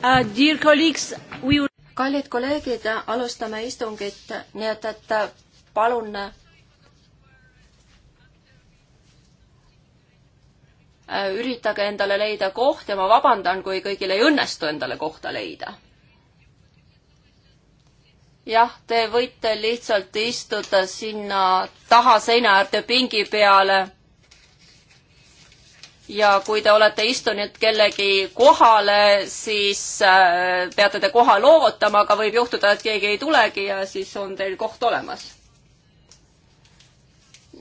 Uh, kallid kolleegid, alustame istungit, nii et, et äh, palun äh, üritage endale leida koht ja ma vabandan, kui kõigil ei õnnestu endale kohta leida. jah, te võite lihtsalt istuda sinna taha seina äärde pingi peale ja kui te olete istunud kellegi kohale, siis äh, peate te koha loovutama, aga võib juhtuda, et keegi ei tulegi ja siis on teil koht olemas.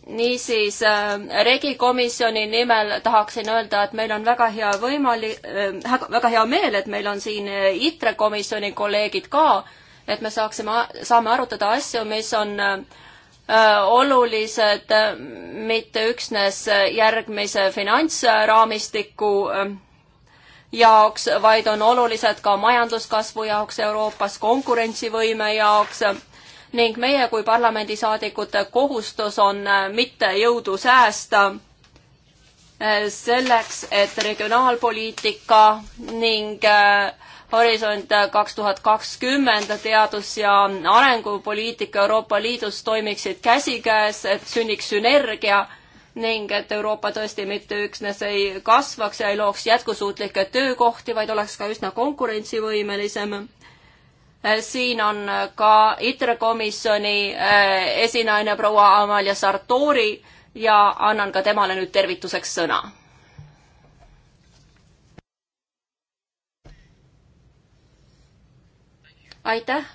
niisiis, äh, regikomisjoni nimel tahaksin öelda, et meil on väga hea võimali- äh,, väga hea meel, et meil on siin äh, ITRE komisjoni kolleegid ka, et me saaksime, saame arutada asju, mis on äh, Äh, olulised äh, mitte üksnes järgmise finantsraamistiku ähm, jaoks, vaid on olulised ka majanduskasvu jaoks Euroopas, konkurentsivõime jaoks ning meie kui parlamendisaadikute kohustus on äh, mitte jõudu säästa selleks, et regionaalpoliitika ning äh, Horisont kaks tuhat kakskümmend teadus- ja arengupoliitika Euroopa Liidus toimiksid käsikäes, et sünniks sünergia ning et Euroopa tõesti mitte üksnes ei kasvaks ja ei looks jätkusuutlikke töökohti, vaid oleks ka üsna konkurentsivõimelisem. siin on ka ITRE komisjoni eh, esinaine proua Amalia Sartori ja annan ka temale nüüd tervituseks sõna aitäh.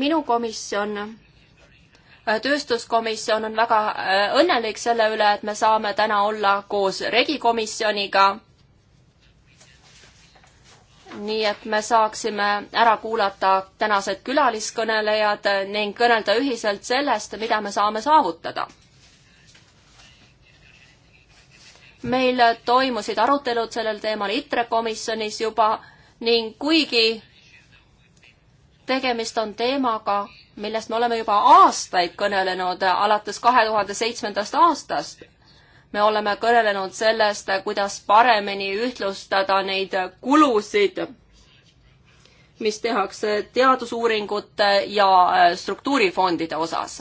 minu komisjon, äh, tööstuskomisjon on väga äh, õnnelik selle üle, et me saame täna olla koos regikomisjoniga nii et me saaksime ära kuulata tänased külaliskõnelejad ning kõnelda ühiselt sellest, mida me saame saavutada meil toimusid arutelud sellel teemal ITRE komisjonis juba ning kuigi tegemist on teemaga, millest me oleme juba aastaid kõnelenud, alates kahe tuhande seitsmendast aastast, me oleme kõnelenud sellest, kuidas paremini ühtlustada neid kulusid, mis tehakse teadusuuringute ja struktuurifondide osas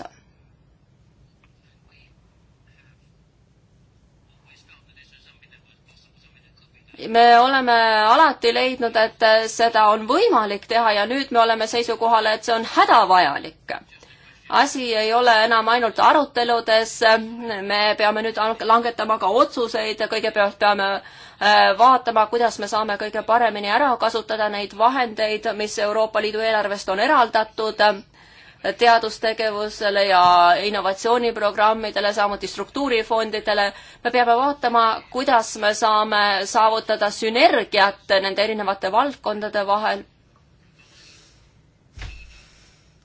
me oleme alati leidnud, et äh, seda on võimalik teha ja nüüd me oleme seisukohal, et see on hädavajalik. asi ei ole enam ainult aruteludes, me peame nüüd langetama ka otsuseid ja kõigepealt peame äh, vaatama, kuidas me saame kõige paremini ära kasutada neid vahendeid, mis Euroopa Liidu eelarvest on eraldatud teadustegevusele ja innovatsiooniprogrammidele, samuti struktuurifondidele. me peame vaatama, kuidas me saame saavutada sünergiat nende erinevate valdkondade vahel.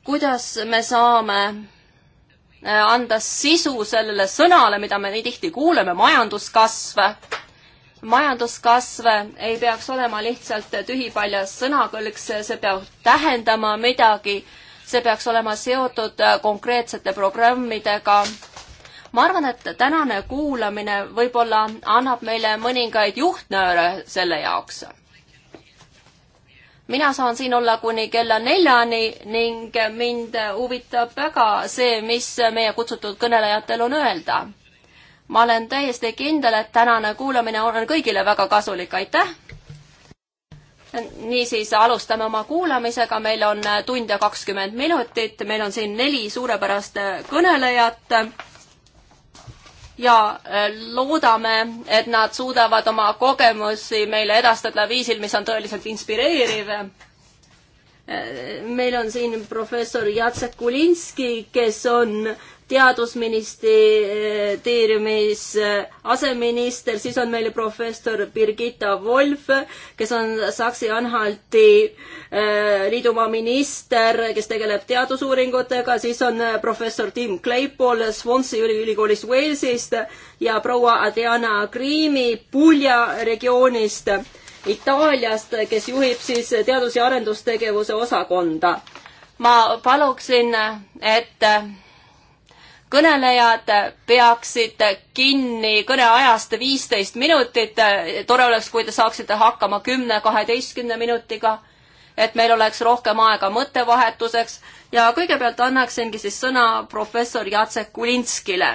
kuidas me saame eh, anda sisu sellele sõnale, mida me nii tihti kuuleme, majanduskasv. majanduskasv ei peaks olema lihtsalt tühipaljas sõnakõlks, see peab tähendama midagi see peaks olema seotud äh, konkreetsete programmidega. ma arvan, et tänane kuulamine võib-olla annab meile mõningaid juhtnööre selle jaoks. mina saan siin olla kuni kella neljani ning mind huvitab väga see, mis meie kutsutud kõnelejatel on öelda ma olen täiesti kindel, et tänane kuulamine on kõigile väga kasulik, aitäh! niisiis alustame oma kuulamisega, meil on äh, tund ja kakskümmend minutit, meil on siin neli suurepärast äh, kõnelejat. ja äh, loodame, et nad suudavad oma kogemusi meile edastada viisil, mis on tõeliselt inspireeriv. meil on siin professor Jacek Kulinski, kes on teadusministeeriumis eh, aseminister, siis on meil professor Birgitta Wolf, kes on Saksi-Anhalti eh, liidumaa minister, kes tegeleb teadusuuringutega, siis on eh, professor Tim Claypool Swansea ülikoolist Walesist ja proua Adriana Grimi Puglia regioonist Itaaliast, kes juhib siis teadus- ja arendustegevuse osakonda. ma paluksin, et kõnelejad peaksid kinni kõneajast viisteist minutit. tore oleks, kui te saaksite hakkama kümne, kaheteistkümne minutiga, et meil oleks rohkem aega mõttevahetuseks ja kõigepealt annaksingi siis sõna professor Jacek Kulinskile,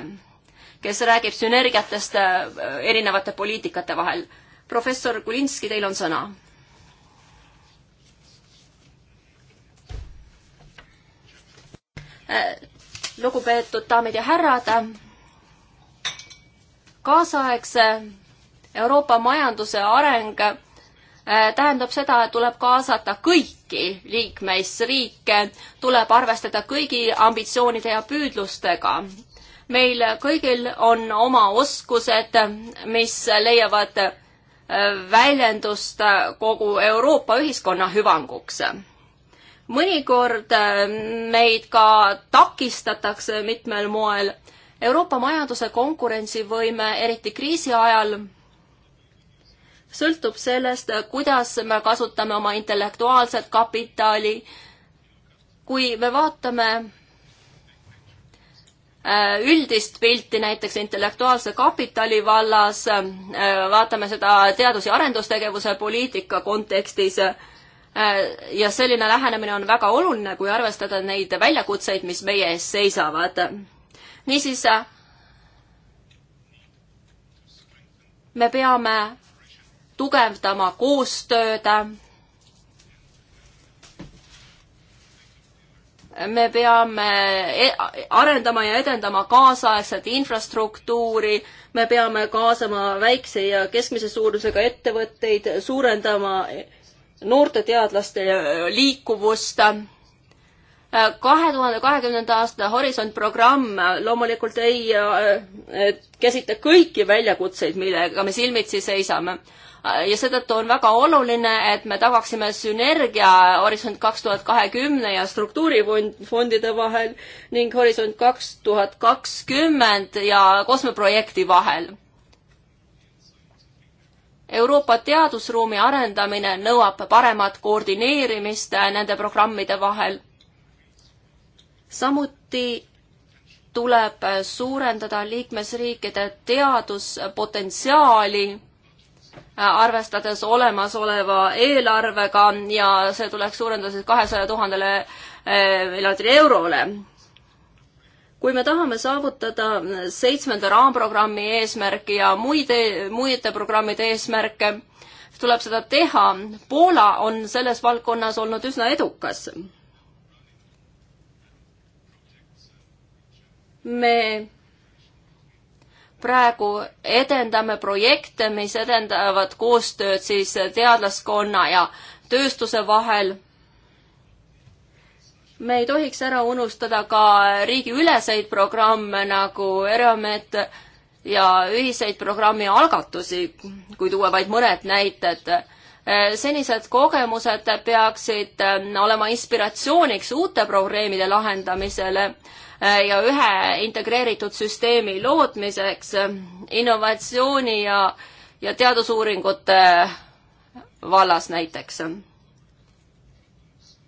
kes räägib sünergiatest äh, erinevate poliitikate vahel. professor Kulinski, teil on sõna äh, lugupeetud daamid ja härrad. kaasaegse Euroopa majanduse areng äh, tähendab seda, et tuleb kaasata kõiki liikmesriike, tuleb arvestada kõigi ambitsioonide ja püüdlustega. meil kõigil on oma oskused, mis leiavad äh, väljendust kogu Euroopa ühiskonna hüvanguks mõnikord äh, meid ka takistatakse mitmel moel. Euroopa majanduse konkurentsivõime, eriti kriisi ajal, sõltub sellest, kuidas me kasutame oma intellektuaalset kapitali. kui me vaatame äh, üldist pilti näiteks intellektuaalse kapitali vallas, äh, vaatame seda teadus- ja arendustegevuse poliitika kontekstis, Äh, ja selline lähenemine on väga oluline, kui arvestada neid väljakutseid, mis meie ees seisavad. niisiis, me peame tugevdama koostööd. me peame e-, arendama ja edendama kaasaegset infrastruktuuri, me peame kaasama väikse ja keskmise suurusega ettevõtteid, suurendama noorte teadlaste äh, liikuvust. Äh, kahe tuhande kahekümnenda aasta Horisont programm äh, loomulikult ei käsitle kõiki väljakutseid, millega me silmitsi seisame ja seetõttu on väga oluline, et me tagaksime sünergia Horisont kaks tuhat kahekümne ja struktuurifondide vahel ning Horisont kaks tuhat kakskümmend ja kosmoprojekti vahel Euroopa teadusruumi arendamine nõuab paremat koordineerimist nende programmide vahel. samuti tuleb suurendada liikmesriikide teaduspotentsiaali, arvestades olemasoleva eelarvega ja see tuleks suurendada siis kahesaja tuhandele eh, miljardile eurole kui me tahame saavutada seitsmenda raamprogrammi eesmärki ja muid, e-, muide programmide eesmärke, tuleb seda teha. Poola on selles valdkonnas olnud üsna edukas. me praegu edendame projekte, mis edendavad koostööd siis teadlaskonna ja tööstuse vahel me ei tohiks ära unustada ka riigiüleseid programme nagu Eramet ja ühiseid programmi algatusi, kui tuua vaid mõned näited. senised kogemused peaksid olema inspiratsiooniks uute probleemide lahendamisele ja ühe integreeritud süsteemi lootmiseks innovatsiooni ja, ja teadusuuringute vallas näiteks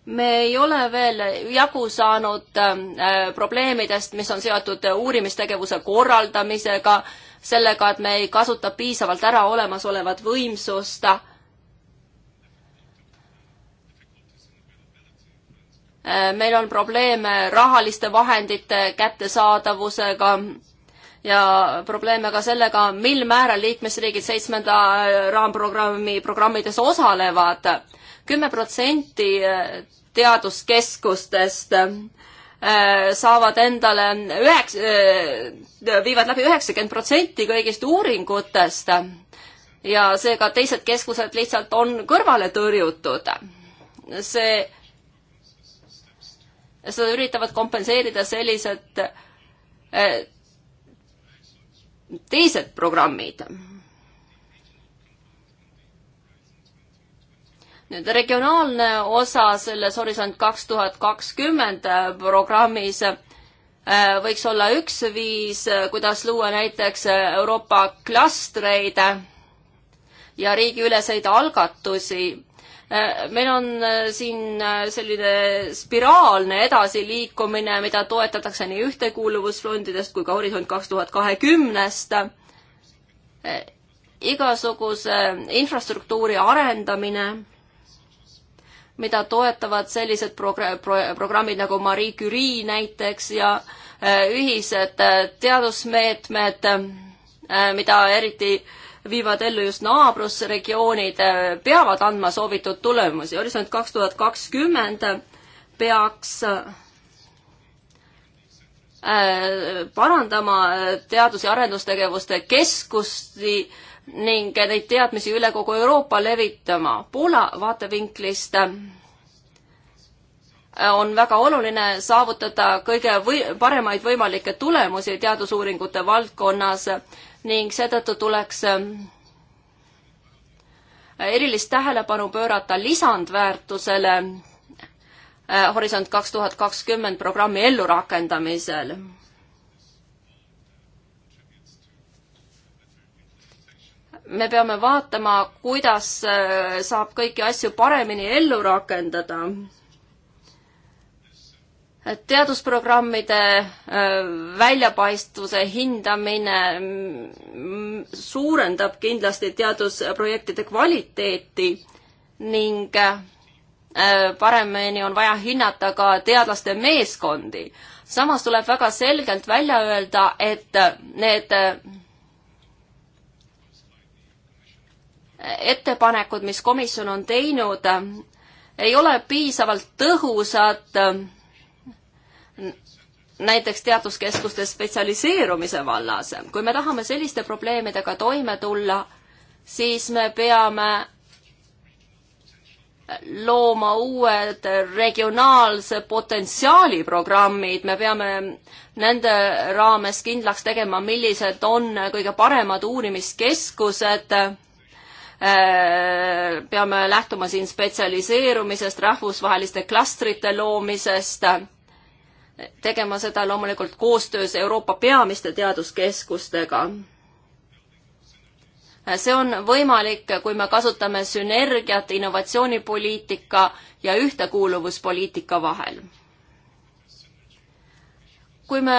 me ei ole veel jagu saanud ähm, äh, probleemidest, mis on seotud äh, uurimistegevuse korraldamisega, sellega, et me ei kasuta piisavalt ära olemasolevat võimsust äh,. meil on probleeme rahaliste vahendite kättesaadavusega ja probleeme ka sellega, mil määral liikmesriigid seitsmenda äh, raamprogrammi programmides osalevad kümme protsenti äh, teaduskeskustest äh, saavad endale üheks-, äh, viivad läbi üheksakümmend protsenti kõigist uuringutest ja seega teised keskused lihtsalt on kõrvale tõrjutud. see, seda üritavad kompenseerida sellised teised programmid nüüd regionaalne osa selles Horisont kaks tuhat kakskümmend äh, programmis äh, võiks olla üks viis, äh, kuidas luua näiteks Euroopa klastreid ja riigiüleseid algatusi. meil on siin selline spiraalne edasiliikumine, mida toetatakse nii ühtekuuluvusfondidest kui ka Horisont kaks tuhat kahekümnest igasuguse infrastruktuuri arendamine mida toetavad sellised progr-, pro-, programmid nagu Marie Curie näiteks ja äh, ühised äh, teadusmeetmed, äh, mida eriti viivad ellu just naabrusregioonid, peavad andma soovitud tulemusi. Horisont kaks tuhat kakskümmend peaks parandama teadus- ja arendustegevuste keskusti äh, ning neid teadmisi üle kogu Euroopa levitama. Poola vaatevinklist äh, on väga oluline saavutada kõige või, paremaid võimalikke tulemusi teadusuuringute valdkonnas ning seetõttu tuleks äh, erilist tähelepanu pöörata lisandväärtusele äh, Horisont kaks tuhat kakskümmend programmi ellurakendamisel me peame vaatama, kuidas äh, saab kõiki asju paremini ellu rakendada. teadusprogrammide äh, väljapaistvuse hindamine mm, suurendab kindlasti teadusprojektide kvaliteeti ning äh, paremini on vaja hinnata ka teadlaste meeskondi. samas tuleb väga selgelt välja öelda, et need ettepanekud, mis komisjon on teinud, ei ole piisavalt tõhusad näiteks teaduskeskuste spetsialiseerumise vallas. kui me tahame selliste probleemidega toime tulla, siis me peame looma uued regionaalse potentsiaali programmid, me peame nende raames kindlaks tegema, millised on kõige paremad uurimiskeskused Äh, peame lähtuma siin spetsialiseerumisest, rahvusvaheliste klastrite loomisest, tegema seda loomulikult koostöös Euroopa peamiste teaduskeskustega. Äh, see on võimalik, kui me kasutame sünergiat innovatsioonipoliitika ja ühtekuuluvuspoliitika vahel kui me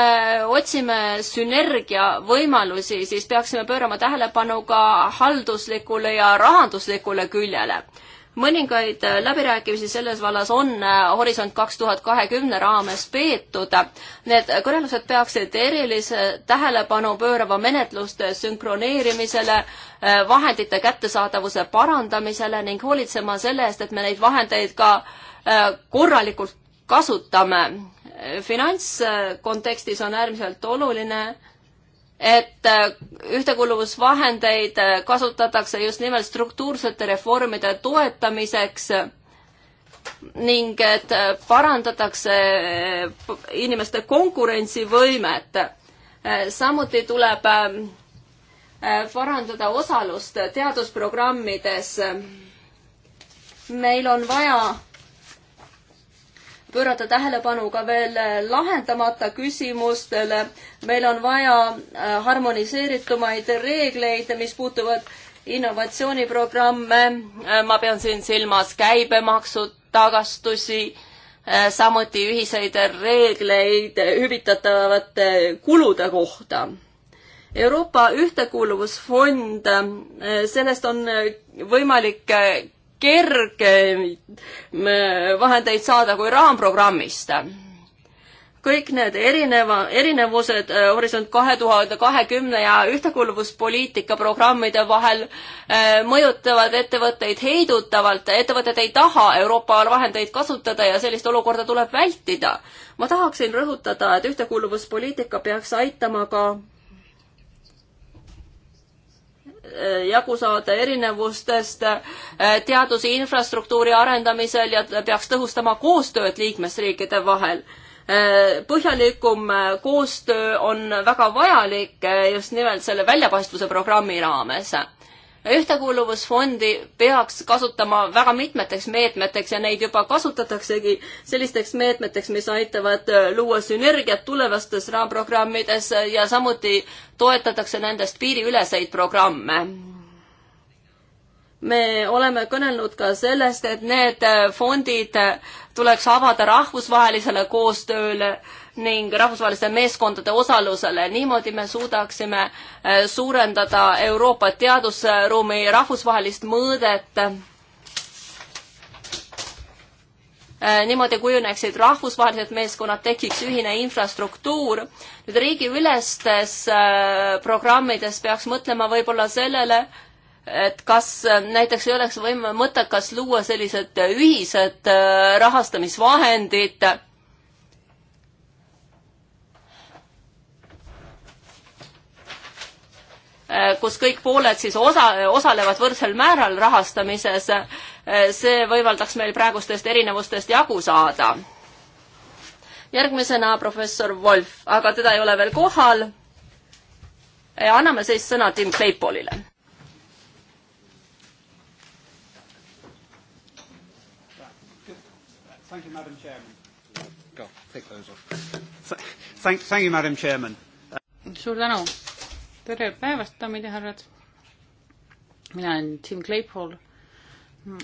otsime sünergiavõimalusi, siis peaksime pöörama tähelepanu ka halduslikule ja rahanduslikule küljele. mõningaid läbirääkimisi selles vallas on äh, Horisont kaks tuhat kahekümne raames peetud. Need kõnelused peaksid erilise tähelepanu pöörama menetluste sünkroneerimisele, äh, vahendite kättesaadavuse parandamisele ning hoolitsema selle eest, et me neid vahendeid ka äh, korralikult kasutame finantskontekstis on äärmiselt oluline, et äh, ühtekuuluvusvahendeid äh, kasutatakse just nimelt struktuursete reformide toetamiseks ning et äh, parandatakse inimeste konkurentsivõimet. samuti tuleb ähm, parandada osalust teadusprogrammides. meil on vaja pöörata tähelepanu ka veel lahendamata küsimustele. meil on vaja äh, harmoniseeritumaid reegleid, mis puutuvad innovatsiooniprogramme. Äh, ma pean siin silmas käibemaksu tagastusi, äh, samuti ühiseid reegleid hüvitatavate kulude kohta Euroopa Ühtekuuluvusfond, sellest on võimalik kergem vahendeid saada kui raamprogrammist. kõik need erineva, erinevused äh, Horisont kahe tuhande kahekümne ja ühtekuuluvuspoliitika programmide vahel äh, mõjutavad ettevõtteid heidutavalt, ettevõtted ei taha Euroopa vahendeid kasutada ja sellist olukorda tuleb vältida. ma tahaksin rõhutada, et ühtekuuluvuspoliitika peaks aitama ka Äh, jagu saada erinevustest äh, teaduse infrastruktuuri arendamisel ja peaks tõhustama koostööd liikmesriikide vahel. Äh, põhjalikum koostöö on väga vajalik just nimelt selle väljapaistvuse programmi raames ühtekuuluvusfondi peaks kasutama väga mitmeteks meetmeteks ja neid juba kasutataksegi sellisteks meetmeteks, mis aitavad äh, luua sünergiat tulevastes raamprogrammides äh, ja samuti toetatakse nendest piiriüleseid programme me oleme kõnelnud ka sellest, et need äh, fondid tuleks avada rahvusvahelisele koostööle äh, ning rahvusvaheliste meeskondade osalusele. niimoodi me suudaksime äh, suurendada Euroopa teadusruumi rahvusvahelist mõõdet. Äh, niimoodi kujuneksid rahvusvahelised meeskonnad, tekiks ühine infrastruktuur. nüüd riigiülestes äh, programmides peaks mõtlema võib-olla sellele, et kas näiteks ei oleks võim-, mõttekas luua sellised ühised rahastamisvahendid Äh, kus kõik pooled siis osa, osalevad võrdsel määral rahastamises, äh, see võimaldaks meil praegustest erinevustest jagu saada. järgmisena professor Wolf, aga teda ei ole veel kohal. Äh, anname siis sõna Tim Claypoolile. Thank you, Madam Chairman. Go, take those off. Thank, thank you, Madam Chairman. Suur tänu tere päevast, daamid ja härrad. mina olen Tim Claypool. Mm.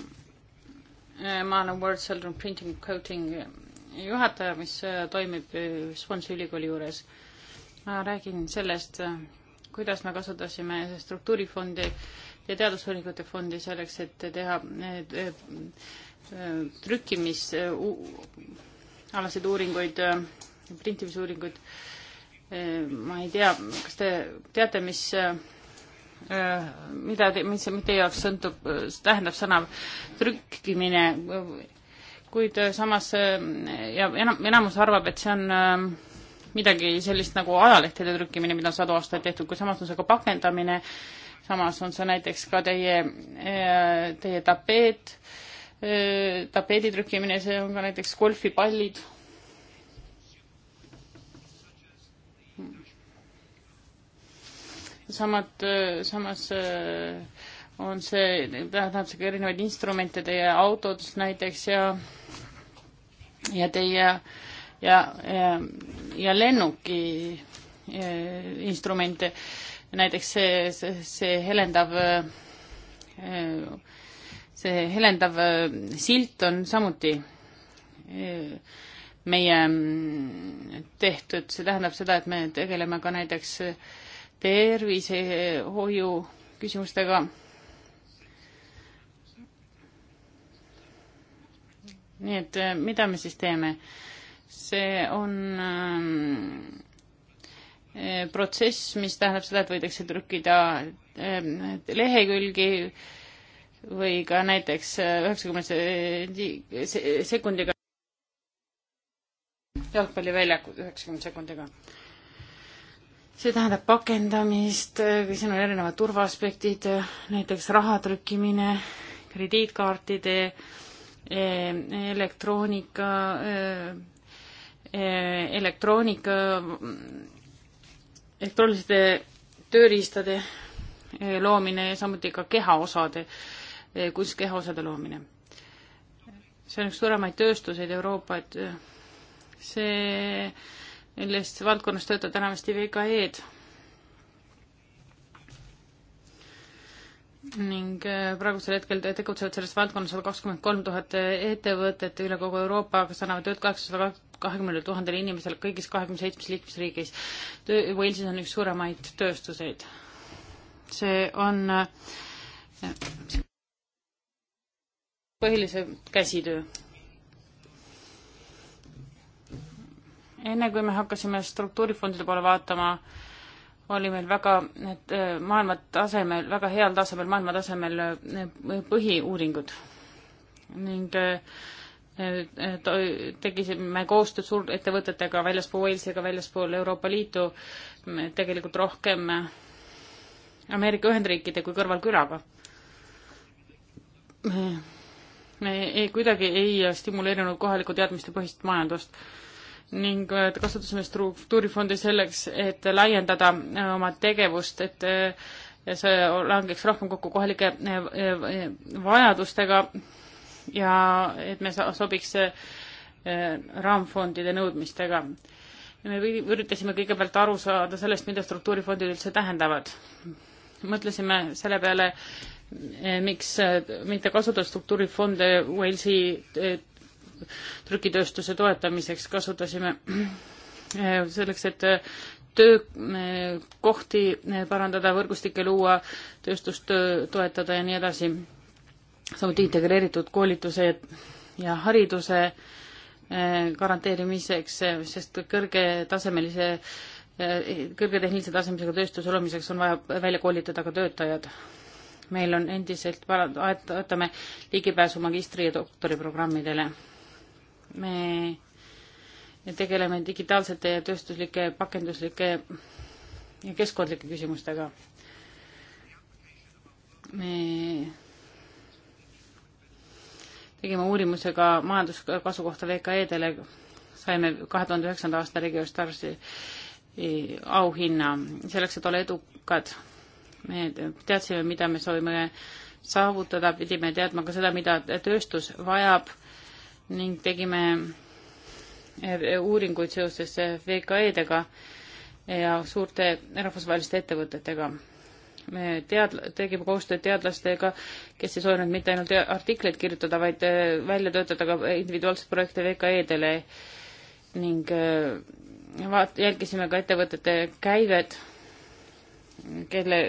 ma olen World Children Printing Coating juhataja, mis äh, toimib äh, Swansea ülikooli juures. ma räägin sellest, äh, kuidas me kasutasime struktuurifondi ja teadusuuringute fondi selleks, et teha trükkimisalaseid uuringuid, printimiisuuringuid ma ei tea, kas te teate, mis, mida te, mis, mis teie jaoks sõltub, tähendab sõna trükkimine, kuid samas ja enam, enamus arvab, et see on äh, midagi sellist nagu ajalehtede trükkimine, mida on sadu aastaid tehtud, kui samas on see ka pakendamine, samas on see näiteks ka teie, äh, teie tapeet, äh, tapeedi trükkimine, see on ka näiteks golfipallid samad, äh, samas äh, on see, tähendab see ka erinevaid instrumente teie autodes näiteks ja, ja teie ja, ja, ja lennuki äh, instrumente, näiteks see, see, see helendav see helendav silt on samuti meie mm, tehtud, see tähendab seda, et me tegeleme ka näiteks tervisehoiu küsimustega. nii et äh, mida me siis teeme? see on ähm, äh, protsess, mis tähendab seda, et võidakse trükkida äh, lehekülgi või ka näiteks äh, üheksakümne sekundiga jalgpalliväljakud üheksakümne sekundiga see tähendab pakendamist, siin on erinevad turvaaspektid, näiteks raha trükkimine, krediitkaartide, eh, elektroonika, eh, eh, elektroonika, elektrooniliste tööriistade loomine ja samuti ka kehaosade, kunstkehaosade loomine. see on üks suuremaid tööstuseid Euroopa, et see milles valdkonnas töötavad enamasti VKE-d. ning äh, praegusel hetkel tegutsevad selles valdkonnas sada kakskümmend kolm tuhat äh, ettevõtet üle kogu Euroopa, kes annavad tööd kaheksasada kahekümnele tuhandele inimesele kõigis kahekümne seitsmes liikmesriigis. töö, Walesis on üks suuremaid tööstuseid. see on äh, põhilise käsitöö enne kui me hakkasime struktuurifondide poole vaatama, oli meil väga, et äh, maailma tasemel, väga heal tasemel, maailma tasemel äh, põhiuuringud ning äh, tegisime koostööd suurettevõtetega väljaspool Walesiga, väljaspool Euroopa Liitu, tegelikult rohkem Ameerika Ühendriikide kui kõrvalkülaga. me ei, kuidagi ei stimuleerinud kohalikku teadmistepõhist majandust ning äh, kasutasime struktuurifondi selleks, et laiendada äh, oma tegevust, et äh, see langeks rohkem kokku kohalike vajadustega ja et me sobiks raamfondide nõudmistega. me üritasime kõigepealt aru saada sellest, mida struktuurifondid üldse tähendavad. mõtlesime selle peale, miks mitte kasutada struktuurifonde Walesi trükitööstuse toetamiseks kasutasime selleks, et äh, töökohti äh, äh, parandada, võrgustikke luua, tööstust toetada ja nii edasi. samuti integreeritud koolituse ja hariduse garanteerimiseks, sest kõrgetasemelise, kõrgetehnilise tasemega tööstuse loomiseks on vaja välja koolitada ka töötajad. meil on endiselt, vaatame ligipääsu magistri- ja doktoriprogrammidele me tegeleme digitaalsete ja tööstuslike, pakenduslike ja keskkondlike küsimustega. me tegime uurimuse ka majanduskasu kohta VKE-dele, saime kahe tuhande üheksanda aasta Regiostarsi auhinna. selleks, et olla edukad, me teadsime, mida me soovime saavutada, pidime teadma ka seda, mida tööstus vajab ning tegime eh, uuringuid seoses eh, VKE-dega ja suurte rahvusvaheliste ettevõtetega. me tead-, tegime koostööd teadlastega, kes ei soovinud mitte ainult artikleid kirjutada, vaid eh, välja töötada ka individuaalseid projekte VKE-dele ning vaat-, jälgisime ka ettevõtete käivet, kelle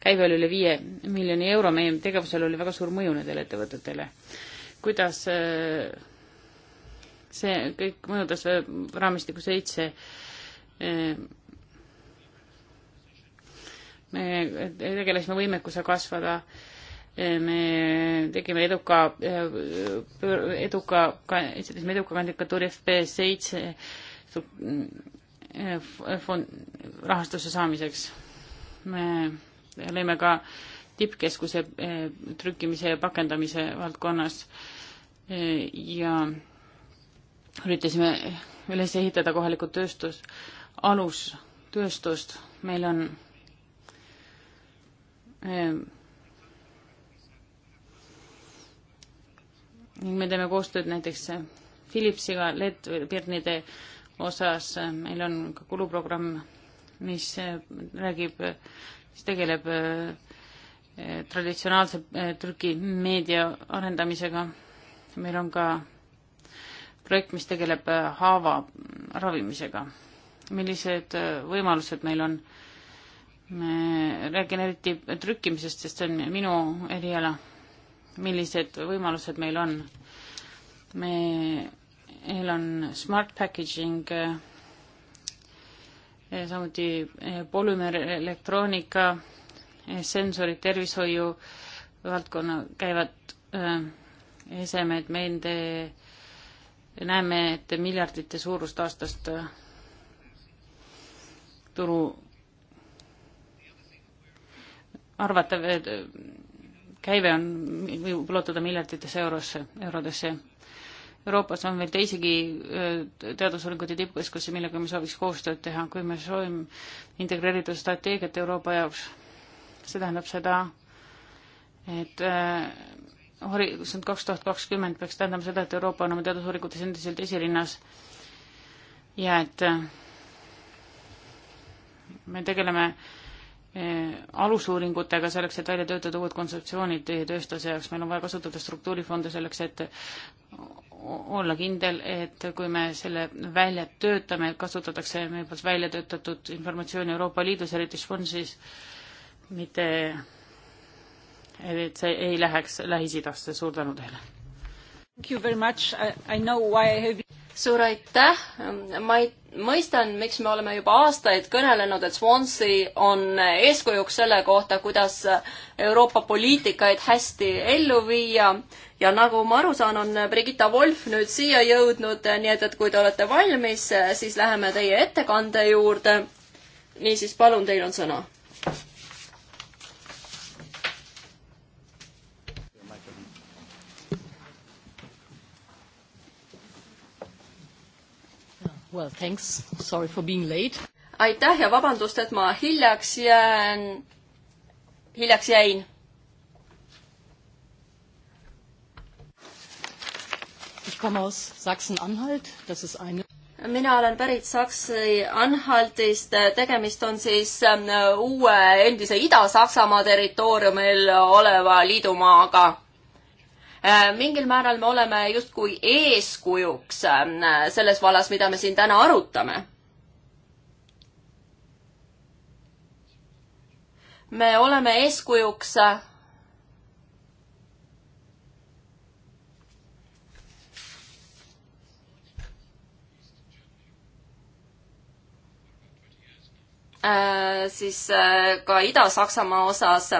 käive oli üle viie miljoni euro, meie tegevusel oli väga suur mõju nendele ettevõtetele kuidas eh, see kõik mõjutas eh, raamistiku seitse. Eh, me tegelesime võimekuse kasvada, me tegime eduka, eduka, esitasime eduka kandikatuuri FP seitse fond, rahastuse saamiseks. me lõime ka äh, tippkeskuse eh, trükkimise ja pakendamise valdkonnas eh, ja üritasime üles ehitada kohalikku tööstus, alustööstust, meil on ning eh, me teeme koostööd näiteks Philipsiga LED-pirnide osas, meil on ka kuluprogramm, mis räägib, mis tegeleb äh, Eh, traditsionaalse eh, trükimeedia arendamisega. meil on ka projekt, mis tegeleb eh, haava ravimisega. millised võimalused meil on? räägin eriti trükkimisest, sest see on minu eriala. millised võimalused meil on? meil on smart packaging, samuti polümeer elektroonika sensorid tervishoiu valdkonna käivad äh, esemed, meil te näeme, et miljardite suurust aastast äh, turu arvatav äh, käive on, võib ulatuda miljarditesse eurosse, eurodesse. Euroopas on veel teisigi teadusuuringute tippkeskusi, millega me sooviks koostööd teha, kui me soovime integreeritud strateegiat Euroopa jaoks see tähendab seda, et äh, horisont kaks tuhat kakskümmend peaks tähendama seda, et Euroopa on oma teadusuuringutes endiselt esirinnas ja et äh, me tegeleme äh, alusuuringutega selleks, et välja töötada uued kontseptsioonid tööstuse jaoks, meil on vaja kasutada struktuurifonde selleks, et olla kindel, et kui me selle välja töötame, kasutatakse meie poolt välja töötatud informatsiooni Euroopa Liidus, eriti Šfonsis, siis mitte, et see ei läheks Lähis-Idasse. suur tänu teile! Have... suur aitäh, ma ei, mõistan, miks me oleme juba aastaid kõnelenud, et Swansea on eeskujuks selle kohta, kuidas Euroopa poliitikaid hästi ellu viia ja nagu ma aru saan, on Brigitta Wolf nüüd siia jõudnud, nii et, et kui te olete valmis, siis läheme teie ettekande juurde. niisiis, palun, teil on sõna Well, thanks. Sorry for being late. aitäh ja vabandust, et ma hiljaks jään, hiljaks jäin. Ich komme aus Sachsen-Anhalt, das ist eine mina olen pärit Saksi-Anhaltist, tegemist on siis äh, uue endise Ida-Saksamaa territooriumil oleva liidumaaga Äh, mingil määral me oleme justkui eeskujuks äh, selles vallas, mida me siin täna arutame. me oleme eeskujuks äh, Äh, siis äh, ka Ida-Saksamaa osas.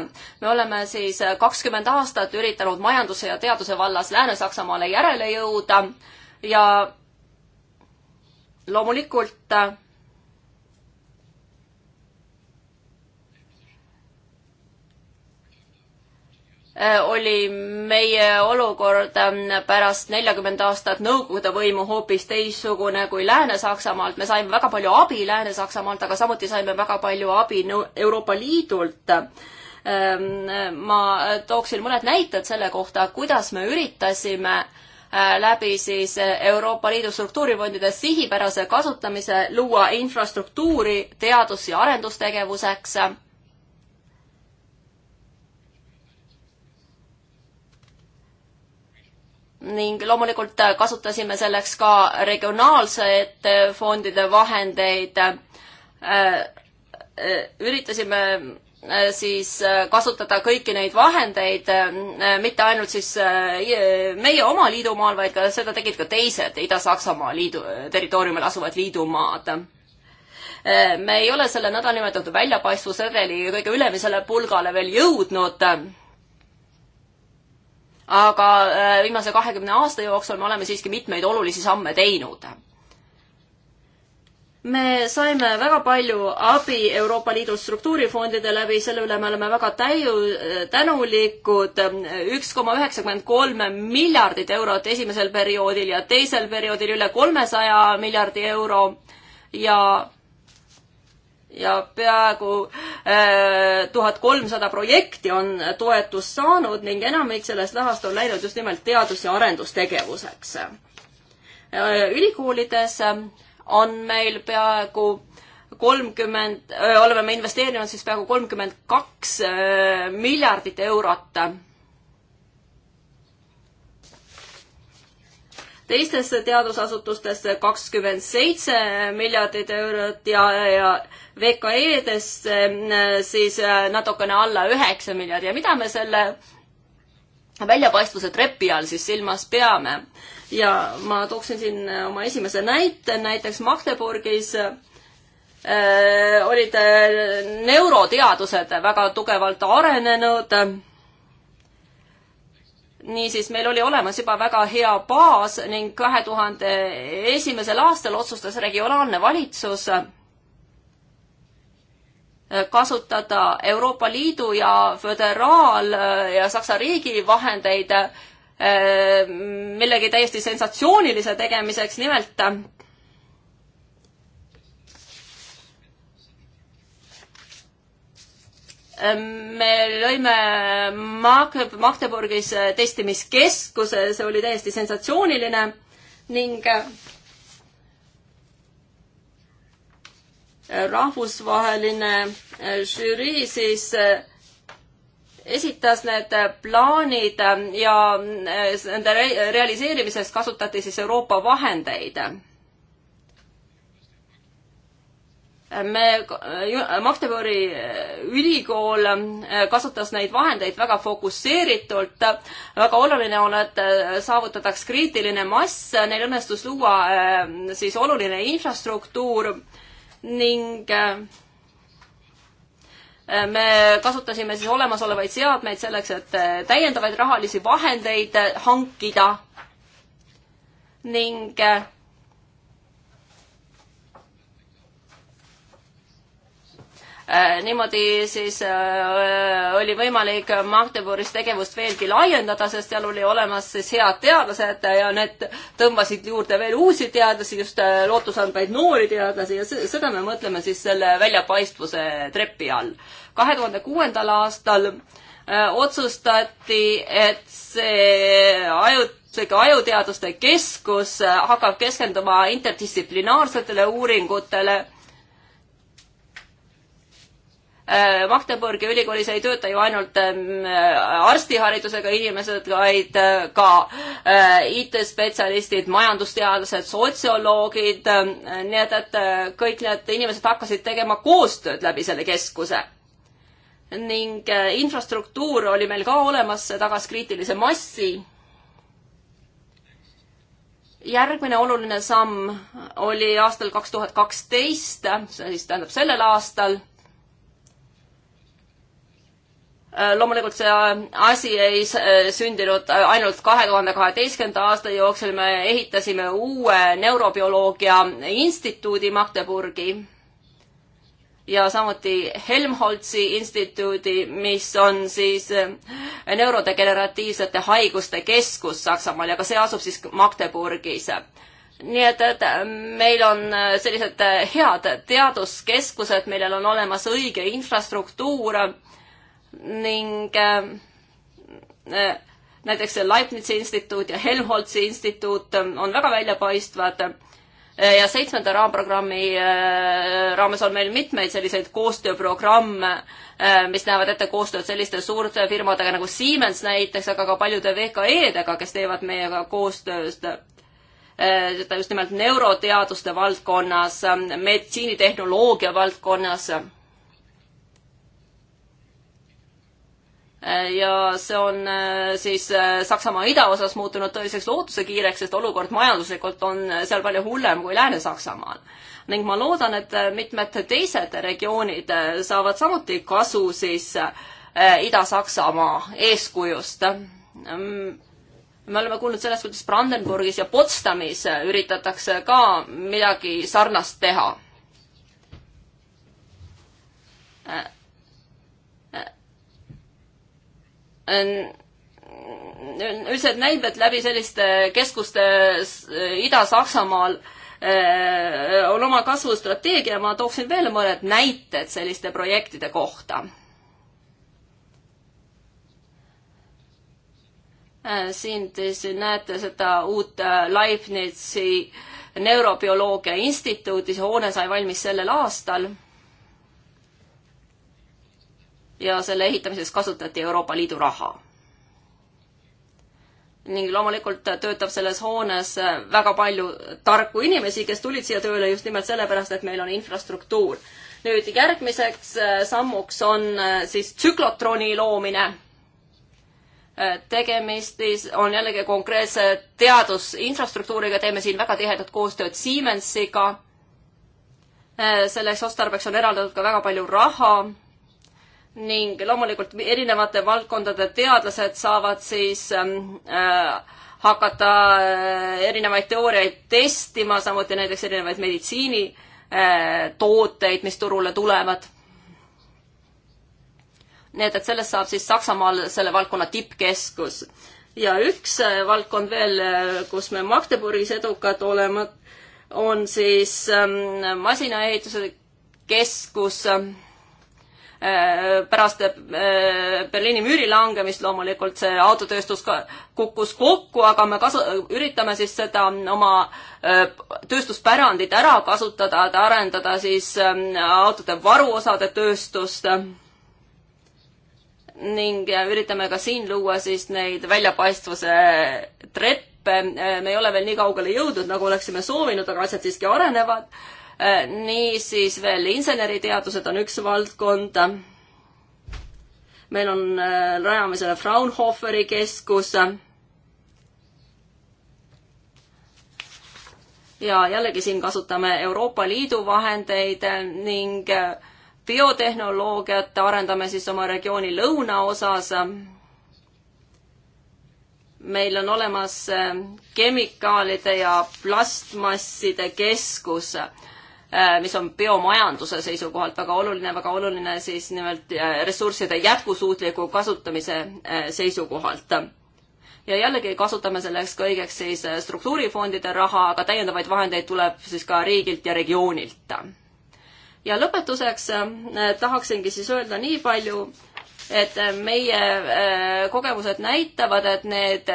me oleme siis äh, kakskümmend aastat üritanud majanduse ja teaduse vallas Lääne-Saksamaale järele jõuda ja loomulikult Äh, oli meie olukord ähm, pärast neljakümmend aastat Nõukogude võimu hoopis teistsugune kui Lääne-Saksamaalt. me saime väga palju abi Lääne-Saksamaalt, aga samuti saime väga palju abi Euroopa Liidult. Ähm, ma tooksin mõned näited selle kohta, kuidas me üritasime äh, läbi siis Euroopa Liidu struktuurifondide sihipärase kasutamise luua infrastruktuuri teadus- ja arendustegevuseks ning loomulikult kasutasime selleks ka regionaalsete fondide vahendeid. Äh, äh, üritasime äh, siis kasutada kõiki neid vahendeid, mitte ainult siis meie oma liidumaal, vaid ka seda tegid ka teised Ida-Saksamaa liidu, territooriumil asuvad liidumaad. me ei ole selle nõndanimetatud väljapaistvusedeli kõige ülemisele pulgale veel jõudnud aga äh, viimase kahekümne aasta jooksul me oleme siiski mitmeid olulisi samme teinud. me saime väga palju abi Euroopa Liidu struktuurifondide läbi, selle üle me oleme väga täiu, tänulikud. üks koma üheksakümmend kolm miljardit eurot esimesel perioodil ja teisel perioodil üle kolmesaja miljardi euro ja ja peaaegu äh, tuhat kolmsada projekti on toetust saanud ning enamik sellest rahast on läinud just nimelt teadus- ja arendustegevuseks. Äh, ülikoolides äh, on meil peaaegu kolmkümmend, oleme me investeerinud siis peaaegu kolmkümmend kaks miljardit eurot teistesse teadusasutustesse kakskümmend seitse miljardit eurot ja, ja VKE-desse äh, siis äh, natukene alla üheksa miljardi ja mida me selle väljapaistvuse trepi all siis silmas peame. ja ma tooksin siin äh, oma esimese näite, näiteks Magdeburgis äh, olid äh, neuroteadused väga tugevalt arenenud äh, niisiis, meil oli olemas juba väga hea baas ning kahe tuhande esimesel aastal otsustas regionaalne valitsus äh, kasutada Euroopa Liidu ja föderaal- äh, ja Saksa riigi vahendeid äh, millegi täiesti sensatsioonilise tegemiseks, nimelt Ehm, me lõime Mag-, Magdeburgis äh, testimiskeskuse, see oli täiesti sensatsiooniline ning äh, rahvusvaheline äh, žürii siis esitas need plaanid ja nende realiseerimiseks kasutati siis Euroopa vahendeid me, Magdeburgi äh, ülikool äh, kasutas neid vahendeid väga fokusseeritult. väga oluline on, et äh, saavutataks kriitiline mass, neil õnnestus luua siis oluline infrastruktuur ning me kasutasime siis olemasolevaid seadmeid selleks, et täiendavaid rahalisi vahendeid hankida ning Äh, niimoodi siis äh, oli võimalik Magdeburis tegevust veelgi laiendada, sest seal oli olemas siis head teadlased ja need tõmbasid juurde veel uusi teadlasi, just äh, lootusandvaid noori teadlasi ja seda me mõtleme siis selle väljapaistvuse trepi all. kahe tuhande kuuendal aastal otsustati, et see ajut-, sihuke ajuteaduste keskus hakkab keskenduma interdistsiplinaarsetele uuringutele Äh, Magdeburgi ülikoolis ei tööta ju ainult ähm, äh, arstiharidusega inimesed, vaid äh, ka IT-spetsialistid, majandusteadlased, sotsioloogid, ähm, nii et, et kõik need inimesed hakkasid tegema koostööd läbi selle keskuse. ning infrastruktuur oli meil ka olemas, see tagas kriitilise massi järgmine oluline samm oli aastal kaks tuhat kaksteist, see siis tähendab sellel aastal Äh, loomulikult see äh, asi ei äh, sündinud ainult kahe tuhande kaheteistkümnenda aasta jooksul, me ehitasime uue neurobioloogia instituudi Magdeburgi ja samuti Helmholtzi instituudi, mis on siis neurodegeneratiivsete haiguste keskus Saksamaal ja ka see asub siis Magdeburgis nii et, et meil on sellised head teaduskeskused, millel on olemas õige infrastruktuur ning äh, äh, näiteks Leibnizi instituut ja Helmholtzi instituut ähm, on väga väljapaistvad äh, ja seitsmenda raamprogrammi raames on meil mitmeid selliseid koostööprogramme, mis näevad ette koostööd selliste suurte firmadega nagu Siemens näiteks, aga ka paljude VKE-dega, kes teevad meiega koostööd just nimelt neuroteaduste valdkonnas, meditsiinitehnoloogia valdkonnas ja see on äh, siis äh, Saksamaa idaosas muutunud tõeliseks lootusekiireks, sest olukord majanduslikult on äh, seal palju hullem kui Lääne-Saksamaal. ning ma loodan, et mitmed teised regioonid saavad samuti kasu siis Ida-Saksamaa eeskujust. Mm, me oleme kuulnud sellest, kuidas Brandenburgis ja Potsdamis üritatakse ka midagi sarnast teha üldiselt näib, et läbi selliste keskuste Ida-Saksamaal eh, on oma kasvustrateegia, ma tooksin veel mõned näited selliste projektide kohta. Eh, siin te siin näete seda uut eh, Leibnizi neurobioloogia instituuti, see hoone sai valmis sellel aastal ja selle ehitamiseks kasutati Euroopa Liidu raha. ning loomulikult töötab selles hoones väga palju tarku inimesi, kes tulid siia tööle just nimelt sellepärast, et meil on infrastruktuur. nüüd järgmiseks äh, sammuks on äh, siis tsüklotroni loomine äh, tegemist on jällegi konkreetse teadusinfrastruktuuriga, teeme siin väga tihedat koostööd Siemensiga. selleks otstarbeks on eraldatud ka väga palju raha ning loomulikult erinevate valdkondade teadlased saavad siis ähm, äh, hakata äh, erinevaid teooriaid testima, samuti näiteks erinevaid meditsiinitooteid äh,, mis turule tulevad. nii et, et sellest saab siis Saksamaal selle valdkonna tippkeskus. ja üks äh, valdkond veel, äh, kus me Magdeburgis edukad oleme, on siis ähm, masinaehituse keskus äh, Äh, pärast äh, Berliini müüri langemist loomulikult see autotööstus kukkus kokku, aga me kasu-, üritame siis seda oma äh, tööstuspärandit ära kasutada, et arendada siis ähm, autode varuosade tööstust ning üritame ka siin luua siis neid väljapaistvuse treppe, me ei ole veel nii kaugele jõudnud, nagu oleksime soovinud, aga asjad siiski arenevad Äh, niisiis veel inseneriteadused on üks valdkond. meil on äh, rajamisele Fraunhoferi keskus. ja jällegi siin kasutame Euroopa Liidu vahendeid ning äh, biotehnoloogiat arendame siis oma regiooni lõunaosas meil on olemas kemikaalide ja plastmasside keskus mis on biomajanduse seisukohalt väga oluline, väga oluline siis nimelt ressursside jätkusuutliku kasutamise seisukohalt. ja jällegi kasutame selleks kõigeks siis struktuurifondide raha, aga täiendavaid vahendeid tuleb siis ka riigilt ja regioonilt. ja lõpetuseks tahaksingi siis öelda nii palju, et meie kogemused näitavad, et need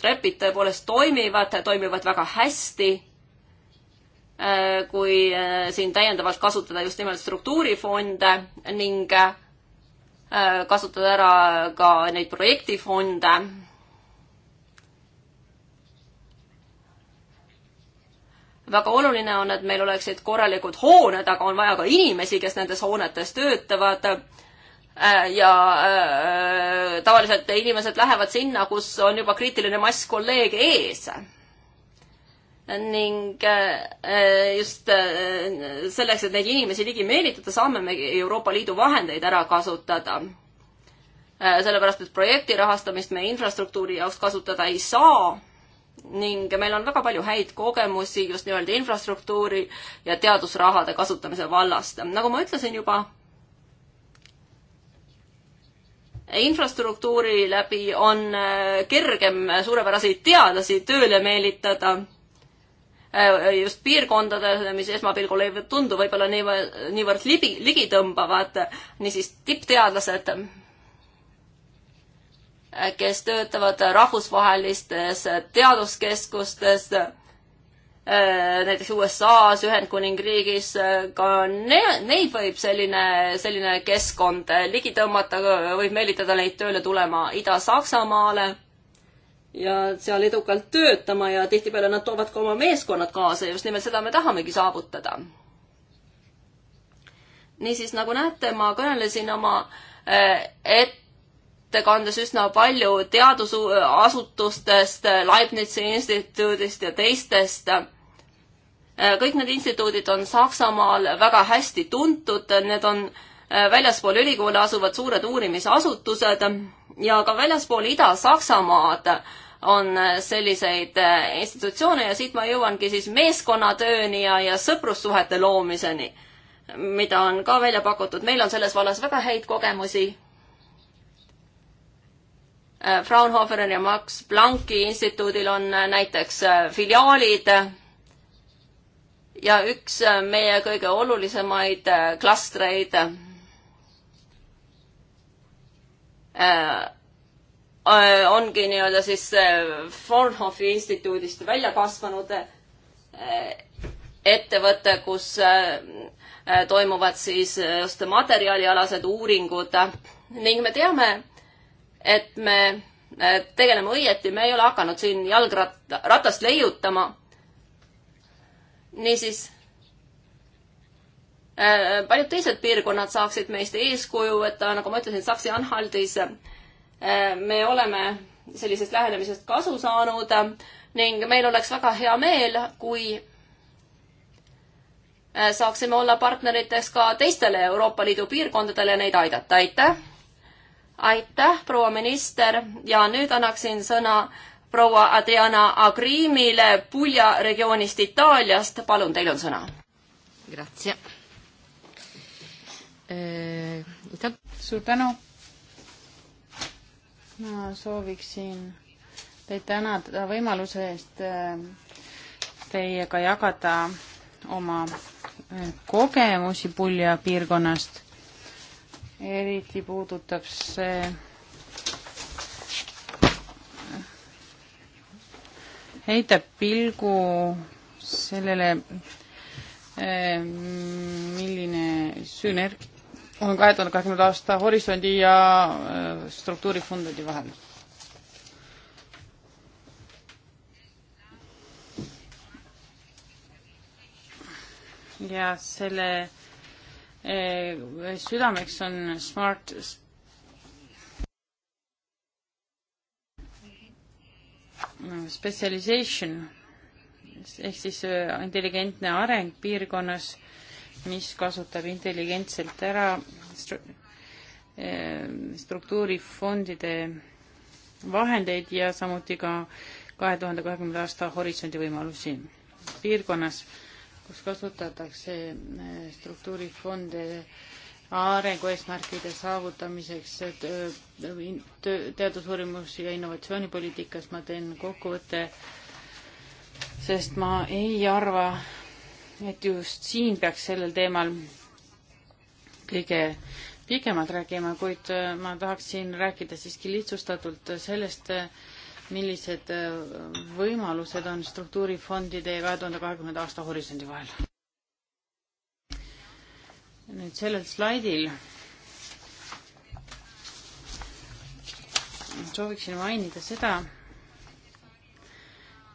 trepid tõepoolest toimivad, toimivad väga hästi Äh, kui äh, siin täiendavalt kasutada just nimelt struktuurifonde ning äh, kasutada ära ka neid projektifonde. väga oluline on, et meil oleksid korralikud hooned, aga on vaja ka inimesi, kes nendes hoonetes töötavad ja äh, tavaliselt inimesed lähevad sinna, kus on juba kriitiline mass kolleege ees ning äh, just äh, selleks, et neid inimesi ligi meelitada, saame me Euroopa Liidu vahendeid ära kasutada. Äh, sellepärast, et projekti rahastamist me infrastruktuuri jaoks kasutada ei saa ning meil on väga palju häid kogemusi just nii-öelda infrastruktuuri ja teadusrahade kasutamise vallast. nagu ma ütlesin juba, infrastruktuuri läbi on kergem suurepäraseid teadlasi tööle meelitada Äh, just piirkondades, mis esmapilgul ei tundu võib-olla niivõrd, niivõrd libi, ligitõmbavad, niisiis tippteadlased, kes töötavad rahvusvahelistes teaduskeskustes, äh, näiteks USA-s, Ühendkuningriigis, ka ne-, neid võib selline, selline keskkond ligi tõmmata, võib meelitada neid tööle tulema Ida-Saksamaale ja seal edukalt töötama ja tihtipeale nad toovad ka oma meeskonnad kaasa ja just nimelt seda me tahamegi saavutada. niisiis, nagu näete, ma kõnelesin oma äh, ettekandes üsna palju teadusasutustest, Leibnizi instituudist ja teistest äh, kõik need instituudid on Saksamaal väga hästi tuntud, need on äh, väljaspool ülikoole asuvad suured uurimisasutused ja ka väljaspool Ida-Saksamaad on äh, selliseid äh, institutsioone ja siit ma jõuangi siis meeskonnatööni ja, ja sõprussuhete loomiseni, mida on ka välja pakutud. meil on selles vallas väga häid kogemusi. Äh, Fraunhoferi ja Max Plancki instituudil on näiteks filiaalid ja üks meie kõige olulisemaid klastreid Äh, ongi nii-öelda siis äh, Fraunhofi instituudist välja kasvanud äh, ettevõte, kus toimuvad siis just materjalialased uuringud ning me teame, et me tegeleme õieti, me ei ole hakanud siin jalgratta, ratast leiutama. niisiis, paljud teised piirkonnad saaksid meist eeskuju, et nagu ma ütlesin, Saksi-Anhaldis Äh, me oleme sellisest lähenemisest kasu saanud ning meil oleks väga hea meel, kui äh, saaksime olla partneriteks ka teistele Euroopa Liidu piirkondadele ja neid aidata, aitäh! aitäh, proua minister ja nüüd annaksin sõna proua Adriana Agrimile Puglia regioonist Itaaliast, palun, teil on sõna. Äh, suur tänu ma sooviksin teid tänada võimaluse eest äh, teiega jagada oma äh, kogemusi Pulja piirkonnast. eriti puudutab see äh, heitab pilgu sellele, milline sünerg-, on kahe tuhande kahekümnenda aasta horisondi ja äh, struktuurifondondi vahel. ja selle äh, südameks on smart specialization ehk siis äh, intelligentne areng piirkonnas mis kasutab intelligentselt ära ehm, struktuurifondide vahendeid ja samuti ka kahe tuhande kahekümnenda aasta horisondi võimalusi. piirkonnas, kus kasutatakse ehm, struktuurifonde arengu eesmärkide saavutamiseks teadusuurimus- ja innovatsioonipoliitikas ma teen kokkuvõtte, sest ma ei arva, et just siin peaks sellel teemal kõige pikemalt rääkima, kuid äh, ma tahaksin rääkida siiski lihtsustatult sellest, äh, millised äh, võimalused on struktuurifondide ja kahe tuhande kahekümnenda aasta horisondi vahel. nüüd sellel slaidil sooviksin mainida seda,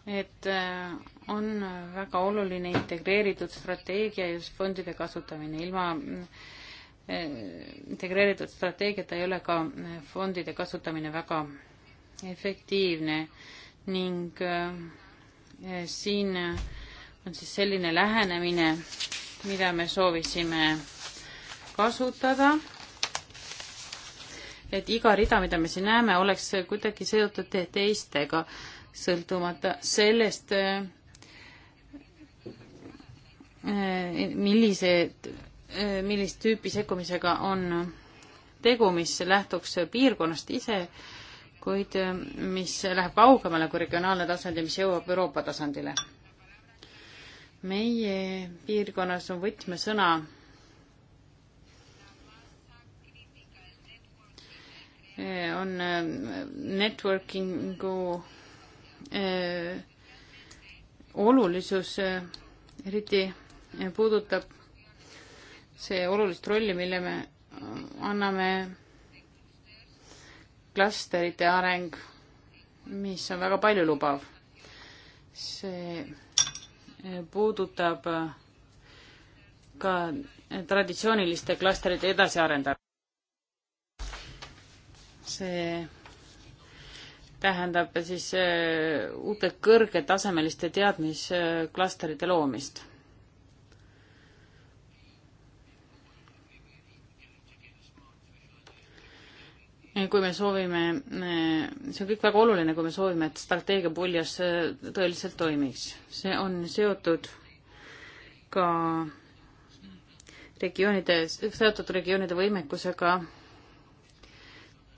et äh, on väga oluline integreeritud strateegia just fondide kasutamine. ilma äh, integreeritud strateegiat ei ole ka äh, fondide kasutamine väga efektiivne ning siin on siis selline lähenemine, mida me soovisime kasutada. et iga rida, mida me siin näeme, oleks kuidagi seotud teistega sõltumata sellest, eh, millised, eh, millist tüüpi sekkumisega on tegu, mis lähtuks piirkonnast ise, kuid eh, mis läheb kaugemale kui regionaalne tasand ja mis jõuab Euroopa tasandile. meie piirkonnas on võtmesõna on networkingu Äh, olulisus, äh, eriti äh, puudutab see olulist rolli, mille me anname klasterite areng, mis on väga paljulubav. see puudutab ka traditsiooniliste klasterite edasiarendamist. see tähendab siis äh, uute kõrgetasemeliste teadmisklasterite loomist. kui me soovime, äh, see on kõik väga oluline, kui me soovime, et strateegia puljas äh, tõeliselt toimiks. see on seotud ka regioonide, seotud regioonide võimekusega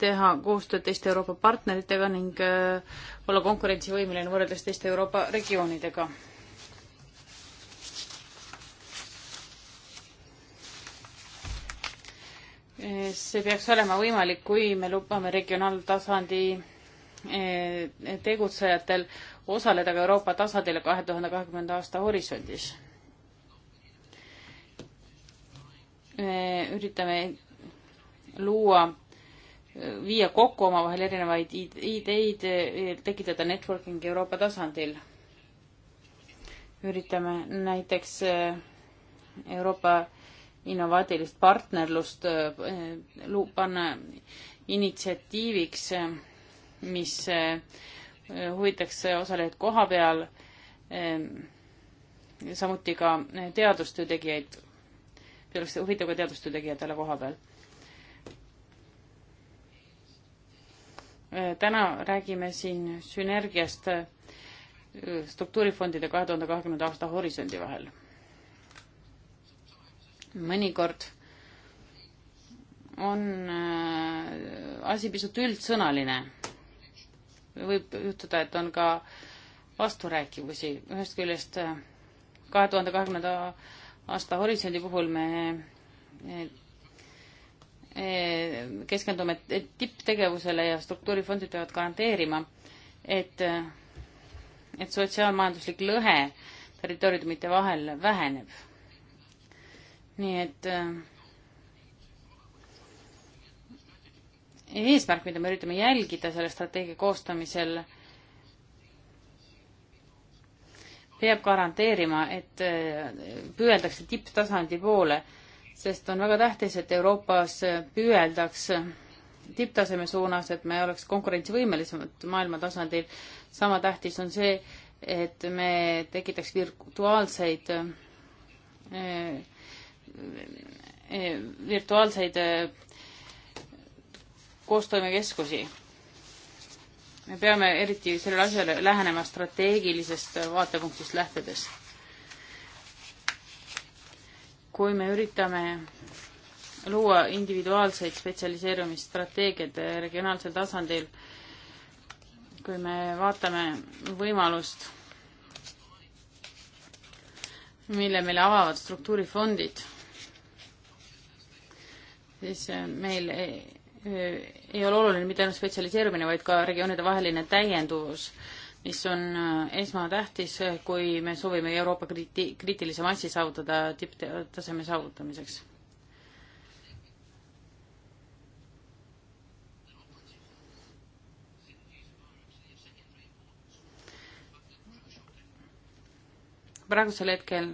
teha koostööd teiste Euroopa partneritega ning äh, olla konkurentsivõimeline võrreldes teiste Euroopa regioonidega. Äh, see peaks olema võimalik, kui me lubame regionaaltasandi äh, tegutsejatel osaleda ka Euroopa tasandil kahe tuhande kahekümnenda aasta horisondis. me üritame luua viia kokku omavahel erinevaid ideid, eh, tekitada networking Euroopa tasandil. üritame näiteks eh, Euroopa innovaatilist partnerlust eh, panna initsiatiiviks, mis huvitaks osalejaid koha peal, samuti ka teadustöö tegijaid, peaks huvitama ka teadustöö tegijatele koha peal Äh, täna räägime siin sünergiast äh, struktuurifondide kahe tuhande kahekümnenda aasta horisondi vahel. mõnikord on äh, asi pisut üldsõnaline. võib juhtuda, et on ka vasturääkivusi, ühest küljest kahe tuhande kahekümnenda aasta horisondi puhul me keskendume tipptegevusele ja struktuurifondid peavad garanteerima, et, et sotsiaalmajanduslik lõhe territooriumite vahel väheneb. nii et äh, eesmärk, mida me üritame jälgida selle strateegia koostamisel, peab garanteerima, et äh, püüeldakse tipptasandi poole sest on väga tähtis, et Euroopas püüeldaks tipptaseme suunas, et me oleks konkurentsivõimelisemad maailma tasandil. sama tähtis on see, et me tekitaks virtuaalseid eh, eh, virtuaalseid eh, koostoimekeskusi. me peame eriti sellele asjale lähenema strateegilisest vaatepunktist lähtedes kui me üritame luua individuaalseid spetsialiseerumisstrateegiaid regionaalsel tasandil, kui me vaatame võimalust, mille meile avavad struktuurifondid, siis meil ei, ei ole oluline mitte ainult spetsialiseerumine, vaid ka regioonide vaheline täienduvus mis on äh, esmatähtis, äh, kui me soovime Euroopa kriiti-, kriitilise massi saavutada tipptaseme saavutamiseks. praegusel hetkel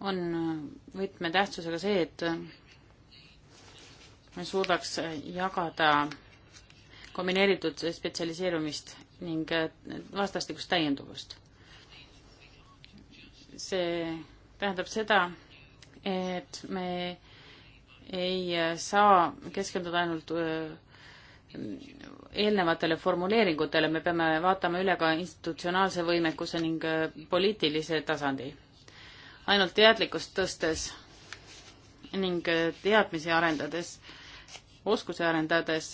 on äh, võtmetähtsusega see, et me suudaks jagada kombineeritud spetsialiseerumist ning äh, vastastikust täienduvust. see tähendab seda, et me ei saa keskenduda ainult äh, eelnevatele formuleeringutele, me peame vaatama üle ka institutsionaalse võimekuse ning äh, poliitilise tasandi. ainult teadlikkust tõstes ning teadmisi arendades, oskusi arendades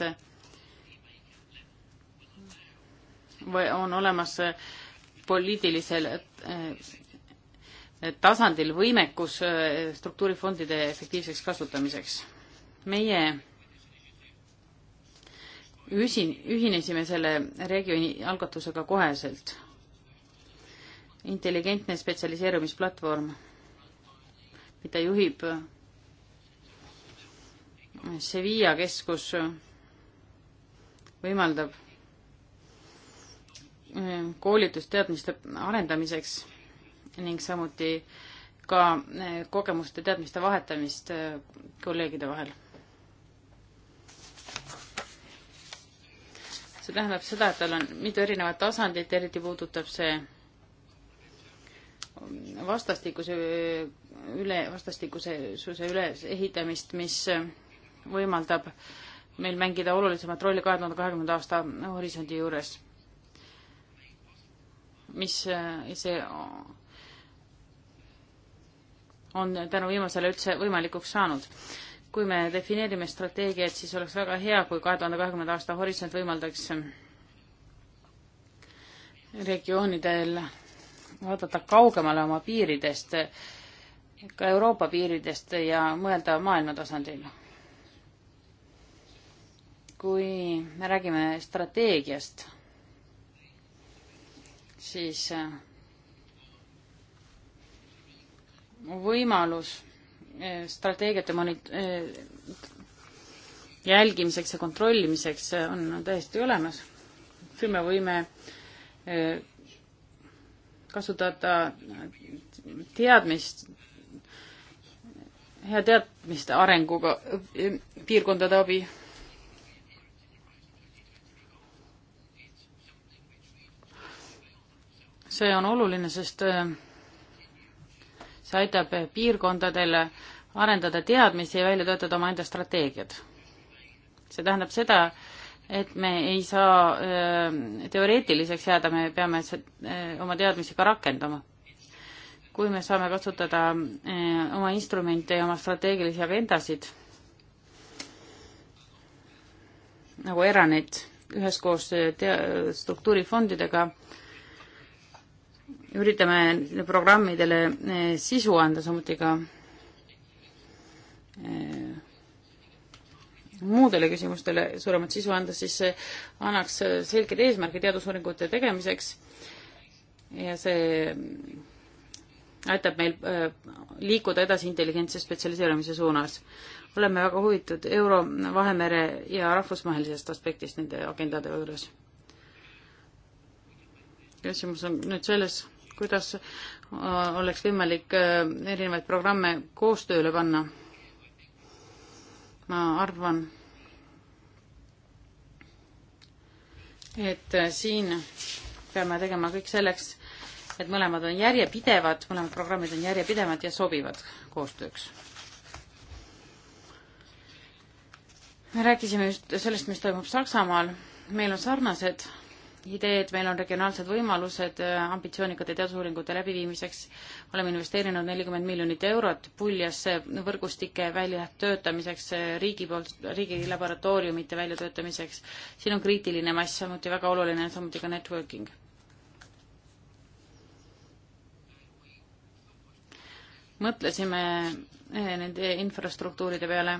või on olemas äh, poliitilisel äh, äh, tasandil võimekus struktuurifondide efektiivseks kasutamiseks. meie üsin-, ühinesime selle regiooni algatusega koheselt. intelligentne spetsialiseerumisplatvorm, mida juhib Sevilla keskus, võimaldab koolitusteadmiste arendamiseks ning samuti ka eh, kogemuste teadmiste vahetamist eh, kolleegide vahel. see tähendab seda, et tal on mitu erinevat tasandit, eriti puudutab see vastastikuse eh, üle, vastastikususe ülesehitamist, mis võimaldab meil mängida olulisemat rolli kahe tuhande kahekümnenda aasta horisondi juures mis äh, see on tänu viimasele üldse võimalikuks saanud. kui me defineerime strateegiat, siis oleks väga hea, kui kahe tuhande kahekümnenda aasta horisont võimaldaks regioonidel vaadata kaugemale oma piiridest, ka Euroopa piiridest ja mõelda maailma tasandil. kui me räägime strateegiast siis äh, võimalus äh, strateegiate monit-, äh, jälgimiseks ja kontrollimiseks on täiesti olemas. küll me võime kasutada teadmist, hea teadmiste arenguga piirkondade abi see on oluline, sest äh, see aitab piirkondadele arendada teadmisi ja välja töötada omaenda strateegiad. see tähendab seda, et me ei saa äh, teoreetiliseks jääda, me peame äh, oma teadmisi ka rakendama. kui me saame kasutada oma instrumente ja oma strateegilisi agendasid, nagu ERANET üheskoos struktuurifondidega, üritame programmidele eh, sisu anda, samuti ka eh, muudele küsimustele suuremat sisu anda, siis see annaks selged eesmärgid teadusuuringute tegemiseks ja see aitab meil eh, liikuda edasi intelligentse spetsialiseerumise suunas. oleme väga huvitatud Euro, Vahemere ja rahvusvahelisest aspektist nende agendade juures. küsimus on nüüd selles sellest, kuidas äh, oleks võimalik äh, erinevaid programme koostööle panna. ma arvan, et äh, siin peame tegema kõik selleks, et mõlemad on järjepidevad, mõlemad programmid on järjepidevad ja sobivad koostööks. me rääkisime just sellest, mis toimub Saksamaal, meil on sarnased ideed, meil on regionaalsed võimalused äh, ambitsioonikate teadusuuringute läbiviimiseks. oleme investeerinud nelikümmend miljonit eurot Puljasse võrgustike väljatöötamiseks, äh, riigi poolt, riigi laboratooriumite väljatöötamiseks. siin on kriitiline mass, samuti väga oluline, samuti ka networking. mõtlesime äh, nende infrastruktuuride peale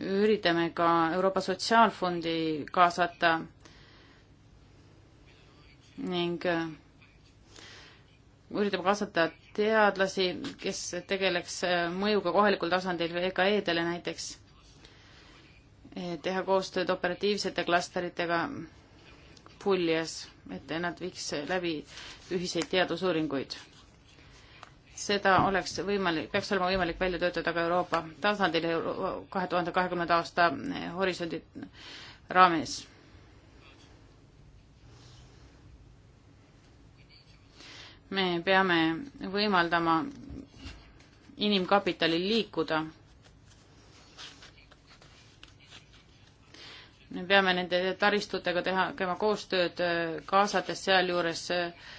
üritame ka Euroopa Sotsiaalfondi kaasata ning äh, üritame kaasata teadlasi, kes tegeleks äh, mõjuga kohalikul tasandil VKE-dele näiteks, äh, teha koostööd operatiivsete klastritega Puljas, et nad viiks läbi ühiseid teadusuuringuid seda oleks võimalik, peaks olema võimalik välja töötada ka Euroopa tasandil kahe tuhande kahekümnenda aasta horisondi raames. me peame võimaldama inimkapitalil liikuda. me peame nende taristutega teha, tegema koostööd, kaasates sealjuures äh,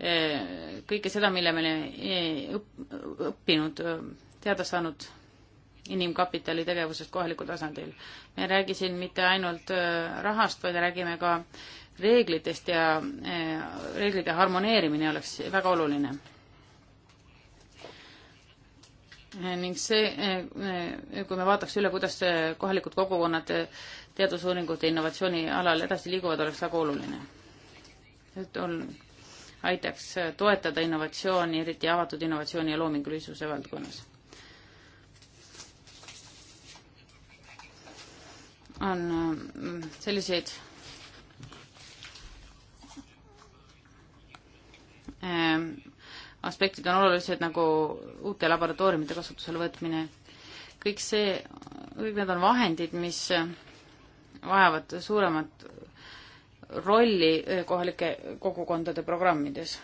Eh, kõike seda, mille me oleme eh, õppinud, eh, teada saanud inimkapitali tegevusest kohalikul tasandil. me ei räägi siin mitte ainult rahast, vaid räägime ka reeglitest ja reeglite harmoneerimine oleks väga oluline ning see, kui me vaataks üle, kuidas kohalikud kogukonnad teadusuuringute innovatsiooni alal edasi liiguvad, oleks väga oluline. et on aitaks toetada innovatsiooni, eriti avatud innovatsiooni ja loomingulisuse valdkonnas. on mm, selliseid ehm, aspektid on olulised nagu uute laboratooriumite kasutusele võtmine, kõik see, kõik need on vahendid, mis vajavad suuremat rolli eh, kohalike kogukondade programmides.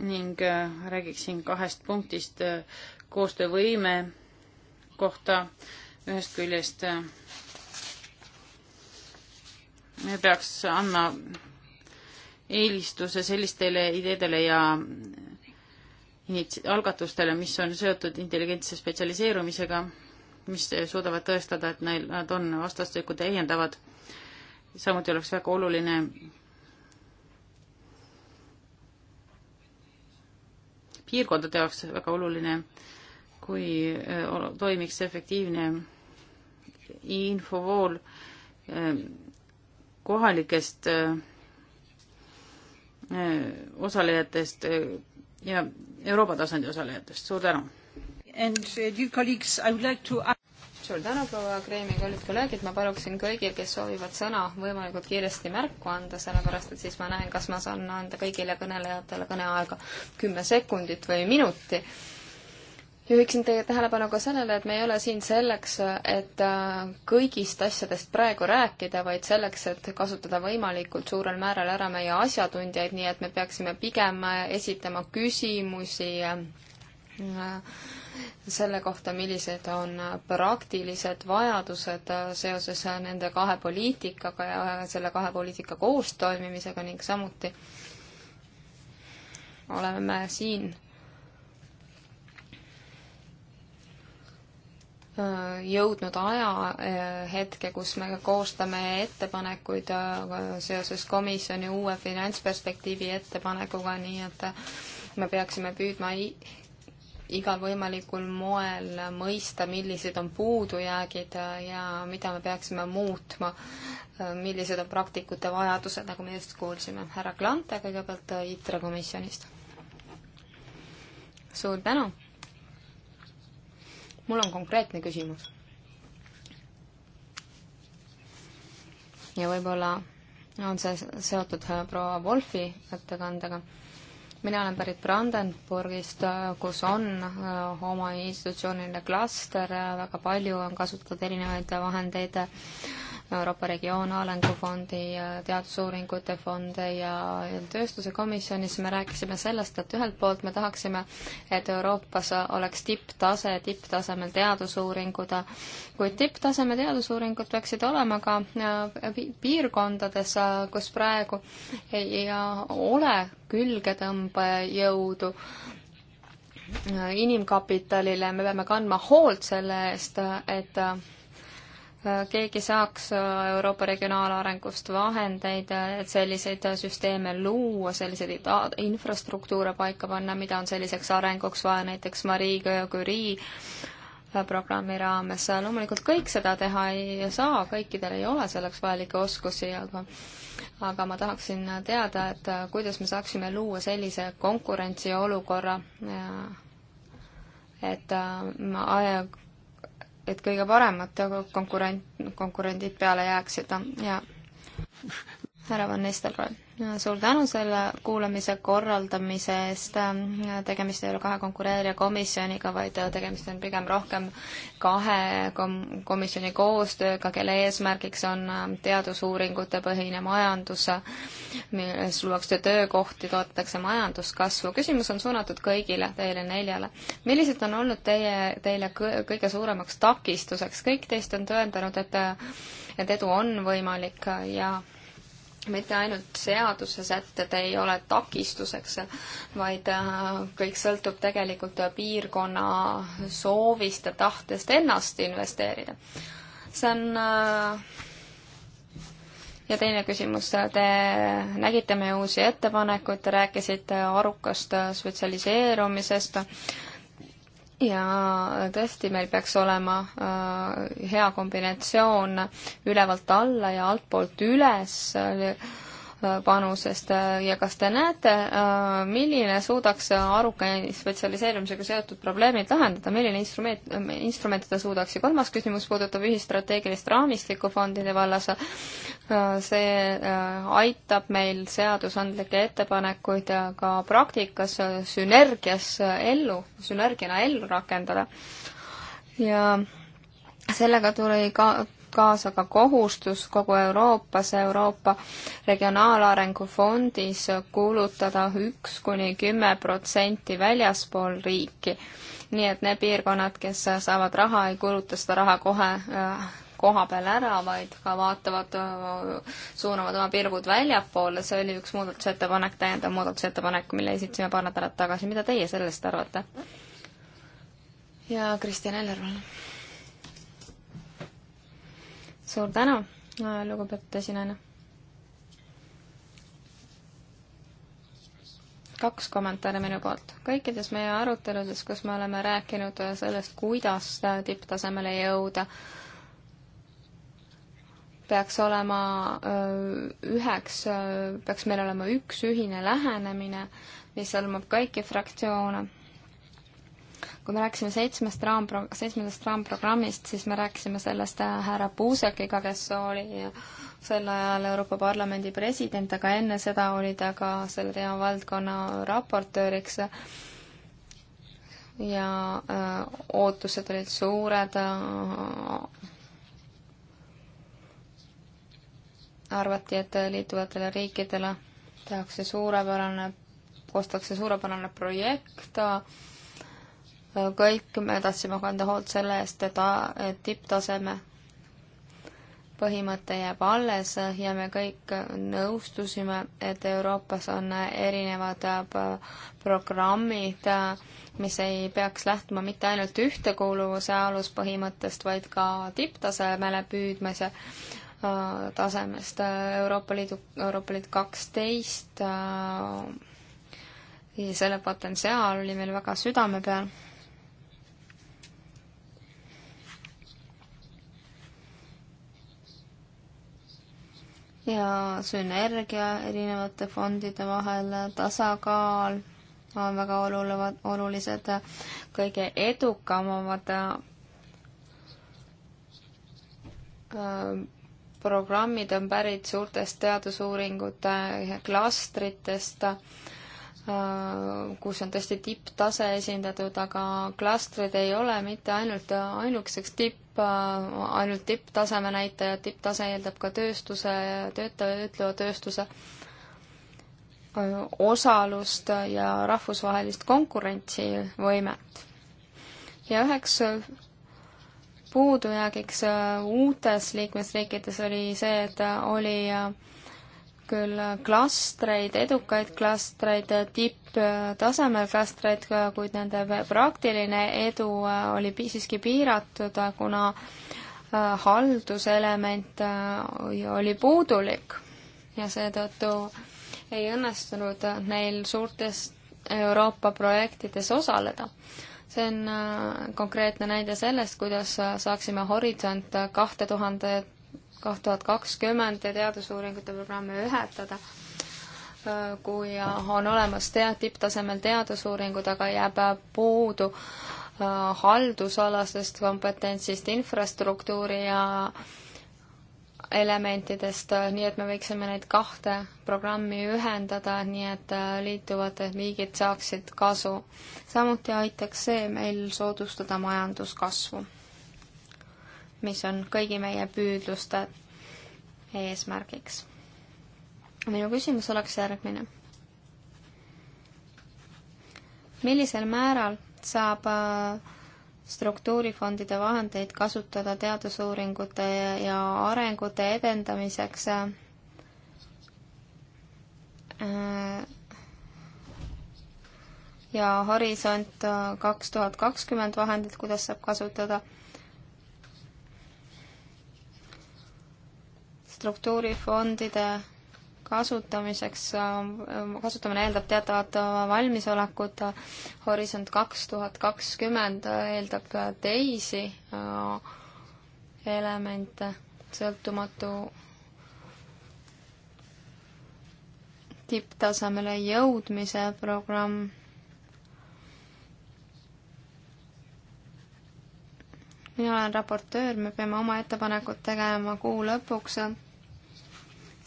ning eh, räägiksin kahest punktist eh, koostöövõime kohta. ühest küljest me peaks andma eelistuse sellistele ideedele ja algatustele, mis on seotud intelligentse spetsialiseerumisega, mis suudavad tõestada, et neil, nad on vastastikku täiendavad samuti oleks väga oluline piirkondade jaoks väga oluline, kui äh, toimiks efektiivne infovool ähm, kohalikest äh, äh, osalejatest ja Euroopa tasandi osalejatest. suur tänu! Uh, like to suur tänu, proua Kreemi, kallid kolleegid, ma paluksin kõigil, kes soovivad sõna, võimalikult kiiresti märku anda, sellepärast et siis ma näen, kas ma saan anda kõigile kõnelejatele kõneaega kümme sekundit või minuti juhiksin teie tähelepanu ka sellele, et me ei ole siin selleks, et äh, kõigist asjadest praegu rääkida, vaid selleks, et kasutada võimalikult suurel määral ära meie asjatundjaid, nii et me peaksime pigem äh, esitama küsimusi äh, selle kohta, millised on praktilised vajadused seoses nende kahe poliitikaga ja selle kahe poliitika koostoimimisega ning samuti oleme me siin äh, jõudnud ajahetke, äh, kus me koostame ettepanekuid äh, seoses komisjoni uue finantsperspektiivi ettepanekuga, nii et me peaksime püüdma igal võimalikul moel mõista, millised on puudujäägid ja mida me peaksime muutma, millised on praktikute vajadused, nagu me just kuulsime. härra Klante kõigepealt ITRE komisjonist. suur tänu! mul on konkreetne küsimus. ja võib-olla on see seotud proua Wolfi ettekandega mina olen pärit Brandenburgist, kus on äh, oma institutsiooniline klaster, äh, väga palju on kasutatud erinevaid vahendeid Euroopa Regionaarengufondi ja teadusuuringute fonde ja tööstuse komisjonis me rääkisime sellest, et ühelt poolt me tahaksime, et Euroopas oleks tipptase, tipptasemel teadusuuringud, kuid tipptaseme teadusuuringud peaksid olema ka äh, piirkondades, äh, kus praegu ei äh, ole külgetõmbejõudu inimkapitalile, me peame kandma hoolt selle eest, et keegi saaks äh, Euroopa regionaalarengust vahendeid, äh, et selliseid äh, süsteeme luua, selliseid infrastruktuure paika panna, mida on selliseks arenguks vaja, näiteks Marie Curie programmi raames. loomulikult kõik seda teha ei saa, kõikidel ei ole selleks vajalikke oskusi, aga aga ma tahaksin teada, et kuidas me saaksime luua sellise konkurentsiolukorra, et et kõige paremad konkurent, konkurendid peale jääksid ja härra Van Nistelrooy, suur tänu selle kuulamise korraldamise eest. tegemist ei ole kahe konkureerija komisjoniga, vaid tegemist on pigem rohkem kahe kom-, komisjoni koostööga, kelle eesmärgiks on teadusuuringute põhine majandus, milles luuakse töökohti, toodetakse majanduskasvu. küsimus on suunatud kõigile teile neljale. millised on olnud teie, teile kõige suuremaks takistuseks? kõik teist on tõendanud, et, et edu on võimalik ja mitte ainult seadusesätted ei ole takistuseks, vaid äh, kõik sõltub tegelikult piirkonna soovist ja tahtest ennast investeerida. see on äh, ja teine küsimus, te nägite meie uusi ettepanekuid, te rääkisite arukast äh, spetsialiseerumisest ja tõesti, meil peaks olema äh, hea kombinatsioon ülevalt alla ja altpoolt üles äh, panusest äh, ja kas te näete, äh, milline suudaks aruka spetsialiseerumisega seotud probleemid lahendada, milline instrument, äh, instrument ta suudaks ja kolmas küsimus puudutab ühistrateegilist raamistikku fondide vallas. see aitab meil seadusandlikke ettepanekuid ka praktikas sünergias ellu, sünergiana ellu rakendada ja sellega tuli ka kaasa ka kohustus kogu Euroopas, Euroopa Regionaalarengu Fondis kuulutada üks kuni kümme protsenti väljaspool riiki. nii et need piirkonnad, kes saavad raha, ei kuluta seda raha kohe äh, koha peal ära, vaid ka vaatavad, äh, suunavad oma pilgud väljapoole, see oli üks muudatusettepanek, täiendav muudatusettepanek, mille esitasime paar nädalat tagasi, mida teie sellest arvate? ja Kristjan Eller, palun suur tänu, lugupeetud esinaine. kaks kommentaari minu poolt. kõikides meie aruteludes, kus me oleme rääkinud sellest, kuidas tipptasemele jõuda, peaks olema üheks, peaks meil olema üks ühine lähenemine, mis hõlmab kõiki fraktsioone kui me rääkisime seitsmest raampro-, seitsmendast raamprogrammist, siis me rääkisime sellest äh, härra Puusekiga, kes oli sel ajal Euroopa Parlamendi president, aga enne seda oli ta ka selle teema valdkonna raportööriks ja öö, äh, ootused olid suured, äh, arvati, et liituvatele riikidele tehakse suurepärane, koostatakse suurepärane projekt, kõik me tahtsime kanda hoolt selle eest, et tipptaseme põhimõte jääb alles ja me kõik nõustusime, et Euroopas on erinevad äh, programmid, äh, mis ei peaks lähtuma mitte ainult ühtekuuluvuse aluspõhimõttest, vaid ka tipptasemele püüdmise äh, tasemest. Euroopa Liidu, Euroopa Liit kaksteist ja selle potentsiaal oli meil väga südame peal ja sünergia erinevate fondide vahel, tasakaal on väga olulevad, olulised, kõige edukamad ähm, programmid on pärit suurtest teadusuuringute klastritest Äh, kus on tõesti tipptase esindatud, aga klastrid ei ole mitte ainult äh, ainukeseks tipp, äh, ainult tipptaseme näitaja, tipptase eeldab ka tööstuse, töötava ja ütleva tööstuse osalust ja rahvusvahelist konkurentsivõimet. ja üheks puudujäägiks uutes liikmesriikides oli see, et oli küll klastreid, edukaid klastreid, tipptasemel klastreid, kuid nende praktiline edu äh, oli siiski piiratud, äh, kuna äh, halduselement oli puudulik ja seetõttu ei õnnestunud neil suurtes Euroopa projektides osaleda. see on konkreetne näide sellest, kuidas saaksime Horisont kahte tuhandet kaks tuhat kakskümmend ja teadusuuringute programme ühetada, kui on olemas tea-, tipptasemel teadusuuringud, aga jääb puudu äh, haldusalasest kompetentsist, infrastruktuuri ja elementidest, nii et me võiksime neid kahte programmi ühendada, nii et äh, liituvad riigid saaksid kasu. samuti aitaks see meil soodustada majanduskasvu mis on kõigi meie püüdluste eesmärgiks. minu küsimus oleks järgmine. millisel määral saab äh, struktuurifondide vahendeid kasutada teadusuuringute ja arengute edendamiseks äh, ja Horisont äh, kaks tuhat kakskümmend vahendit, kuidas saab kasutada struktuurifondide kasutamiseks, kasutamine eeldab teatavat valmisolekut, Horisont kaks tuhat kakskümmend eeldab teisi elemente, sõltumatu tipptasemele jõudmise programm mina olen raportöör, me peame oma ettepanekud tegema kuu lõpuks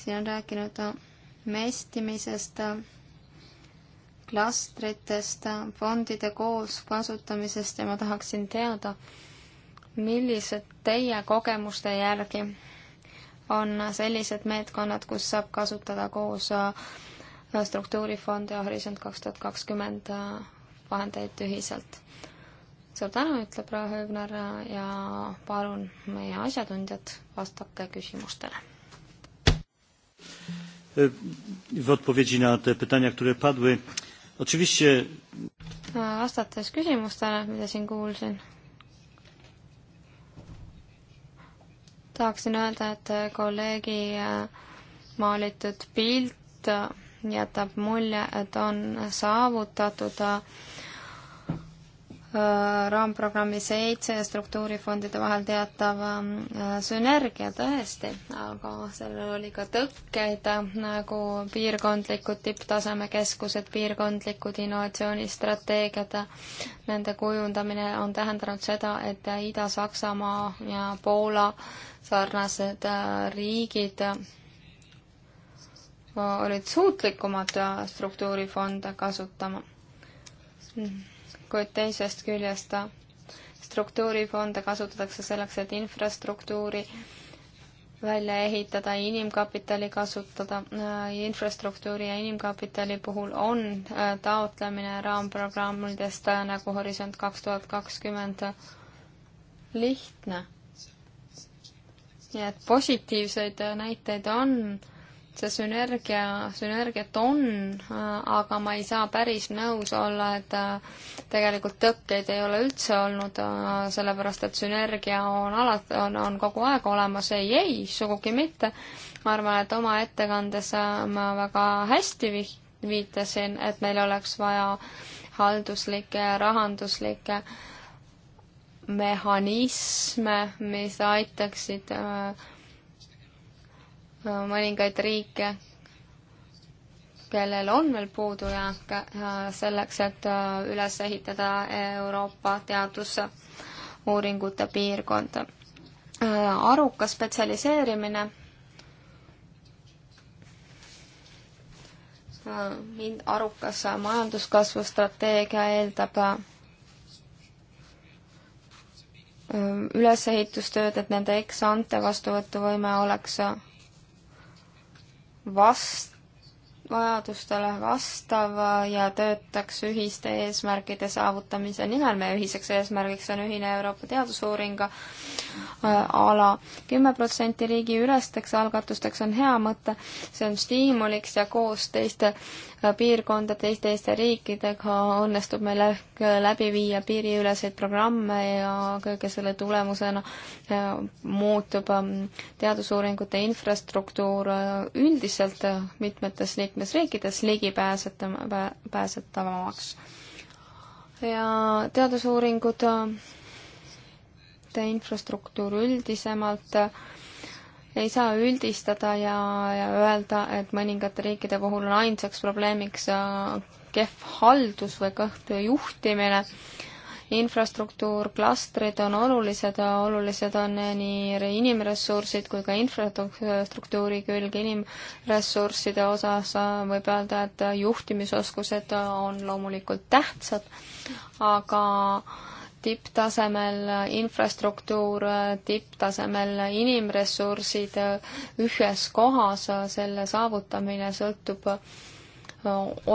siin on rääkinud mestimisest, klastritest, fondide koos kasutamisest ja ma tahaksin teada, millised teie kogemuste järgi on sellised meetkonnad, kus saab kasutada koos äh, struktuurifonde ja Horisont kaks tuhat kakskümmend äh, vahendeid ühiselt. suur tänu, ütleb Rahe Õgnar äh, ja palun meie asjatundjad, vastake küsimustele E, w odpowiedzi na te pytania, które padły. Oczywiście... Vastates küsimustele, mida siin kuulsin, tahaksin öelda, et kolleegi äh, maalitud pilt äh, jätab mulje, et on saavutatud äh, Äh, raamprogrammi seitse ja struktuurifondide vahel teatav äh, sünergia tõesti, aga sellel oli ka tõkkeid, nagu piirkondlikud tipptasemekeskused, piirkondlikud innovatsioonistrateegiad. Nende kujundamine on tähendanud seda, et Ida-Saksamaa ja Poola sarnased äh, riigid olid suutlikumad struktuurifonde kasutama kuid teisest küljest struktuurifonde kasutatakse selleks, et infrastruktuuri välja ehitada, inimkapitali kasutada. infrastruktuuri ja inimkapitali puhul on äh, taotlemine raamprogrammidest äh, nagu Horisont kaks tuhat kakskümmend lihtne. nii et positiivseid äh, näiteid on see sünergia, sünergiat on, aga ma ei saa päris nõus olla, et tegelikult tõkkeid ei ole üldse olnud, sellepärast et sünergia on alati, on, on kogu aeg olemas. ei, ei, sugugi mitte. ma arvan, et oma ettekandes äh, ma väga hästi viitasin, et meil oleks vaja halduslikke ja rahanduslikke mehhanisme, mis aitaksid äh, mõningaid riike, kellel on veel puudujääk äh, selleks, et äh, üles ehitada Euroopa teadusuuringute piirkond. Äh, arukas spetsialiseerimine mind arukas majanduskasvu strateegia eeldab ülesehitustööd, et nende ex-ante vastuvõtuvõime oleks vast-, vajadustele vastav ja töötaks ühiste eesmärkide saavutamise nimel. meie ühiseks eesmärgiks on ühine Euroopa teadusuuringa äh, ala. kümme protsenti riigi ülesteks algatusteks on hea mõte, see on stiimuliks ja koos teiste piirkondade, teiste Eesti riikidega õnnestub meil läbi viia piiriüleseid programme ja kõige selle tulemusena muutub ähm, teadusuuringute infrastruktuur äh, üldiselt äh, mitmetes liikmesriikides ligipääsetavamaks. ja teadusuuringud, infrastruktuur üldisemalt ei saa üldistada ja, ja öelda, et mõningate riikide puhul on ainsaks probleemiks äh, kehv haldus või kõht juhtimine. infrastruktuur, klastrid on olulised, olulised on nii inimressursid kui ka infrastruktuuri külg. inimressursside osas äh, võib öelda, et juhtimisoskused on loomulikult tähtsad, aga tipptasemel infrastruktuur, tipptasemel inimressursid ühes kohas, selle saavutamine sõltub äh,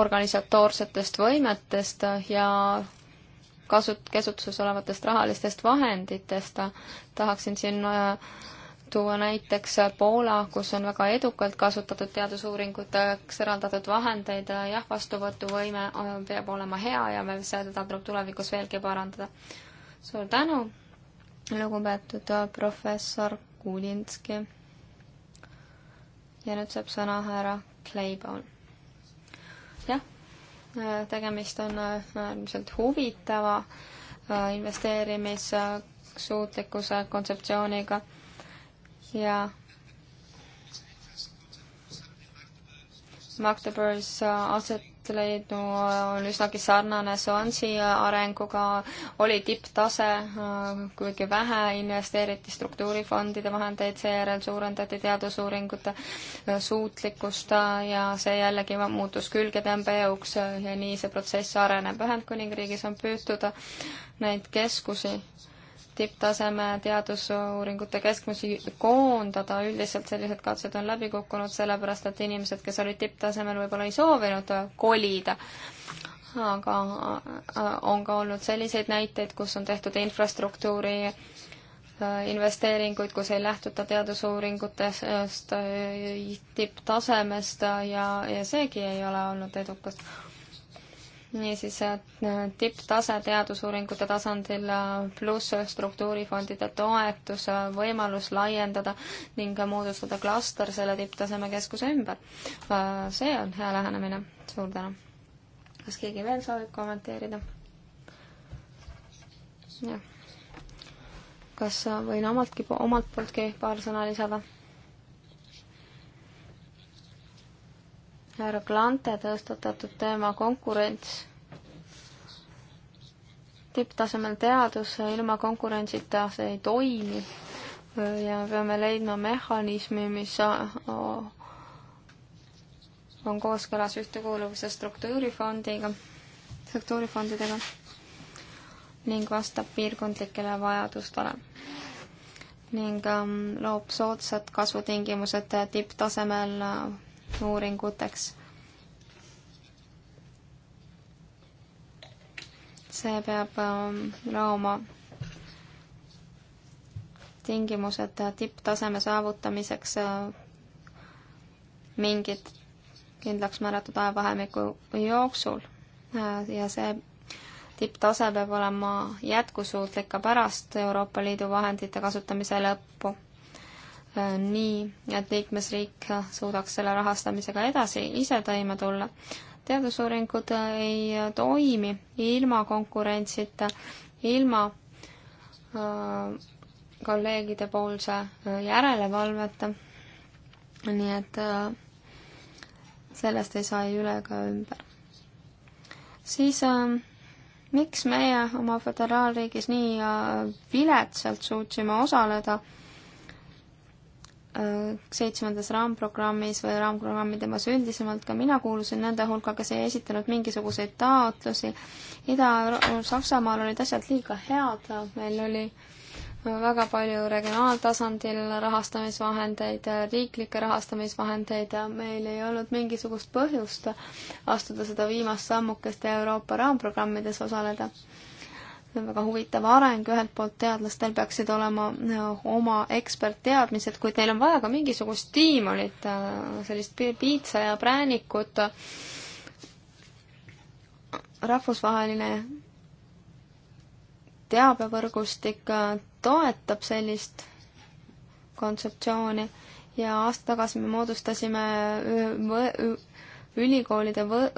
organisatoorsetest võimetest ja kasut-, käsutuses olevatest rahalistest vahenditest. tahaksin siin äh, tuua näiteks Poola, kus on väga edukalt kasutatud teadusuuringuteks eraldatud vahendeid, jah, vastuvõtuvõime äh, peab olema hea ja me seda tuleb tulevikus veelgi parandada. suur tänu, lugupeetud äh, professor Kulinski. ja nüüd saab sõna härra Kleibaun. jah, äh, tegemist on äärmiselt huvitava investeerimissuutlikkuse kontseptsiooniga ja Magdeburgis äh, aset leidnu äh, on üsnagi sarnane Swansi äh, arenguga, oli tipptase, kuigi vähe investeeriti struktuurifondide vahendeid, seejärel suurendati teadusuuringute suutlikkust ja see jällegi muutus külgetõmbejõuks ja nii see protsess areneb. Ühendkuningriigis on püütud neid keskusi tipptaseme teadusuuringute keskmusi koondada, üldiselt sellised katsed on läbi kukkunud, sellepärast et inimesed, kes olid tipptasemel, võib-olla ei soovinud kolida. aga äh, on ka olnud selliseid näiteid, kus on tehtud infrastruktuuri äh, investeeringuid, kus ei lähtuta teadusuuringutest äh, tipptasemest ja, ja seegi ei ole olnud edukas niisiis äh, tipptase teadusuuringute tasandil äh, pluss struktuurifondide toetus, äh, võimalus laiendada ning moodustada klaster selle tipptaseme keskuse ümber. see on hea lähenemine, suur tänu. kas keegi veel soovib kommenteerida? jah. kas võin omaltki, omalt pooltki paar sõna lisada? härra Klante tõstatatud teema konkurents. tipptasemel teadus ilma konkurentsita see ei toimi ja peame leidma mehhanismi, mis on kooskõlas ühtekuuluvuse struktuurifondiga, struktuurifondidega ning vastab piirkondlikele vajadustele ning ähm, loob soodsad kasvutingimused tipptasemel äh, uuringuteks. see peab ähm, looma tingimused tipptaseme saavutamiseks äh, mingit kindlaks määratud ajavahemiku jooksul äh, ja see tipptase peab olema jätkusuutlik ka pärast Euroopa Liidu vahendite kasutamise lõppu. Äh, nii, et liikmesriik suudaks selle rahastamisega edasi ise toime tulla. teadusuuringud äh, ei äh, toimi ilma konkurentsita, ilma kolleegide poolse järelevalveta. nii et sellest ei saa ei üle ega ümber. siis miks meie oma föderaalriigis nii viletsalt suutsime osaleda Äh, seitsmendas raamprogrammis või raamprogrammi temas üldisemalt, ka mina kuulusin nende hulka, kes ei esitanud mingisuguseid taotlusi. Ida-Saksamaal olid asjad liiga head, meil oli äh, väga palju regionaaltasandil rahastamisvahendeid, äh, riiklikke rahastamisvahendeid ja meil ei olnud mingisugust põhjust astuda seda viimast sammukest ja Euroopa raamprogrammides osaleda see on väga huvitav areng, ühelt poolt teadlastel peaksid olema äh, oma ekspertteadmised, kuid neil on vaja ka mingisugust stiimulit, äh, sellist piitsa ja präänikut. rahvusvaheline teabevõrgustik äh, toetab sellist kontseptsiooni ja aasta tagasi me moodustasime ülikoolide võ-,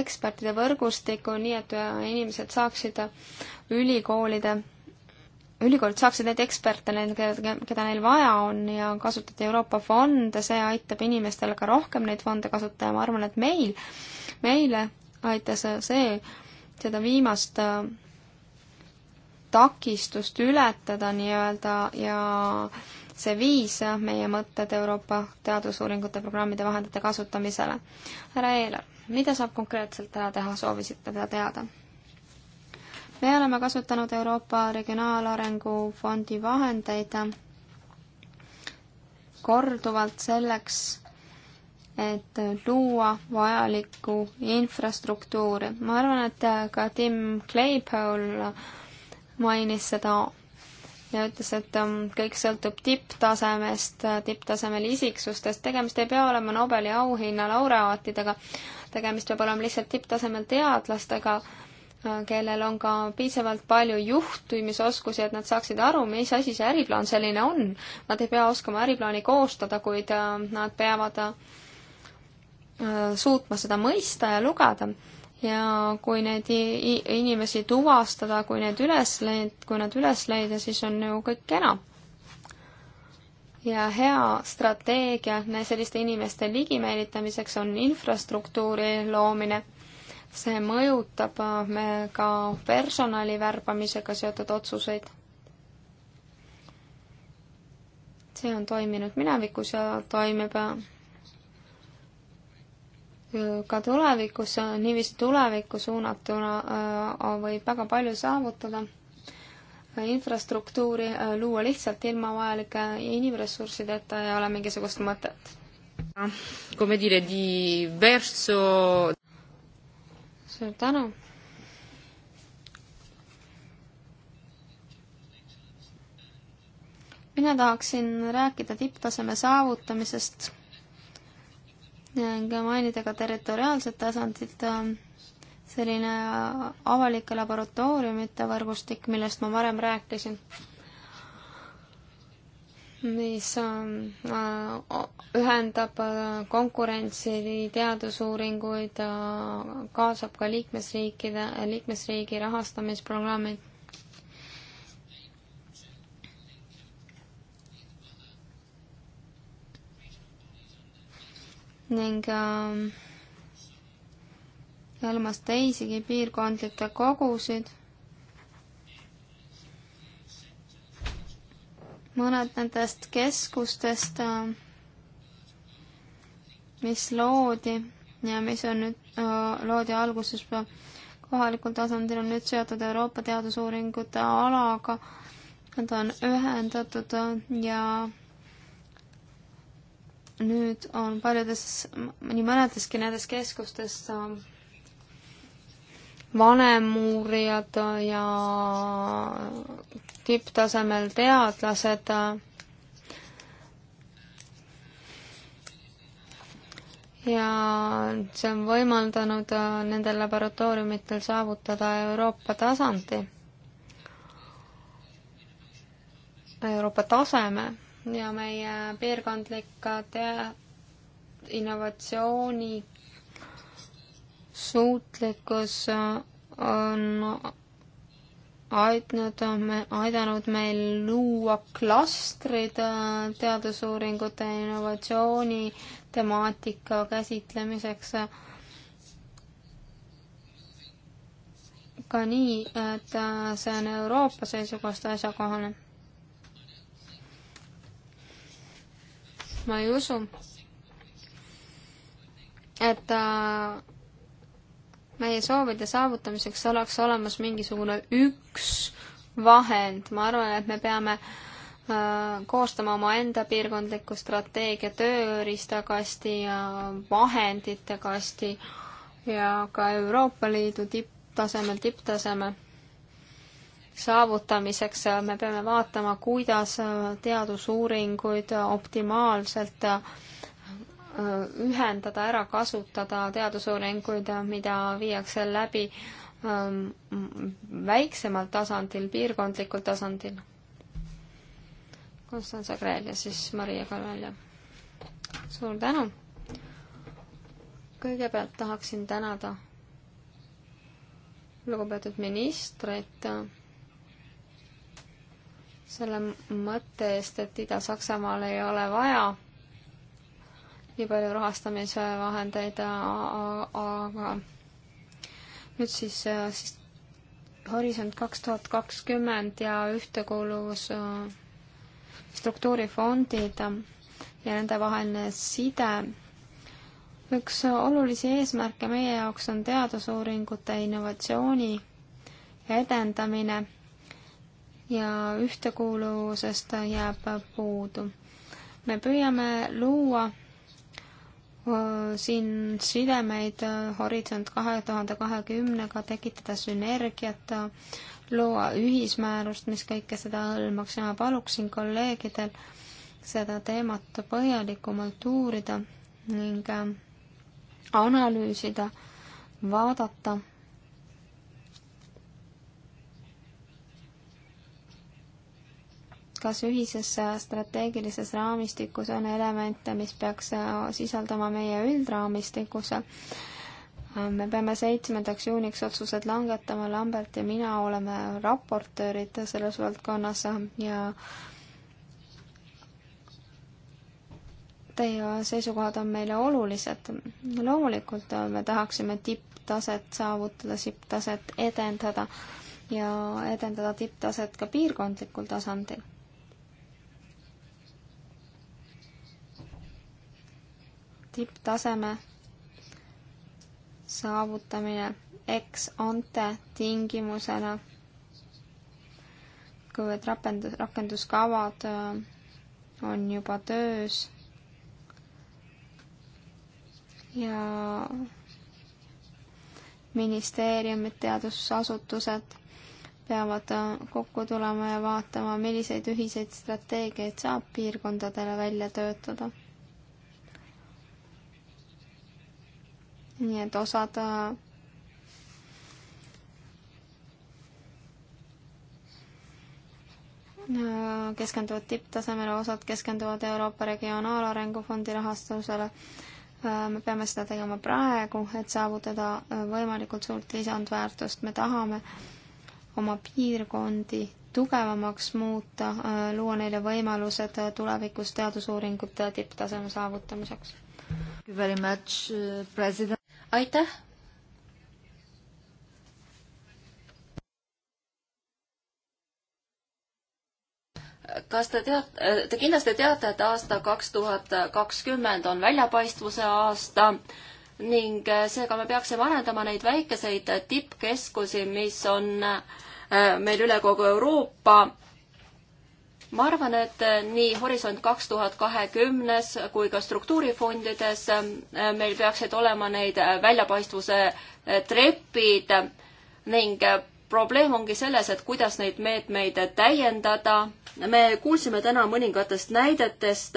ekspertide võrgustikku, nii et äh, inimesed saaksid ülikoolide, ülikoolid saaksid neid eksperte, neid, keda neil vaja on ja kasutada Euroopa fonde, see aitab inimestel ka rohkem neid fonde kasutada ja ma arvan, et meil, meile aitas äh, see, seda viimast äh, takistust ületada nii-öelda ja äh, see viis meie mõtted Euroopa teadusuuringute programmide vahendite kasutamisele. härra Eelar, mida saab konkreetselt ära teha, soovisite seda teada? me oleme kasutanud Euroopa Regionaalarengu Fondi vahendeid korduvalt selleks, et luua vajalikku infrastruktuuri. ma arvan, et ka Tim Claypool mainis seda ja ütles, et ähm, kõik sõltub tipptasemest, äh, tipptasemel isiksustest, tegemist ei pea olema Nobeli auhinna laureaatidega, tegemist peab olema lihtsalt tipptasemel teadlastega, äh, kellel on ka piisavalt palju juhtimisoskusi, et nad saaksid aru, mis asi see äriplaan selline on. Nad ei pea oskama äriplaani koostada, kuid äh, nad peavad suutma seda mõista ja lugeda ja kui neid inimesi tuvastada, kui need üles leid-, kui nad üles leida, siis on ju kõik kena. ja hea strateegia selliste inimeste ligimeelitamiseks on infrastruktuuri loomine. see mõjutab äh, me ka personali värbamisega seotud otsuseid. see on toiminud minevikus ja toimib äh, ka tulevikus, niiviisi tulevikku suunatuna äh, võib väga palju saavutada, infrastruktuuri äh, luua lihtsalt ilma vajalike inimressurssideta ei ole mingisugust mõtet. suur tänu! mina tahaksin rääkida tipptaseme saavutamisest ning mainida ka territoriaalset tasandit, äh, selline avalike laboratooriumite võrgustik, millest ma varem rääkisin mis äh, ühendab äh, konkurentsi teadusuuringuid, kaasab ka liikmesriikide, liikmesriigi rahastamisprogrammid. ning ähm, hõlmas teisigi piirkondlikke kogusid. mõned nendest keskustest, ähm, mis loodi ja mis on nüüd, äh, loodi alguses kohalikul tasandil, on nüüd seotud Euroopa teadusuuringute alaga. Nad on ühendatud äh, ja nüüd on paljudes, nii mõnedeski nendes keskustes ähm, vanemuurijad ja tipptasemel teadlased äh, ja see on võimaldanud äh, nendel laboratooriumitel saavutada Euroopa tasandi, Euroopa taseme ja meie piirkondlikade innovatsiooni suutlikkus on aidanud, aidanud meil luua klastrid äh, teadusuuringute innovatsiooni temaatika käsitlemiseks ka nii, et äh, see on Euroopa seisukohast asjakohane ma ei usu, et äh, meie soovide saavutamiseks oleks olemas mingisugune üks vahend, ma arvan, et me peame äh, koostama omaenda piirkondliku strateegia tööriistakasti ja vahendite kasti ja ka Euroopa Liidu tipptasemel, tipptasemel saavutamiseks me peame vaatama, kuidas teadusuuringuid optimaalselt äh, ühendada, ära kasutada teadusuuringuid, mida viiakse läbi ähm, väiksemal tasandil, piirkondlikul tasandil. Konstantin Kreel ja siis Maria Kalvelja. suur tänu! kõigepealt tahaksin tänada lugupeetud ministrit selle mõtte eest, et Ida-Saksamaal ei ole vaja nii palju rahastamisvahendeid, aga nüüd siis, siis Horisont kaks tuhat kakskümmend ja ühtekuuluvus struktuurifondid ja nende vaheline side. üks olulisi eesmärke meie jaoks on teadusuuringute innovatsiooni edendamine ja ühtekuuluvusest jääb puudu. me püüame luua siin sidemeid Horisont kahe tuhande kahekümnega, tekitada sünergiat, luua ühismäärust, mis kõike seda hõlmaks ja ma paluksin kolleegidel seda teemat põhjalikumalt uurida ning analüüsida, vaadata, kas ühises strateegilises raamistikus on elemente, mis peaks äh, sisaldama meie üldraamistikus. me peame seitsmendaks juuniks otsused langetama, Lambert ja mina oleme raportöörid selles valdkonnas ja teie seisukohad on meile olulised. loomulikult me tahaksime tipptaset saavutada, tipptaset edendada ja edendada tipptaset ka piirkondlikul tasandil. tipptaseme saavutamine ex ante tingimusena, kuivõrd rakendus, rakenduskavad äh, on juba töös ja ministeeriumid, teadusasutused peavad äh, kokku tulema ja vaatama, milliseid ühiseid strateegiaid saab piirkondadele välja töötada nii et osad äh, keskenduvad tipptasemele, osad keskenduvad Euroopa Regionaalarengu Fondi rahastusele. Äh, me peame seda tegema praegu, et saavutada äh, võimalikult suurt lisandväärtust, me tahame oma piirkondi tugevamaks muuta, luua neile võimalused tulevikus teadusuuringute tipptaseme saavutamiseks aitäh! kas te teate, te kindlasti teate, et aasta kaks tuhat kakskümmend on väljapaistvuse aasta ning seega me peaksime arendama neid väikeseid tippkeskusi, mis on äh, meil üle kogu Euroopa ma arvan, et äh, nii Horisont kaks tuhat kahekümnes kui ka struktuurifondides äh, meil peaksid olema neid äh, väljapaistvuse trepid ning probleem ongi selles, et kuidas neid meetmeid täiendada. me kuulsime täna mõningatest näidetest.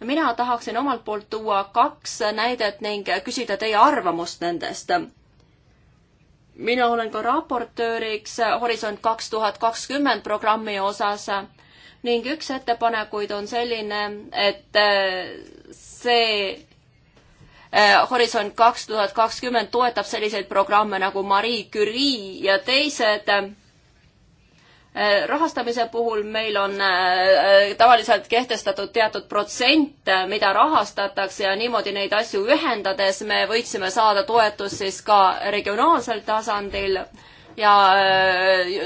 mina tahaksin omalt poolt tuua kaks näidet ning küsida teie arvamust nendest mina olen ka raportööriks Horisont kaks tuhat kakskümmend programmi osas ning üks ettepanekuid on selline, et äh, see äh, Horisont kaks tuhat kakskümmend toetab selliseid programme nagu Marie Curie ja teised Eh, rahastamise puhul meil on eh, eh, tavaliselt kehtestatud teatud protsent, mida rahastatakse ja niimoodi neid asju ühendades me võiksime saada toetust siis ka regionaalsel tasandil ja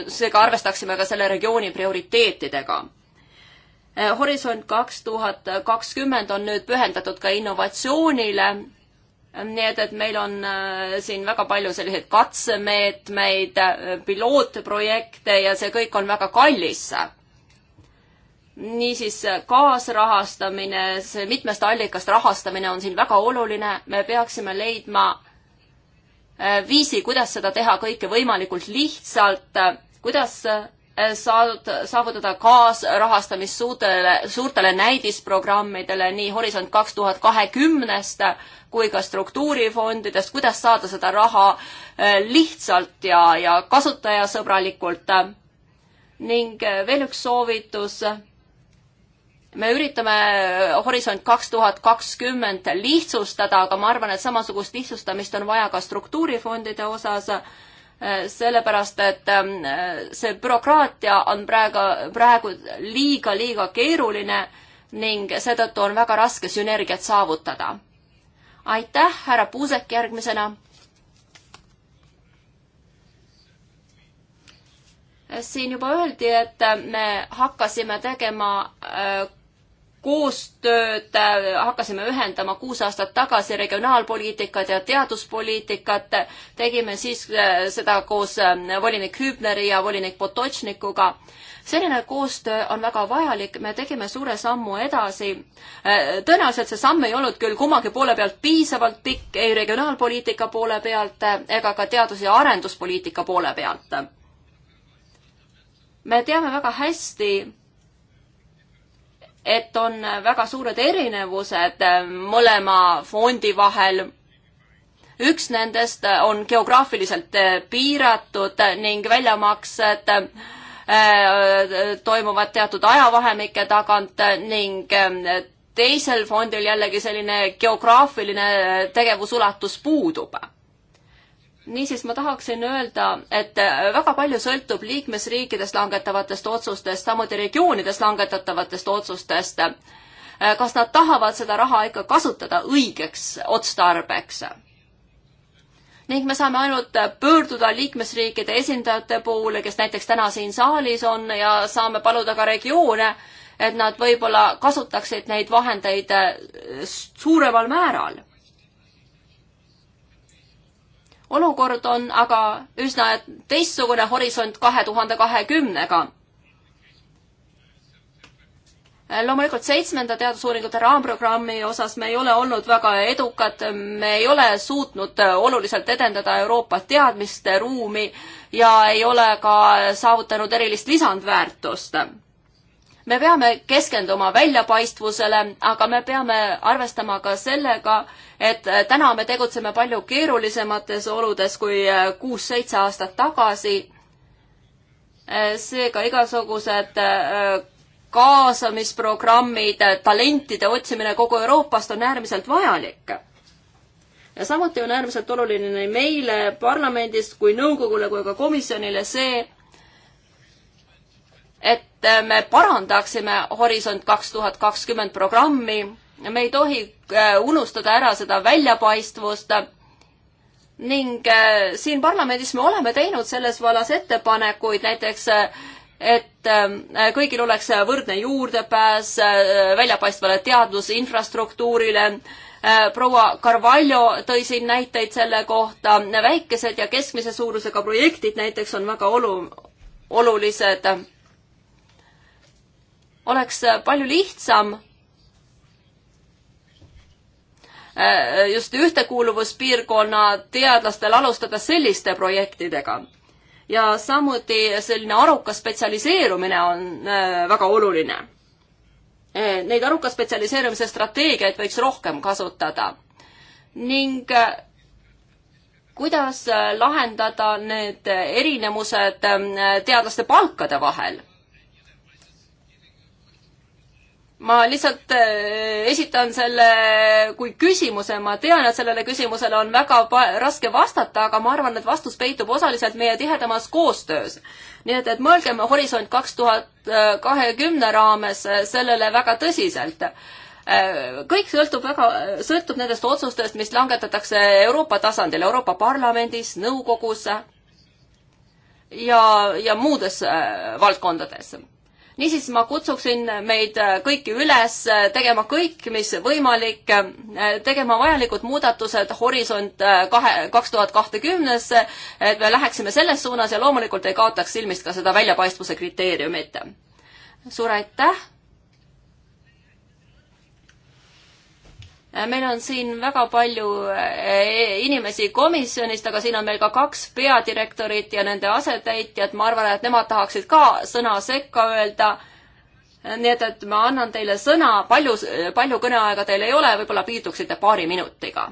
seega arvestaksime ka selle regiooni prioriteetidega. Horisont kaks tuhat kakskümmend on nüüd pühendatud ka innovatsioonile nii et, et meil on äh, siin väga palju selliseid katsemeetmeid, äh, pilootprojekte ja see kõik on väga kallis. niisiis äh, kaasrahastamine, see mitmest allikast rahastamine on siin väga oluline, me peaksime leidma viisi, kuidas seda teha kõike võimalikult lihtsalt, kuidas saad, saavutada kaasrahastamist suurtele, suurtele näidisprogrammidele nii Horisont kaks tuhat kahekümnest kui ka struktuurifondidest, kuidas saada seda raha äh, lihtsalt ja, ja kasutajasõbralikult. ning äh, veel üks soovitus me üritame äh, Horisont kaks tuhat kakskümmend lihtsustada, aga ma arvan, et samasugust lihtsustamist on vaja ka struktuurifondide osas, sellepärast et ähm, see bürokraatia on praegu, praegu liiga-liiga keeruline ning seetõttu on väga raske sünergiat saavutada aitäh, härra Puusek järgmisena. siin juba öeldi, et me hakkasime tegema äh, koostööd, hakkasime ühendama kuus aastat tagasi regionaalpoliitikat ja teaduspoliitikat, tegime siis äh, seda koos äh, volinik Hübneri ja volinik Potočnikuga selline koostöö on väga vajalik, me tegime suure sammu edasi. Äh, tõenäoliselt see samm ei olnud küll kummagi poole pealt piisavalt pikk, ei regionaalpoliitika poole pealt äh, ega ka teadus- ja arenduspoliitika poole pealt. me teame väga hästi, et on väga suured erinevused äh, mõlema fondi vahel üks nendest on geograafiliselt piiratud ning väljamaksed Äh, toimuvad teatud ajavahemike tagant ning äh, teisel fondil jällegi selline geograafiline tegevusulatus puudub niisiis ma tahaksin öelda, et äh, väga palju sõltub liikmesriikides langetavatest otsustest, samuti regioonides langetatavatest otsustest. kas nad tahavad seda raha ikka kasutada õigeks otstarbeks? ning me saame ainult pöörduda liikmesriikide esindajate poole, kes näiteks täna siin saalis on ja saame paluda ka regioone, et nad võib-olla kasutaksid neid vahendeid äh, suuremal määral. olukord on aga üsna teistsugune horisont kahe tuhande kahekümnega loomulikult seitsmenda teadusuuringute raamprogrammi osas me ei ole olnud väga edukad, me ei ole suutnud oluliselt edendada Euroopa teadmiste ruumi ja ei ole ka saavutanud erilist lisandväärtust. me peame keskenduma väljapaistvusele, aga me peame arvestama ka sellega, et täna me tegutseme palju keerulisemates oludes kui kuus-seitse aastat tagasi. seega igasugused kaasamisprogrammid, talentide otsimine kogu Euroopast on äärmiselt vajalik. ja samuti on äärmiselt oluline nii meile parlamendist kui nõukogule kui ka komisjonile see, et me parandaksime Horisont kaks tuhat kakskümmend programmi, me ei tohi äh, unustada ära seda väljapaistvust ning äh, siin parlamendis me oleme teinud selles vallas ettepanekuid, näiteks äh, et ähm, äh, kõigil oleks võrdne juurdepääs äh, väljapaistvale teadusinfrastruktuurile. Äh, proua Carvalho tõi siin näiteid selle kohta, väikesed ja keskmise suurusega projektid näiteks on väga olu-, olulised. oleks palju lihtsam just ühtekuuluvuspiirkonna teadlastel alustada selliste projektidega ja samuti selline arukas spetsialiseerumine on äh, väga oluline. Äh, neid aruka spetsialiseerumise strateegiaid võiks rohkem kasutada ning äh, kuidas lahendada need erinevused teadlaste palkade vahel ma lihtsalt äh, esitan selle kui küsimuse, ma tean, et sellele küsimusele on väga raske vastata, aga ma arvan, et vastus peitub osaliselt meie tihedamas koostöös. nii et, et mõelgem Horisont kaks tuhat kahekümne raames äh, sellele väga tõsiselt. Äh, kõik sõltub väga, sõltub nendest otsustest, mis langetatakse Euroopa tasandil, Euroopa Parlamendis, nõukogus ja, ja muudes valdkondades niisiis ma kutsuksin meid äh, kõiki üles äh, tegema kõik, mis võimalik, äh, tegema vajalikud muudatused Horisont kahe, kaks tuhat kahtekümnesse, et me läheksime selles suunas ja loomulikult ei kaotaks silmist ka seda väljapaistvuse kriteeriumit. suur aitäh! Äh, meil on siin väga palju äh, inimesi komisjonist, aga siin on meil ka kaks peadirektorit ja nende asetäitjad, ma arvan, et nemad tahaksid ka sõna sekka öelda. Äh, nii et, et ma annan teile sõna, palju, palju kõneaega teil ei ole, võib-olla piirduksite paari minutiga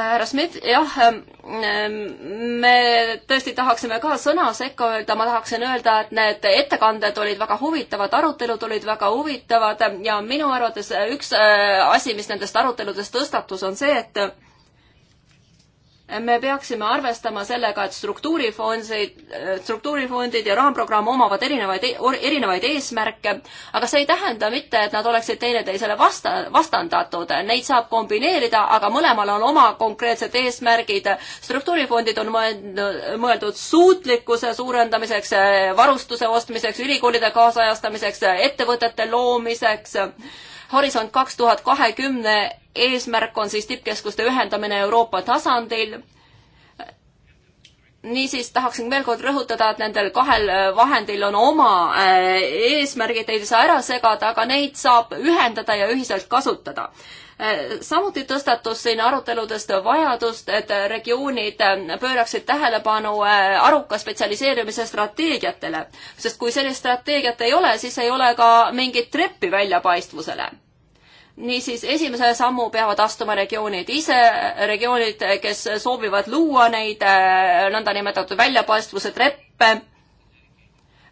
härra Schmidt, jah, ähm, ähm, me tõesti tahaksime ka sõna sekka öelda, ma tahaksin öelda, et need ettekanded olid väga huvitavad, arutelud olid väga huvitavad ja minu arvates üks äh, asi, mis nendest aruteludest tõstatus, on see, et me peaksime arvestama sellega, et struktuurifondseid, struktuurifondid ja raamprogramm omavad erinevaid, e-, erinevaid eesmärke, aga see ei tähenda mitte, et nad oleksid teineteisele vasta, vastandatud, neid saab kombineerida, aga mõlemal on oma konkreetsed eesmärgid. struktuurifondid on mõeldud, mõeldud suutlikkuse suurendamiseks, varustuse ostmiseks, ülikoolide kaasajastamiseks, ettevõtete loomiseks Horisont kaks tuhat kahekümne eesmärk on siis tippkeskuste ühendamine Euroopa tasandil. niisiis tahaksin veel kord rõhutada, et nendel kahel vahendil on oma äh, eesmärgid, neid ei saa ära segada, aga neid saab ühendada ja ühiselt kasutada äh, samuti tõstatus siin aruteludest vajadust, et regioonid äh, pööraksid tähelepanu aruka spetsialiseerimise strateegiatele, sest kui sellist strateegiat ei ole, siis ei ole ka mingit treppi väljapaistvusele niisiis, esimese sammu peavad astuma regioonid ise, regioonid, kes soovivad luua neid äh, nõndanimetatud väljapaistvuse treppe.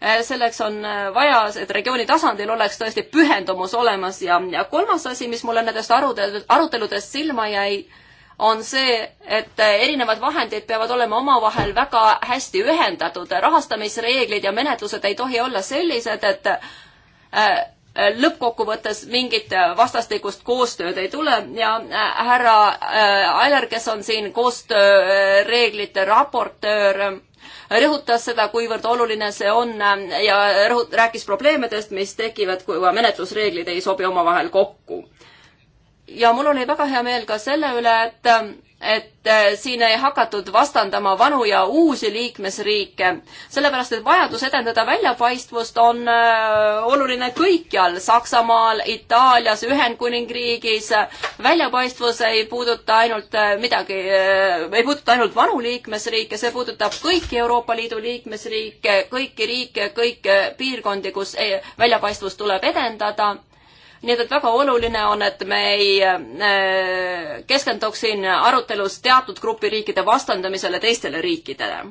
Äh, selleks on äh, vaja, et regiooni tasandil oleks tõesti pühendumus olemas ja, ja kolmas asi, mis mulle nendest arutel-, aruteludest silma jäi, on see, et erinevad vahendid peavad olema omavahel väga hästi ühendatud, rahastamisreeglid ja menetlused ei tohi olla sellised, et Äh, lõppkokkuvõttes mingit äh, vastastikust koostööd ei tule ja äh, härra Ailer, kes on siin koostööreeglite raportöör, rõhutas seda, kuivõrd oluline see on ja rõhut-, rääkis probleemidest, mis tekivad, kui menetlusreeglid ei sobi omavahel kokku. ja mul oli väga hea meel ka selle üle, et et äh, siin ei hakatud vastandama vanu ja uusi liikmesriike, sellepärast et vajadus edendada väljapaistvust on äh, oluline kõikjal, Saksamaal, Itaalias, Ühendkuningriigis. väljapaistvus ei puuduta ainult äh, midagi, ei puuduta ainult vanu liikmesriike, see puudutab kõiki Euroopa Liidu liikmesriike, kõiki riike, kõiki piirkondi, kus eh, väljapaistvust tuleb edendada nii et, et väga oluline on, et me ei äh, keskenduks siin arutelus teatud grupi riikide vastandamisele teistele riikidele.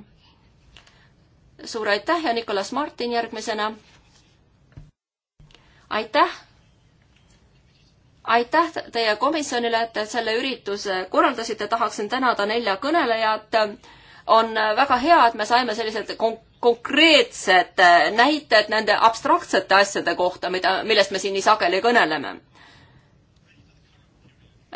suur aitäh ja Nicolas Martin järgmisena. aitäh aitäh teie komisjonile, et te selle ürituse korraldasite, tahaksin tänada nelja kõnelejat. on väga hea, et me saime sellised kon-, konkreetsed äh, näited nende abstraktsete asjade kohta, mida, millest me siin nii sageli kõneleme.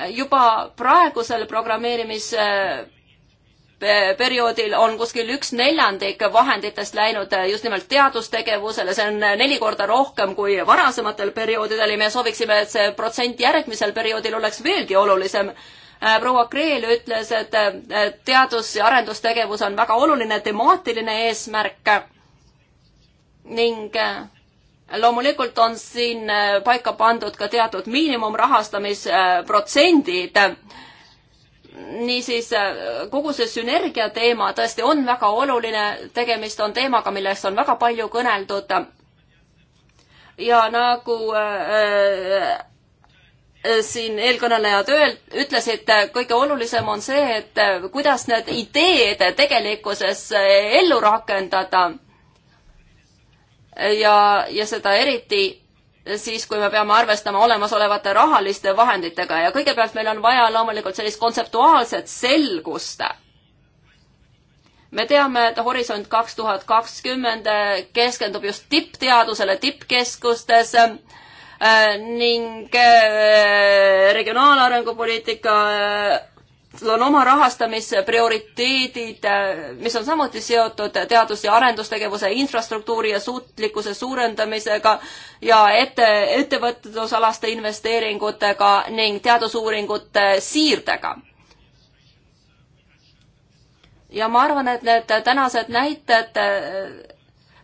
juba praegusel programmeerimisperioodil äh, on kuskil üks neljandik vahenditest läinud äh, just nimelt teadustegevusele, see on neli korda rohkem kui varasematel perioodidel ja me sooviksime, et see protsent järgmisel perioodil oleks veelgi olulisem Äh, proua Kreel ütles, et teadus- ja arendustegevus on väga oluline temaatiline eesmärk ning äh, loomulikult on siin äh, paika pandud ka teatud miinimumrahastamisprotsendid. niisiis kogu see sünergia teema tõesti on väga oluline, tegemist on teemaga, millest on väga palju kõneldud. ja nagu äh, Äh, siin eelkõnelejad öel-, ütlesid, äh, kõige olulisem on see, et äh, kuidas need ideed tegelikkuses ellu rakendada. ja, ja seda eriti siis, kui me peame arvestama olemasolevate rahaliste vahenditega ja kõigepealt meil on vaja loomulikult sellist kontseptuaalset selgust. me teame, et Horisont kaks tuhat kakskümmend keskendub just tippteadusele tippkeskustes Äh, ning äh, regionaalarengupoliitika äh, on oma rahastamisprioriteedid, mis on samuti seotud teadus- ja arendustegevuse infrastruktuuri ja suutlikkuse suurendamisega ja ette, ettevõtlusalaste investeeringutega ning teadusuuringute siirdega. ja ma arvan, et need tänased näited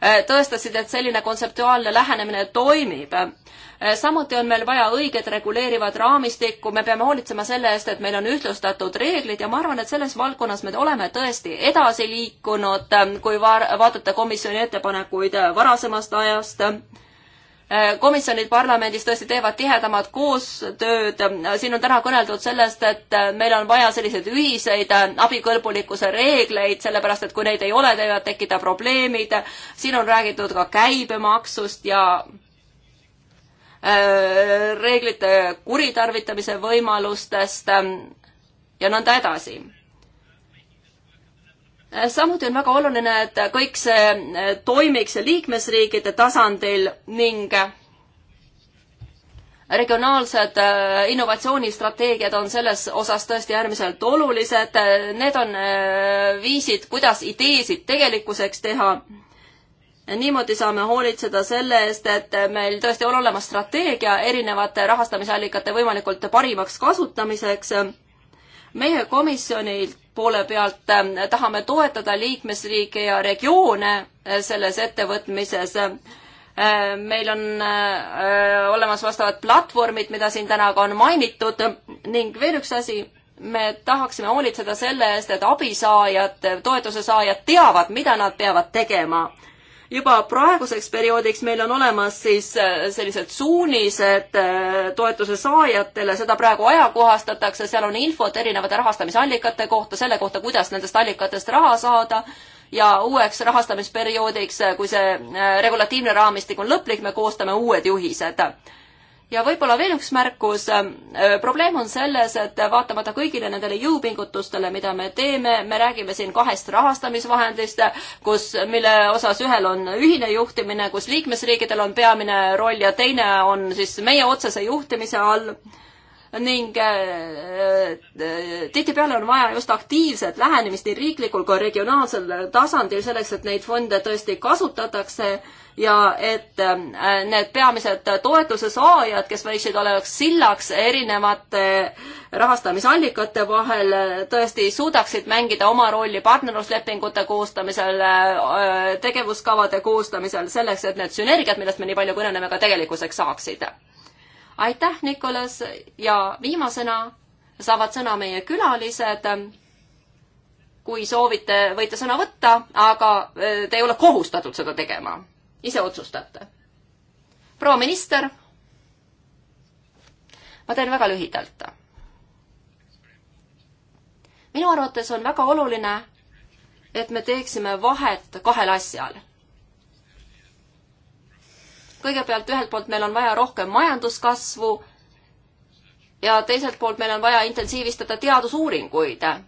Äh, tõestasid, et selline kontseptuaalne lähenemine toimib. Äh, samuti on meil vaja õiget reguleerivat raamistikku, me peame hoolitsema selle eest, et meil on ühtlustatud reeglid ja ma arvan, et selles valdkonnas me oleme tõesti edasi liikunud, äh, kui va vaadata komisjoni ettepanekuid varasemast ajast Äh, komisjonid parlamendis tõesti teevad tihedamat koostööd, siin on täna kõneldud sellest, et äh, meil on vaja selliseid ühiseid äh, abikõlbulikkuse reegleid, sellepärast et kui neid ei ole, võivad tekkida probleemid, siin on räägitud ka käibemaksust ja reeglite kuritarvitamise võimalustest ähm, ja nõnda edasi samuti on väga oluline, et kõik see e, toimiks liikmesriikide tasandil ning regionaalsed e, innovatsioonistrateegiad on selles osas tõesti äärmiselt olulised. Need on e, viisid, kuidas ideesid tegelikkuseks teha. niimoodi saame hoolitseda selle eest, et meil tõesti on olemas strateegia erinevate rahastamisallikate võimalikult parimaks kasutamiseks. meie komisjonilt poole pealt äh, tahame toetada liikmesriike ja regioone äh, selles ettevõtmises. Äh, meil on olemas vastavad platvormid, mida siin täna ka on mainitud ning veel üks asi, me tahaksime hoolitseda selle eest, et abisaajad, toetuse saajad teavad, mida nad peavad tegema juba praeguseks perioodiks meil on olemas siis äh, sellised suunised äh, toetuse saajatele, seda praegu ajakohastatakse, seal on infot erinevate rahastamisallikate kohta, selle kohta, kuidas nendest allikatest raha saada ja uueks rahastamisperioodiks, äh, kui see regulatiivne raamistik on lõplik, me koostame uued juhised ja võib-olla veel üks märkus, probleem on selles, et vaatamata kõigile nendele jõupingutustele, mida me teeme, me räägime siin kahest rahastamisvahendist, kus, mille osas ühel on ühine juhtimine, kus liikmesriikidel on peamine roll ja teine on siis meie otsese juhtimise all ning tihtipeale on vaja just aktiivset lähenemist nii riiklikul kui regionaalsel tasandil selleks, et neid fonde tõesti kasutatakse ja et äh, need peamised toetuse saajad, kes võiksid olla sillaks erinevate rahastamisallikate vahel, tõesti suudaksid mängida oma rolli partnerluslepingute koostamisel, äh, tegevuskavade koostamisel, selleks et need sünergiad, millest me nii palju kõneleme, ka tegelikkuseks saaksid aitäh, Nikolas ja viimasena saavad sõna meie külalised. kui soovite, võite sõna võtta, aga äh, te ei ole kohustatud seda tegema ise otsustate. proua minister, ma teen väga lühidalt. minu arvates on väga oluline, et me teeksime vahet kahel asjal. kõigepealt ühelt poolt meil on vaja rohkem majanduskasvu ja teiselt poolt meil on vaja intensiivistada teadusuuringuid ähm,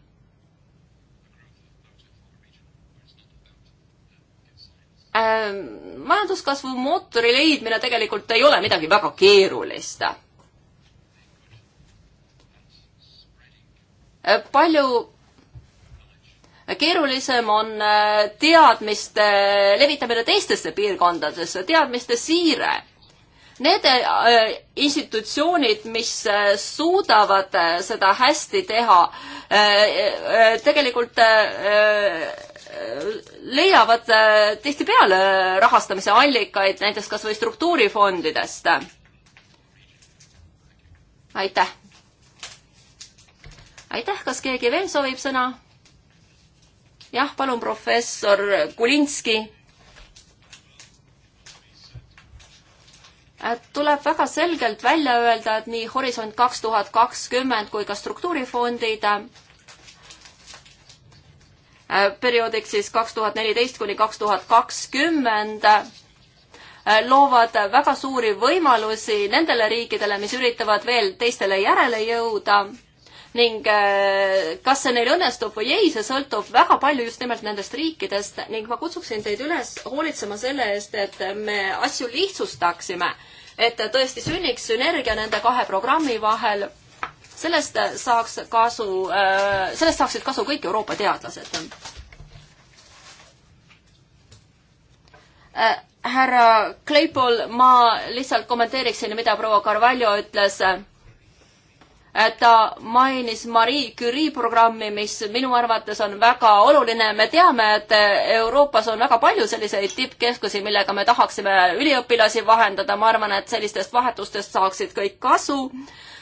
majanduskasvu mootori leidmine tegelikult ei ole midagi väga keerulist. palju keerulisem on äh, teadmiste levitamine teistesse piirkondadesse, teadmiste siire. Need äh, institutsioonid, mis äh, suudavad seda hästi teha, tegelikult leiavad äh, tihtipeale rahastamise allikaid, näiteks kas või struktuurifondidest. aitäh! aitäh, kas keegi veel soovib sõna? jah, palun, professor Kulinski. Äh, tuleb väga selgelt välja öelda, et nii Horisont kaks tuhat kakskümmend kui ka struktuurifondid Äh, perioodiks siis kaks tuhat neliteist kuni kaks tuhat kakskümmend äh, loovad väga suuri võimalusi nendele riikidele, mis üritavad veel teistele järele jõuda ning äh, kas see neil õnnestub või ei, see sõltub väga palju just nimelt nendest riikidest ning ma kutsuksin teid üles hoolitsema selle eest, et me asju lihtsustaksime, et tõesti sünniks sünergia nende kahe programmi vahel sellest äh, saaks kasu, äh, sellest saaksid kasu kõik Euroopa teadlased. Äh, härra Claypool, ma lihtsalt kommenteeriksin, mida proua Carvalho ütles. ta mainis Marie Curie programmi, mis minu arvates on väga oluline. me teame, et Euroopas on väga palju selliseid tippkeskusi, millega me tahaksime üliõpilasi vahendada. ma arvan, et sellistest vahetustest saaksid kõik kasu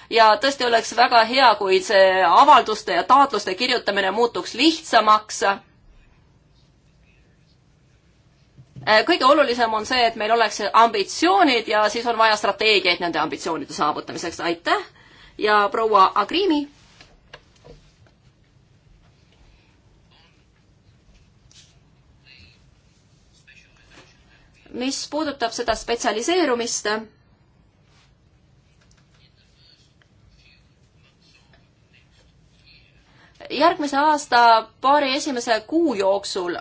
ja tõesti oleks väga hea, kui see avalduste ja taotluste kirjutamine muutuks lihtsamaks. Äh, kõige olulisem on see, et meil oleks ambitsioonid ja siis on vaja strateegiaid nende ambitsioonide saavutamiseks, aitäh ja proua Agrimi mis puudutab seda spetsialiseerumist, järgmise aasta paari esimese kuu jooksul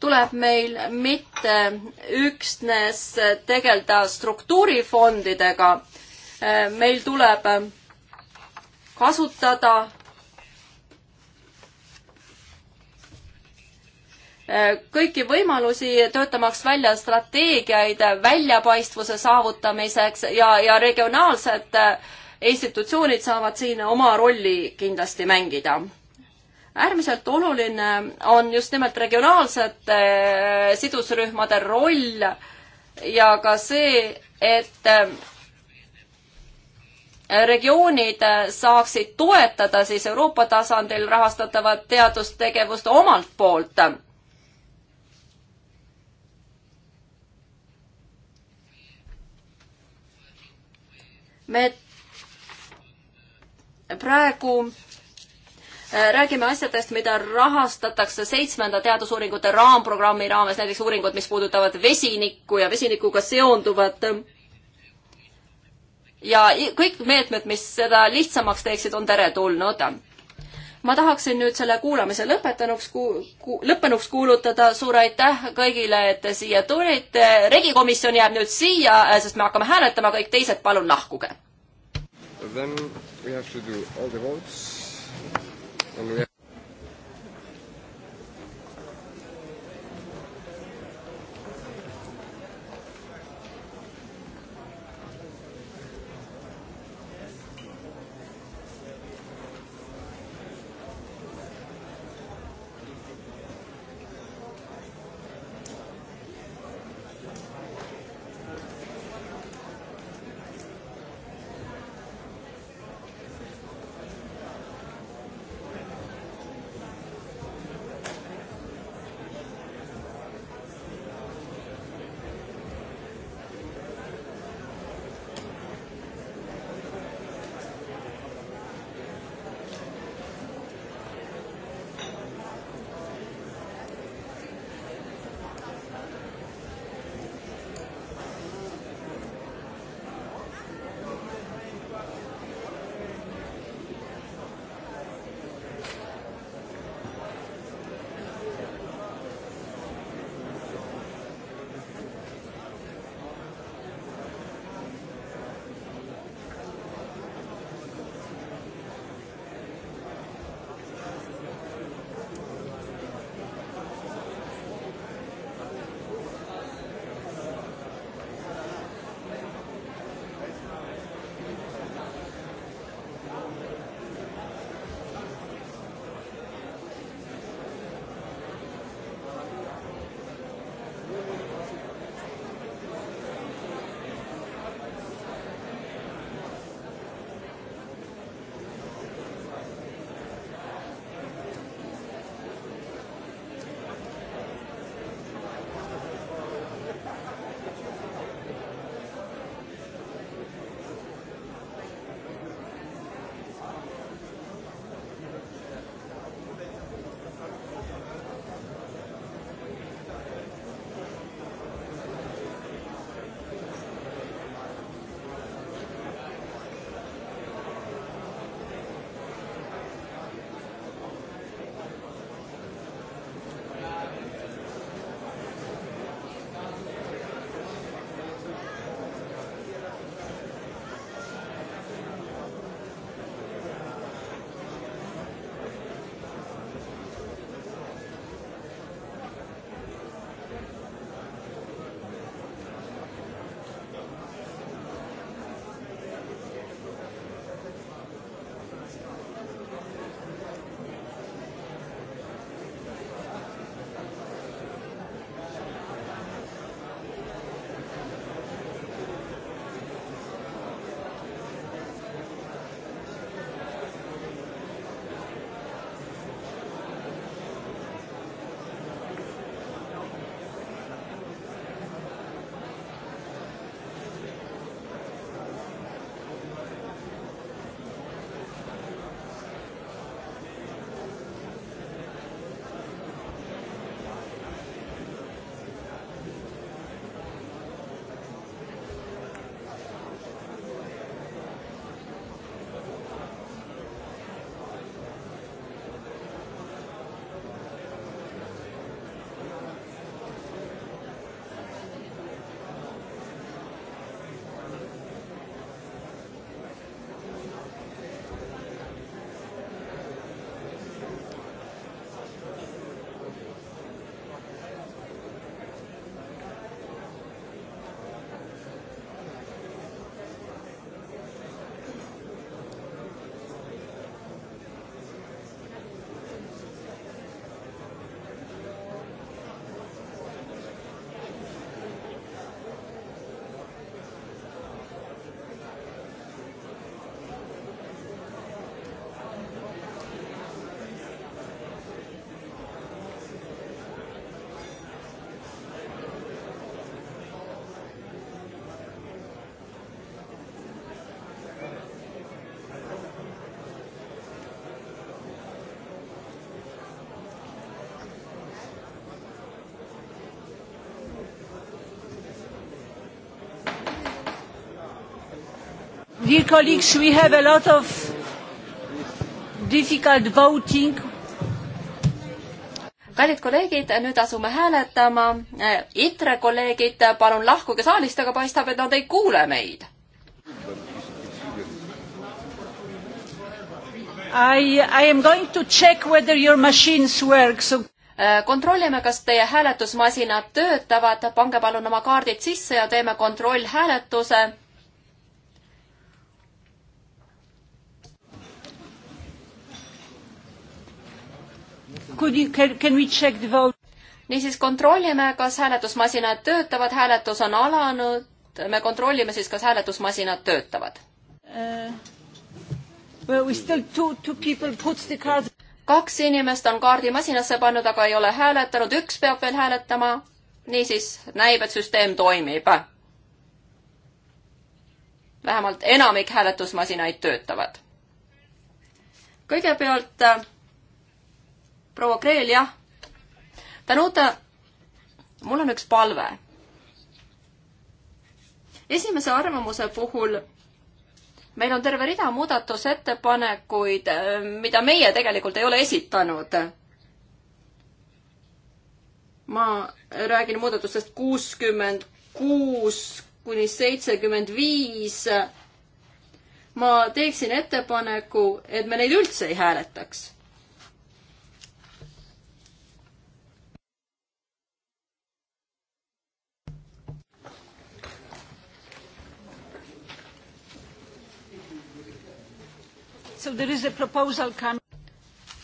tuleb meil mitte üksnes tegeleda struktuurifondidega, meil tuleb kasutada kõiki võimalusi, töötamaks välja strateegiaid väljapaistvuse saavutamiseks ja, ja regionaalset äh, institutsioonid saavad siin oma rolli kindlasti mängida äärmiselt oluline on just nimelt regionaalsete äh, sidusrühmade roll ja ka see, et äh, regioonid äh, saaksid toetada siis Euroopa tasandil rahastatavat teadustegevust omalt poolt. me praegu äh, räägime asjadest, mida rahastatakse seitsmenda teadusuuringute raamprogrammi raames, näiteks uuringud, mis puudutavad vesinikku ja vesinikuga seonduvat. ja kõik meetmed, mis seda lihtsamaks teeksid, on teretulnud. ma tahaksin nüüd selle kuulamise lõpetanuks ku,, ku, lõppenuks kuulutada. suur aitäh kõigile, et te siia tulite. regikomisjon jääb nüüd siia, äh, sest me hakkame hääletama, kõik teised palun lahkuge. Then We have to do all the votes. And we have Dear colleagues, we have a lot of difficult voting. kallid kolleegid, nüüd asume hääletama. Eh, ITRE kolleegid, palun lahkuge saalist, aga paistab, et nad ei kuule meid. I, I am going to check whether your machines work so eh, kontrollime, kas teie hääletusmasinad töötavad, pange palun oma kaardid sisse ja teeme kontrollhääletuse niisiis kontrollime, kas hääletusmasinad töötavad, hääletus on alanud, me kontrollime siis, kas hääletusmasinad töötavad uh,. Well, kaks inimest on kaardi masinasse pannud, aga ei ole hääletanud, üks peab veel hääletama. niisiis näib, et süsteem toimib. vähemalt enamik hääletusmasinaid töötavad. kõigepealt proua Kreel, jah? Danuta, mul on üks palve. esimese arvamuse puhul meil on terve rida muudatusettepanekuid, mida meie tegelikult ei ole esitanud. ma räägin muudatustest kuuskümmend kuus kuni seitsekümmend viis. ma teeksin ettepaneku, et me neid üldse ei hääletaks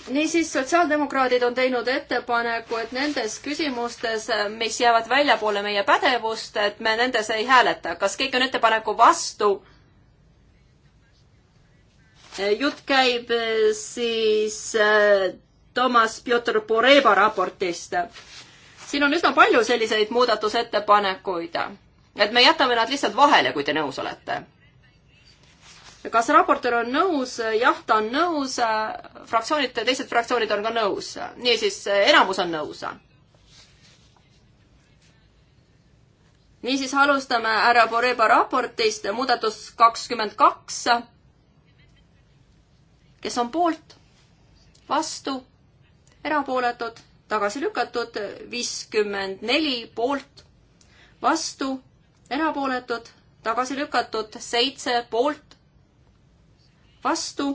niisiis, sotsiaaldemokraadid on teinud ettepaneku, et nendes küsimustes, mis jäävad väljapoole meie pädevust, et me nendes ei hääleta. kas keegi on ettepaneku vastu? jutt käib eh, siis eh, Toomas Pjotor Poreba raportist. siin on üsna palju selliseid muudatusettepanekuid, et me jätame nad lihtsalt vahele, kui te nõus olete kas raportöör on nõus? jah, ta on nõus. fraktsioonid, teised fraktsioonid on ka nõus. niisiis, enamus on nõus. niisiis, alustame härra Poreba raportist, muudatus kakskümmend kaks. kes on poolt? vastu? erapooletud? tagasi lükatud? viiskümmend neli poolt? vastu? erapooletud? tagasi lükatud? seitse poolt? vastu,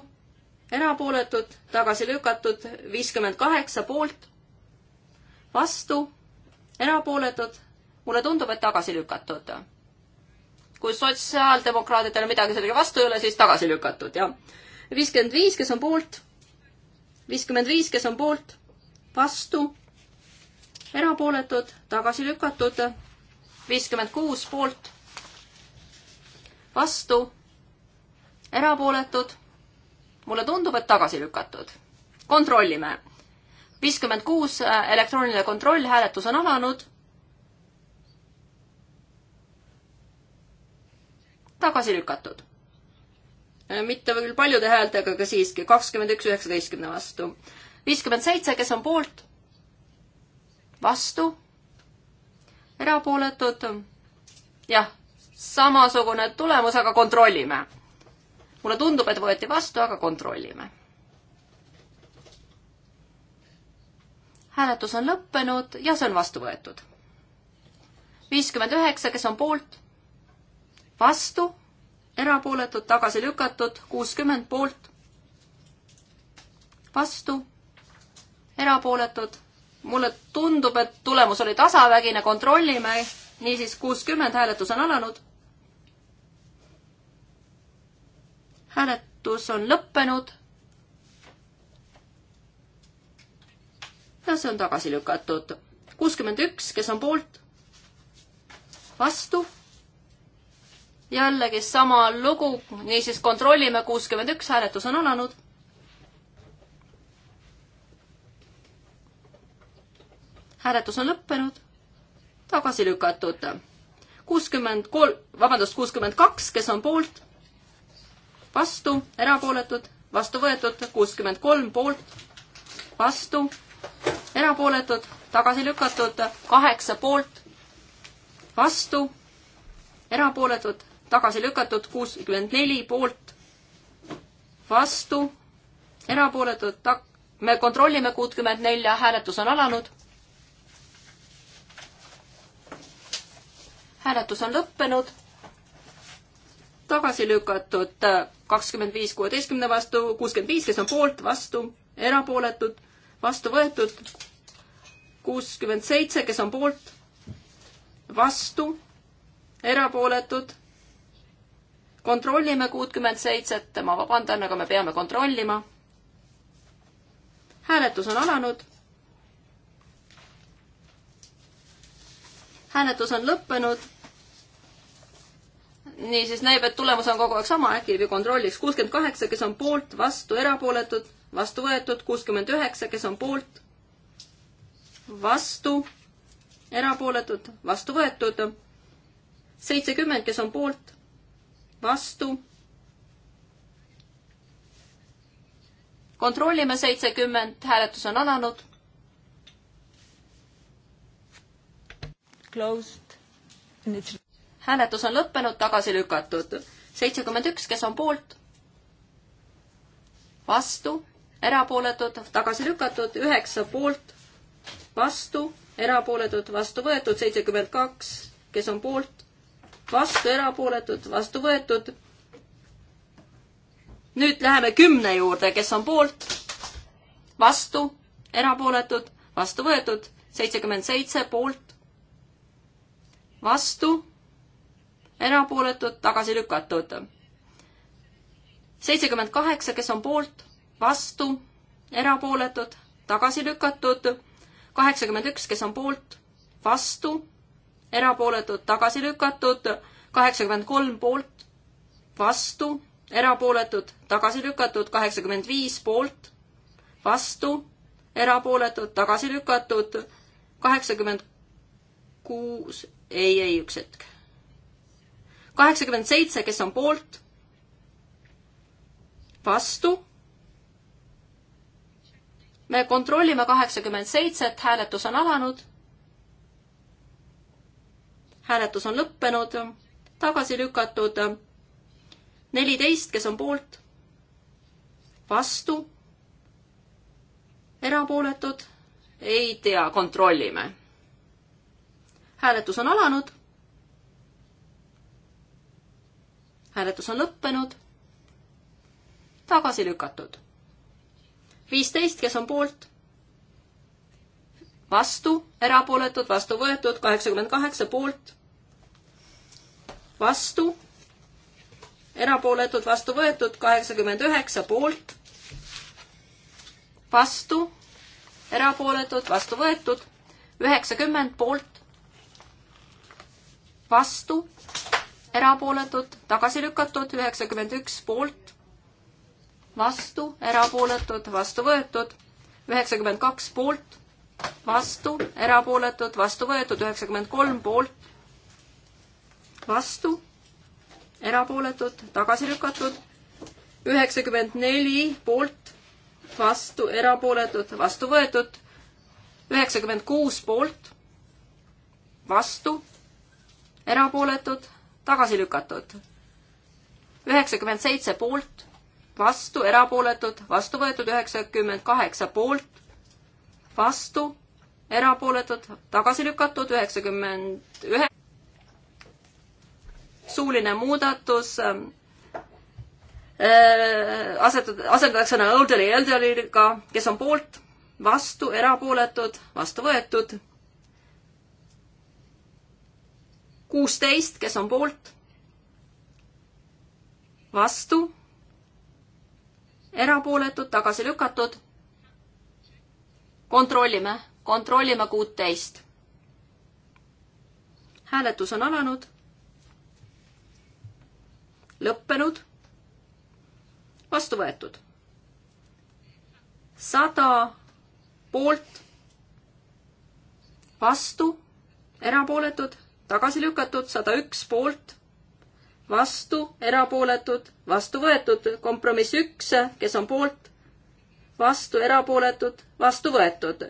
erapooletud, tagasi lükatud, viiskümmend kaheksa poolt, vastu, erapooletud, mulle tundub, et tagasi lükatud. kui sotsiaaldemokraadidel midagi sellega vastu ei ole, siis tagasi lükatud, jah. viiskümmend viis, kes on poolt, viiskümmend viis, kes on poolt, vastu, erapooletud, tagasi lükatud, viiskümmend kuus poolt, vastu erapooletud. mulle tundub, et tagasi lükatud. kontrollime. viiskümmend kuus äh, elektrooniline kontroll, hääletus on alanud. tagasi lükatud. Äh, mitte küll paljude häältega, aga siiski kakskümmend üks üheksateistkümne vastu. viiskümmend seitse, kes on poolt? vastu? erapooletud? jah, samasugune tulemus, aga kontrollime mulle tundub, et võeti vastu, aga kontrollime. hääletus on lõppenud ja see on vastu võetud. viiskümmend üheksa, kes on poolt, vastu, erapooletud, tagasi lükatud, kuuskümmend poolt, vastu, erapooletud. mulle tundub, et tulemus oli tasavägine, kontrollime. niisiis kuuskümmend hääletus on alanud hääletus on lõppenud. ja see on tagasi lükatud. kuuskümmend üks, kes on poolt, vastu. jällegi sama lugu, niisiis kontrollime, kuuskümmend üks, hääletus on alanud. hääletus on lõppenud, tagasi lükatud. kuuskümmend kolm, vabandust, kuuskümmend kaks, kes on poolt vastu, erapooletud, vastu võetud, kuuskümmend kolm poolt, vastu, erapooletud, tagasi lükatud, kaheksa poolt, vastu, erapooletud, tagasi lükatud, kuuskümmend neli poolt, vastu, erapooletud, ta-, me kontrollime kuutkümmend nelja, hääletus on alanud. hääletus on lõppenud tagasi lükatud kakskümmend viis kuueteistkümne vastu, kuuskümmend viis, kes on poolt, vastu, erapooletud, vastu võetud, kuuskümmend seitse, kes on poolt, vastu, erapooletud, kontrollime kuutkümmend seitset, ma vabandan, aga me peame kontrollima. hääletus on alanud. hääletus on lõppenud niisiis näib, et tulemus on kogu aeg sama, äkki juba kontrolliks. kuuskümmend kaheksa, kes on poolt, vastu, erapooletud, vastu võetud. kuuskümmend üheksa, kes on poolt, vastu, erapooletud, vastu võetud. seitsekümmend, kes on poolt, vastu. kontrollime seitsekümmend, hääletus on alanud. Closed hääletus on lõppenud, tagasi lükatud. seitsekümmend üks, kes on poolt? vastu, erapooletud, tagasi lükatud, üheksa poolt, vastu, erapooletud, vastu võetud, seitsekümmend kaks, kes on poolt, vastu, erapooletud, vastu võetud. nüüd läheme kümne juurde, kes on poolt, vastu, erapooletud, vastu võetud, seitsekümmend seitse poolt, vastu erapooletud, tagasi lükatud. seitsekümmend kaheksa, kes on poolt, vastu, erapooletud, tagasi lükatud. kaheksakümmend üks, kes on poolt, vastu, erapooletud, tagasi lükatud. kaheksakümmend kolm poolt, vastu, erapooletud, tagasi lükatud. kaheksakümmend viis poolt, vastu, erapooletud, tagasi lükatud. kaheksakümmend kuus, ei, ei, üks hetk kaheksakümmend seitse, kes on poolt? vastu? me kontrollime kaheksakümmend seitset, hääletus on alanud. hääletus on lõppenud, tagasi lükatud neliteist, kes on poolt, vastu, erapooletud, ei tea, kontrollime. hääletus on alanud hääletus on lõppenud. tagasi lükatud. viisteist, kes on poolt? vastu, erapooletud, vastu võetud, kaheksakümmend kaheksa poolt. vastu, erapooletud, vastu võetud, kaheksakümmend üheksa poolt. vastu, erapooletud, vastu võetud, üheksakümmend poolt. vastu erapooletud, tagasi lükatud, üheksakümmend üks poolt, vastu, erapooletud, vastu võetud, üheksakümmend kaks poolt, vastu, erapooletud, vastu võetud, üheksakümmend kolm poolt, vastu, erapooletud, tagasi lükatud, üheksakümmend neli poolt, vastu, erapooletud, vastu võetud, üheksakümmend kuus poolt, vastu, erapooletud, tagasi lükatud. üheksakümmend seitse poolt, vastu, erapooletud, vastu võetud üheksakümmend kaheksa poolt, vastu, erapooletud, tagasi lükatud üheksakümmend ühe. suuline muudatus ähm, äh, asetud, asendatakse sõna elderly elderly'ga, kes on poolt, vastu, erapooletud, vastu võetud kuusteist, kes on poolt? vastu? erapooletud, tagasi lükatud? kontrollime, kontrollime kuuteist. hääletus on alanud. lõppenud. vastu võetud. sada poolt, vastu, erapooletud, tagasi lükatud, sada üks poolt, vastu, erapooletud, vastu võetud, kompromiss üks, kes on poolt, vastu, erapooletud, vastu võetud.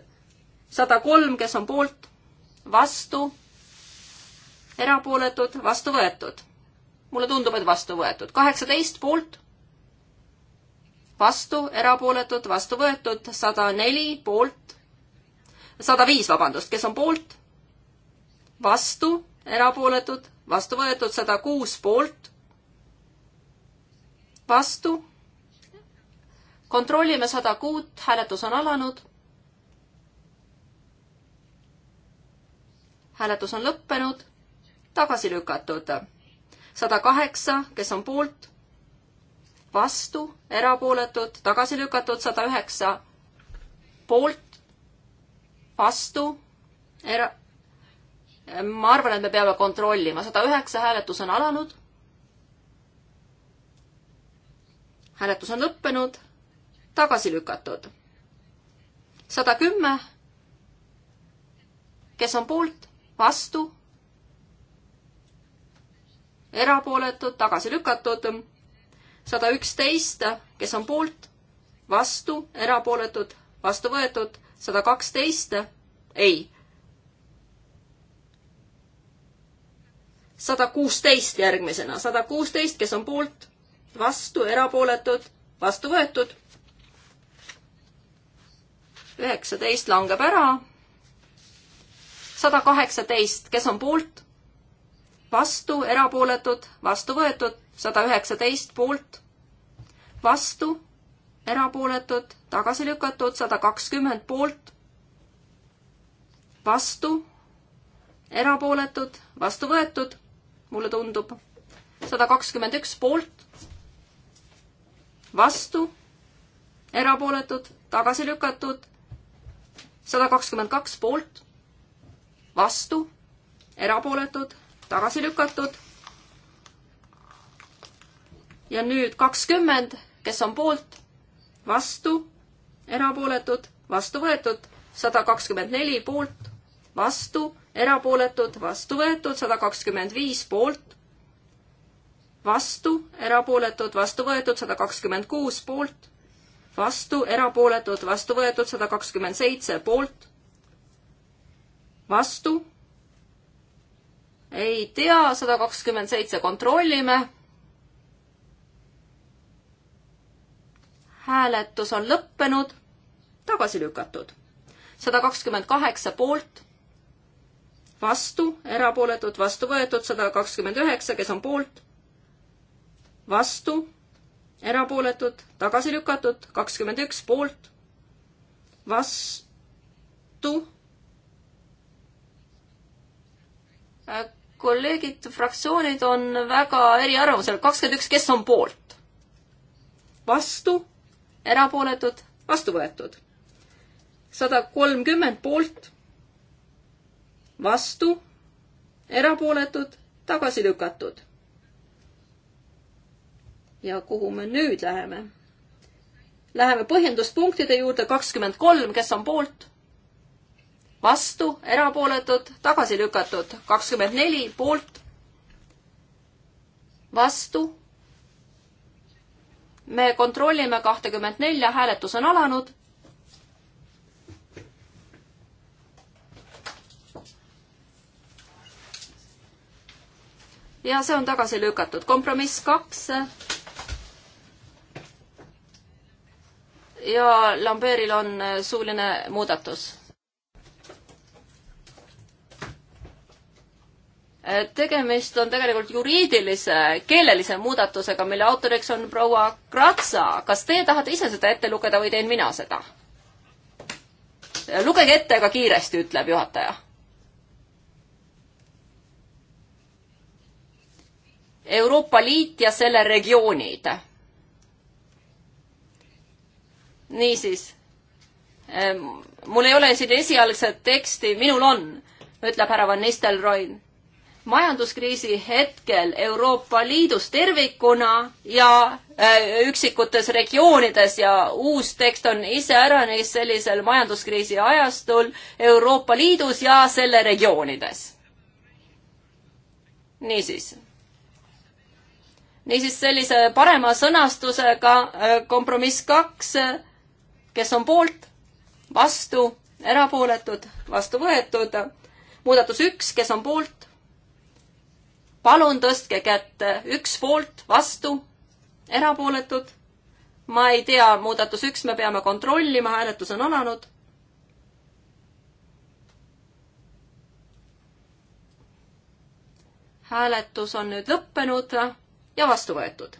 sada kolm, kes on poolt, vastu, erapooletud, vastu võetud. mulle tundub, et vastu võetud. kaheksateist poolt, vastu, erapooletud, vastu võetud, sada neli poolt, sada viis, vabandust, kes on poolt, vastu erapooletud, vastu võetud sada kuus poolt, vastu. kontrollime sada kuut, hääletus on alanud. hääletus on lõppenud, tagasi lükatud. sada kaheksa, kes on poolt, vastu, erapooletud, tagasi lükatud, sada üheksa poolt, vastu, era-, ma arvan, et me peame kontrollima, sada üheksa hääletus on alanud. hääletus on lõppenud, tagasi lükatud. sada kümme. kes on poolt, vastu? erapooletud, tagasi lükatud. sada üksteist, kes on poolt, vastu, erapooletud, vastu võetud, sada kaksteist, ei sada kuusteist järgmisena, sada kuusteist, kes on poolt, vastu, erapooletud, vastu võetud. üheksateist langeb ära. sada kaheksateist, kes on poolt, vastu, erapooletud, vastu võetud, sada üheksateist poolt, vastu, erapooletud, tagasi lükatud, sada kakskümmend poolt, vastu, erapooletud, vastu võetud mulle tundub. sada kakskümmend üks poolt, vastu, erapooletud, tagasi lükatud. sada kakskümmend kaks poolt, vastu, erapooletud, tagasi lükatud. ja nüüd kakskümmend, kes on poolt, vastu, erapooletud, vastu võetud, sada kakskümmend neli poolt, vastu erapooletud, vastu võetud, sada kakskümmend viis poolt, vastu, erapooletud, vastu võetud, sada kakskümmend kuus poolt, vastu, erapooletud, vastu võetud, sada kakskümmend seitse poolt, vastu, ei tea, sada kakskümmend seitse, kontrollime. hääletus on lõppenud, tagasi lükatud. sada kakskümmend kaheksa poolt vastu, erapooletud, vastu võetud, sada kakskümmend üheksa, kes on poolt, vastu, erapooletud, tagasi lükatud, kakskümmend üks poolt, vastu. kolleegid, fraktsioonid on väga eriarvamusel, kakskümmend üks, kes on poolt? vastu, erapooletud, vastu võetud. sada kolmkümmend poolt vastu, erapooletud, tagasi lükatud. ja kuhu me nüüd läheme? Läheme põhjenduspunktide juurde kakskümmend kolm, kes on poolt? vastu, erapooletud, tagasi lükatud, kakskümmend neli poolt, vastu. me kontrollime kahtekümmet nelja, hääletus on alanud ja see on tagasi lükatud. kompromiss kaks. ja Lambertil on äh, suuline muudatus. Äh, tegemist on tegelikult juriidilise, keelelise muudatusega, mille autoriks on proua Kratsa. kas teie tahate ise seda ette lugeda või teen mina seda? lugege ette, aga kiiresti, ütleb juhataja Euroopa Liit ja selle regioonid. niisiis, ähm, mul ei ole siin esialgset teksti, minul on, ütleb härra Van Nistelrooy. majanduskriisi hetkel Euroopa Liidus tervikuna ja äh, üksikutes regioonides ja uus tekst on iseäranis sellisel majanduskriisi ajastul Euroopa Liidus ja selle regioonides. niisiis niisiis sellise parema sõnastusega äh, kompromiss kaks, kes on poolt, vastu, erapooletud, vastu võetud. muudatus üks, kes on poolt, palun tõstke kätt, üks poolt, vastu, erapooletud. ma ei tea, muudatus üks, me peame kontrollima, hääletus on alanud. hääletus on nüüd lõppenud ja vastu võetud.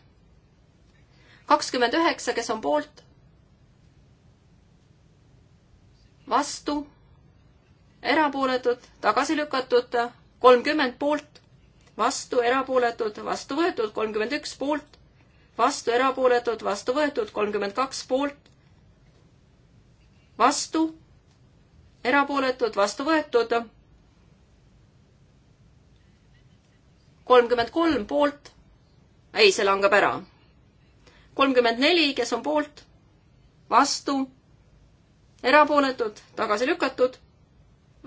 kakskümmend üheksa, kes on poolt? vastu, erapooletud, tagasi lükatud, kolmkümmend poolt, vastu, erapooletud, vastu võetud, kolmkümmend üks poolt, vastu, erapooletud, vastu võetud, kolmkümmend kaks poolt, vastu, erapooletud, vastu võetud, kolmkümmend kolm poolt ei, see langeb ära. kolmkümmend neli, kes on poolt, vastu, erapooletud, tagasi lükatud.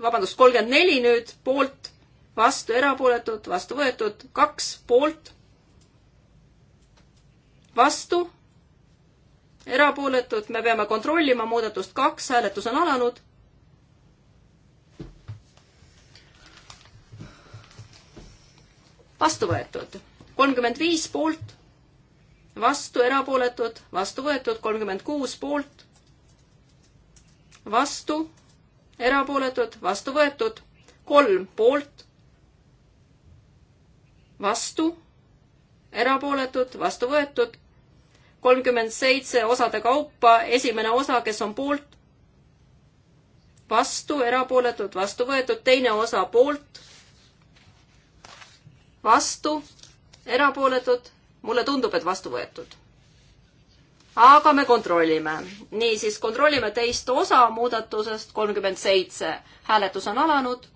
vabandust, kolmkümmend neli nüüd poolt, vastu, erapooletud, vastu võetud, kaks poolt, vastu, erapooletud, me peame kontrollima muudatust kaks, hääletus on alanud vastu võetud kolmkümmend viis poolt, vastu erapooletud, vastu võetud, kolmkümmend kuus poolt, vastu erapooletud, vastu võetud, kolm poolt, vastu erapooletud, vastu võetud, kolmkümmend seitse osade kaupa, esimene osa, kes on poolt, vastu, erapooletud, vastu võetud, teine osa poolt, vastu, erapooletud, mulle tundub, et vastu võetud. aga me kontrollime. niisiis, kontrollime teist osa muudatusest kolmkümmend seitse. hääletus on alanud.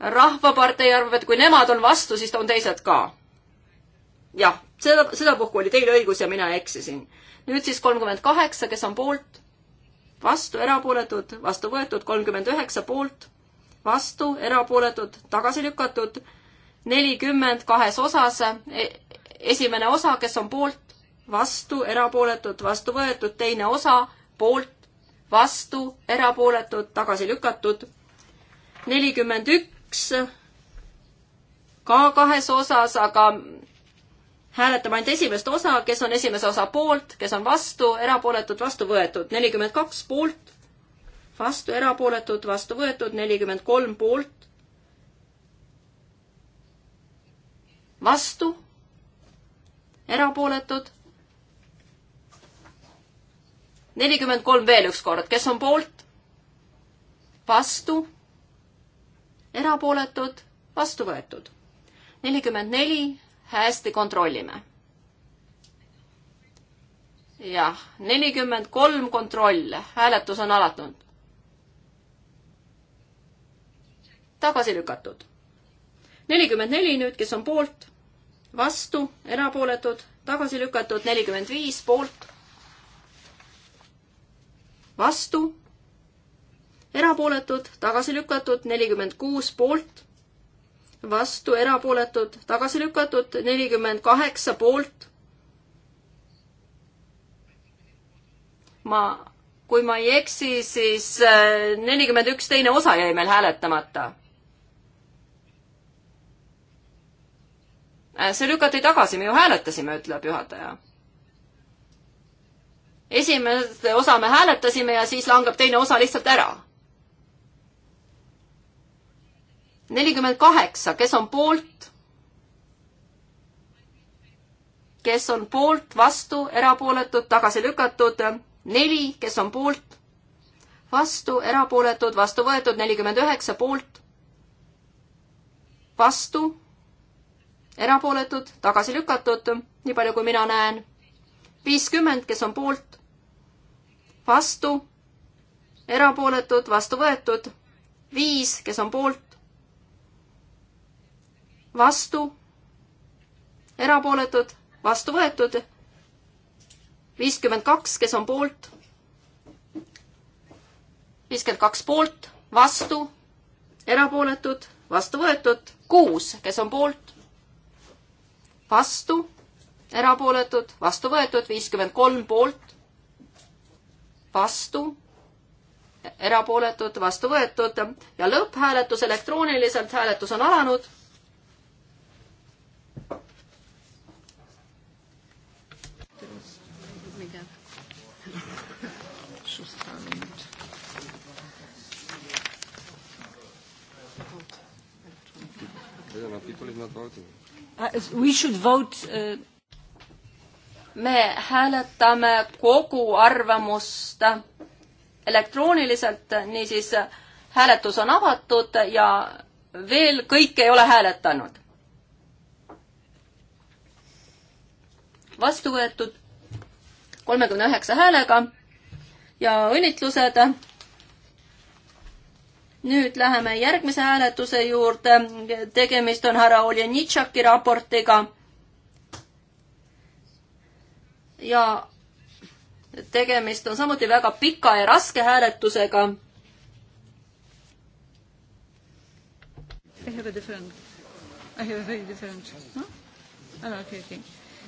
rahvapartei arvab, et kui nemad on vastu, siis on teised ka. jah, seda, sedapuhku oli teil õigus ja mina eksisin. nüüd siis kolmkümmend kaheksa, kes on poolt, vastu, erapooletud, vastu võetud, kolmkümmend üheksa poolt, vastu, erapooletud, tagasi lükatud nelikümmend kahes osas. E, esimene osa, kes on poolt, vastu, erapooletud, vastu võetud, teine osa, poolt, vastu, erapooletud, tagasi lükatud. nelikümmend üks ka kahes osas, aga hääletame ainult esimest osa, kes on esimese osa poolt, kes on vastu, erapooletud, vastu võetud, nelikümmend kaks poolt, vastu, erapooletud, vastu võetud, nelikümmend kolm poolt, vastu, erapooletud. nelikümmend kolm veel üks kord, kes on poolt, vastu, erapooletud, vastu võetud. nelikümmend neli, hästi kontrollime. jah, nelikümmend kolm kontroll, hääletus on alatunud. tagasi lükatud nelikümmend neli nüüd, kes on poolt, vastu, erapooletud, tagasi lükatud, nelikümmend viis poolt, vastu, erapooletud, tagasi lükatud, nelikümmend kuus poolt, vastu, erapooletud, tagasi lükatud, nelikümmend kaheksa poolt. ma, kui ma ei eksi, siis äh, nelikümmend üks teine osa jäi meil hääletamata Äh, see lükati tagasi, me ju hääletasime, ütleb juhataja. esimest osa me hääletasime ja siis langeb teine osa lihtsalt ära. nelikümmend kaheksa, kes on poolt? kes on poolt, vastu, erapooletud, tagasi lükatud, neli, kes on poolt, vastu, erapooletud, vastu võetud, nelikümmend üheksa poolt, vastu erapooletud, tagasi lükatud, nii palju kui mina näen. viiskümmend, kes on poolt, vastu, erapooletud, vastu võetud, viis, kes on poolt, vastu, erapooletud, vastu võetud, viiskümmend kaks, kes on poolt, viiskümmend kaks poolt, vastu, erapooletud, vastu võetud, kuus, kes on poolt, vastu, erapooletud, vastu võetud, viiskümmend kolm poolt, vastu, erapooletud, vastu võetud ja lõpphääletus elektrooniliselt, hääletus on alanud. Vedem, la titoli na toate. Uh, we should vote uh... me hääletame kogu arvamust elektrooniliselt, niisiis hääletus on avatud ja veel kõik ei ole hääletanud. vastu võetud kolmekümne üheksa häälega ja õnnitlused nüüd läheme järgmise hääletuse juurde. tegemist on härra Oljenitšaki raportiga. ja tegemist on samuti väga pika ja raske hääletusega. I have a different, I have a very different no?, oh, ah, okay, okay.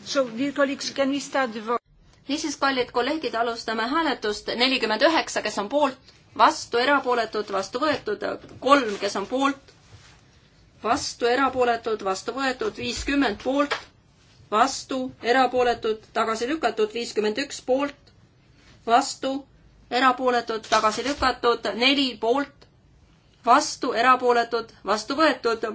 So dear colleagues, can we start the vote? niisiis, kallid kolleegid, alustame hääletust. nelikümmend üheksa, kes on poolt vastu, erapooletud, vastu võetud, kolm, kes on poolt, vastu, erapooletud, vastu võetud, viiskümmend poolt, vastu, erapooletud, tagasi lükatud, viiskümmend üks poolt, vastu, erapooletud, tagasi lükatud, neli poolt, vastu, erapooletud, vastu võetud.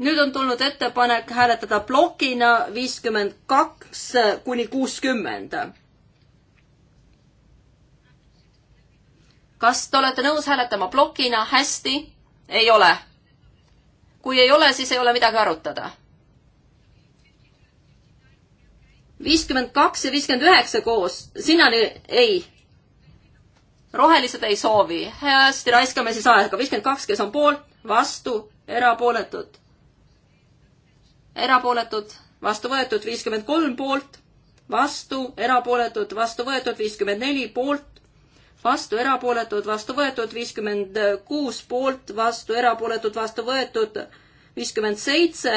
nüüd on tulnud ettepanek hääletada plokina viiskümmend kaks kuni kuuskümmend kas te olete nõus hääletama plokina? hästi. ei ole. kui ei ole, siis ei ole midagi arutada. viiskümmend kaks ja viiskümmend üheksa koos, sinnani ei. rohelised ei soovi. hästi, raiskame siis aega. viiskümmend kaks, kes on poolt, vastu, erapooletud. erapooletud, vastu võetud, viiskümmend kolm poolt, vastu, erapooletud, vastu võetud, viiskümmend neli poolt, vastu erapooletud, vastu võetud, viiskümmend kuus poolt, vastu erapooletud, vastu võetud, viiskümmend seitse,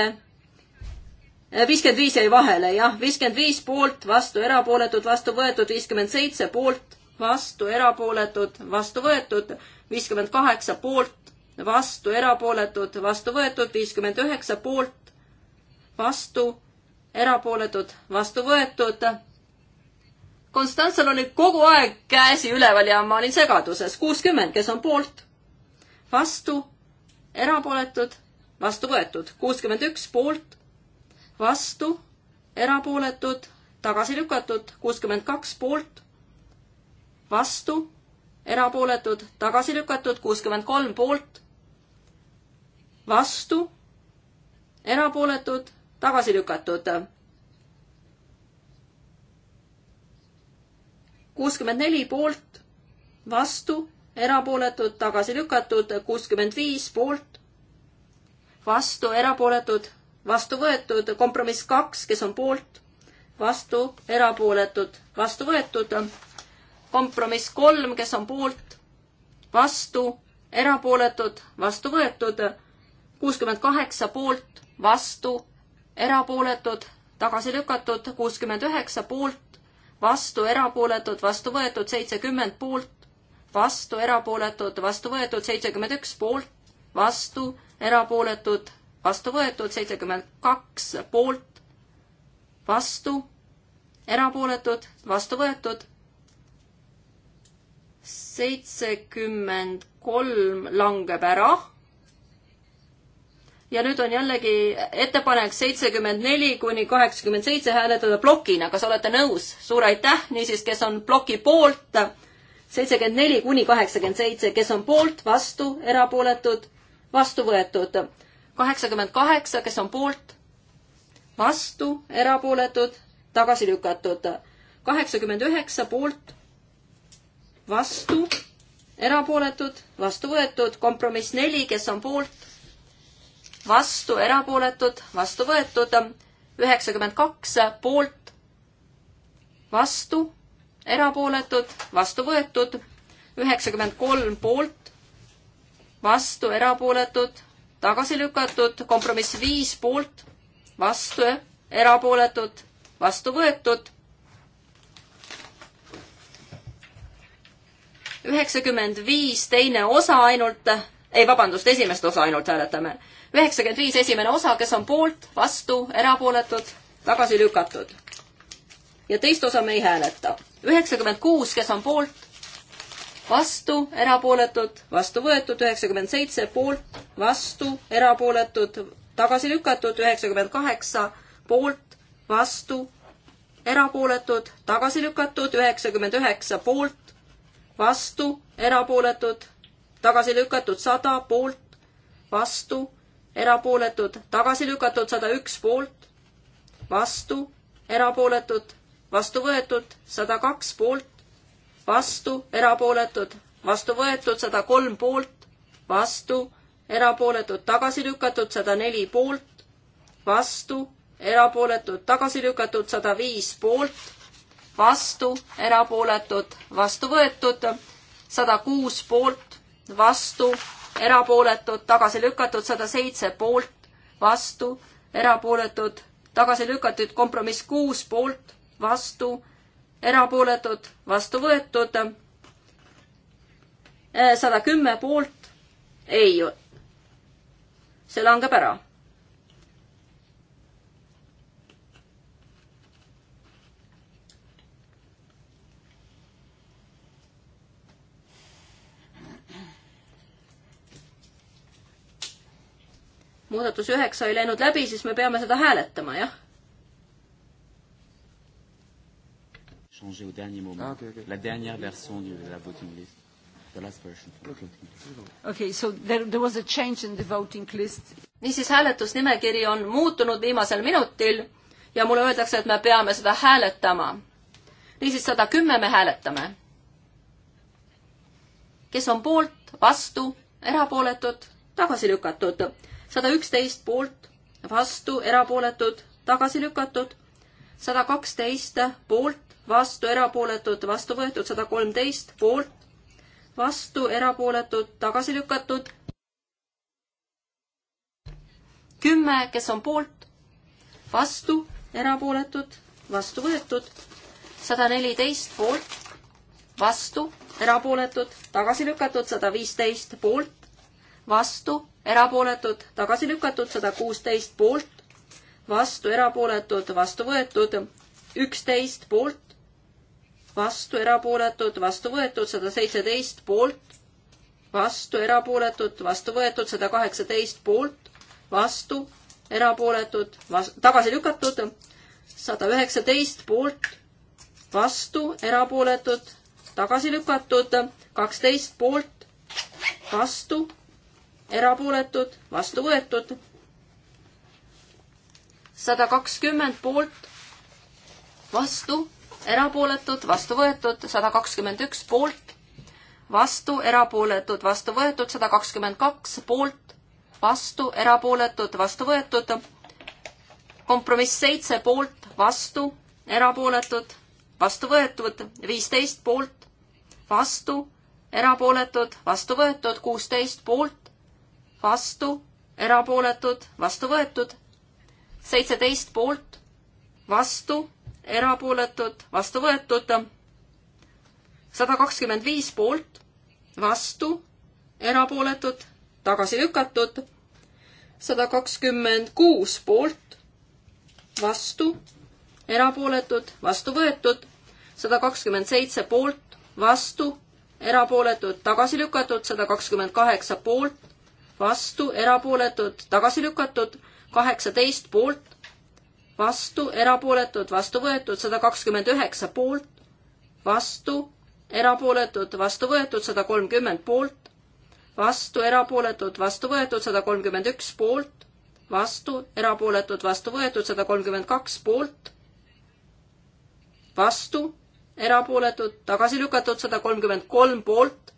eh, viiskümmend viis jäi vahele, jah, viiskümmend viis poolt, vastu erapooletud, vastu võetud, viiskümmend seitse poolt, vastu erapooletud, vastu võetud, viiskümmend kaheksa poolt, vastu erapooletud, vastu võetud, viiskümmend üheksa poolt, vastu erapooletud, vastu võetud Konstantsel oli kogu aeg käsi üleval ja ma olin segaduses. kuuskümmend, kes on poolt? vastu, erapooletud, vastu võetud. kuuskümmend üks poolt, vastu, erapooletud, tagasi lükatud. kuuskümmend kaks poolt, vastu, erapooletud, tagasi lükatud. kuuskümmend kolm poolt, vastu, erapooletud, tagasi lükatud kuuskümmend neli poolt, vastu, erapooletud, tagasi lükatud, kuuskümmend viis poolt, vastu, erapooletud, vastu võetud, kompromiss kaks, kes on poolt, vastu, erapooletud, vastu võetud, kompromiss kolm, kes on poolt, vastu, erapooletud, vastu võetud, kuuskümmend kaheksa poolt, vastu, erapooletud, tagasi lükatud, kuuskümmend üheksa poolt, vastu erapooletud, vastu võetud seitsekümmend poolt, vastu erapooletud, vastu võetud seitsekümmend üks poolt, vastu erapooletud, vastu võetud seitsekümmend kaks poolt, vastu erapooletud, vastu võetud seitsekümmend kolm langeb ära ja nüüd on jällegi ettepanek seitsekümmend neli kuni kaheksakümmend seitse hääletada plokina, kas olete nõus? suur aitäh, niisiis, kes on ploki poolt, seitsekümmend neli kuni kaheksakümmend seitse, kes on poolt, vastu, erapooletud, vastu võetud. kaheksakümmend kaheksa, kes on poolt, vastu, erapooletud, tagasi lükatud. kaheksakümmend üheksa poolt, vastu, erapooletud, vastu võetud, kompromiss neli, kes on poolt vastu, erapooletud, vastu võetud, üheksakümmend kaks poolt, vastu, erapooletud, vastu võetud, üheksakümmend kolm poolt, vastu, erapooletud, tagasi lükatud, kompromiss viis poolt, vastu, erapooletud, vastu võetud. üheksakümmend viis, teine osa ainult, ei vabandust, esimest osa ainult hääletame üheksakümmend viis esimene osa, kes on poolt, vastu, erapooletud, tagasi lükatud. ja teist osa me ei hääleta. üheksakümmend kuus, kes on poolt, vastu, erapooletud, vastu võetud, üheksakümmend seitse poolt, vastu, erapooletud, tagasi lükatud, üheksakümmend kaheksa poolt, vastu, erapooletud, tagasi lükatud, üheksakümmend üheksa poolt, vastu, erapooletud, tagasi lükatud, sada poolt, vastu, erapooletud, tagasi lükatud sada üks poolt, vastu, erapooletud, vastu võetud sada kaks poolt, vastu, erapooletud, vastu võetud sada kolm poolt, vastu, erapooletud, tagasi lükatud sada neli poolt, vastu, erapooletud, tagasi lükatud sada viis poolt, vastu, erapooletud, vastu võetud sada kuus poolt, vastu, erapooletud, tagasi lükatud, sada seitse poolt, vastu, erapooletud, tagasi lükatud, kompromiss kuus poolt, vastu, erapooletud, vastu võetud, äh, sada kümme poolt, ei, see langeb ära muudatus üheksa ei läinud läbi, siis me peame seda hääletama, jah? changer au dernier moment. Ah, okay, okay. La dernière version de la voting list. The last version. Okay. okay, so there, there was a change in the voting list. niisiis, hääletusnimekiri on muutunud viimasel minutil ja mulle öeldakse, et me peame seda hääletama. niisiis, sada kümme me hääletame. kes on poolt, vastu, erapooletud, tagasi lükatud sada üksteist poolt, vastu, erapooletud, tagasi lükatud, sada kaksteist poolt, vastu, erapooletud, vastu võetud, sada kolmteist poolt, vastu, erapooletud, tagasi lükatud, kümme, kes on poolt, vastu, erapooletud, vastu võetud, sada neliteist poolt, vastu, erapooletud, tagasi lükatud, sada viisteist poolt, vastu, erapooletud, tagasi lükatud, sada kuusteist poolt, vastu erapooletud, vastu võetud, üksteist poolt, vastu erapooletud, vastu võetud, sada seitseteist poolt, vastu erapooletud, vastu võetud, sada kaheksateist poolt, vastu erapooletud, tagasi lükatud, sada üheksateist poolt, vastu erapooletud, tagasi lükatud, kaksteist poolt, vastu erapooletud, vastu võetud. sada kakskümmend poolt, vastu, erapooletud, vastu võetud, sada kakskümmend üks poolt, vastu, erapooletud, vastu võetud, sada kakskümmend kaks poolt, vastu, erapooletud, vastu võetud. kompromiss seitse poolt, vastu, erapooletud, vastu võetud, viisteist poolt, vastu, erapooletud, vastu võetud, kuusteist poolt, vastu, erapooletud, vastu võetud. seitseteist poolt, vastu, erapooletud, vastu võetud. sada kakskümmend viis poolt, vastu, erapooletud, tagasi lükatud. sada kakskümmend kuus poolt, vastu, erapooletud, vastu võetud. sada kakskümmend seitse poolt, vastu, erapooletud, tagasi lükatud, sada kakskümmend kaheksa poolt, vastu, erapooletud, tagasi lükatud, kaheksateist poolt, vastu, erapooletud, vastu võetud, sada kakskümmend üheksa poolt, vastu, erapooletud, vastu võetud, sada kolmkümmend poolt, vastu, erapooletud, vastu võetud, sada kolmkümmend üks poolt, vastu, erapooletud, vastu võetud, sada kolmkümmend kaks poolt, vastu, erapooletud, tagasi lükatud, sada kolmkümmend kolm poolt,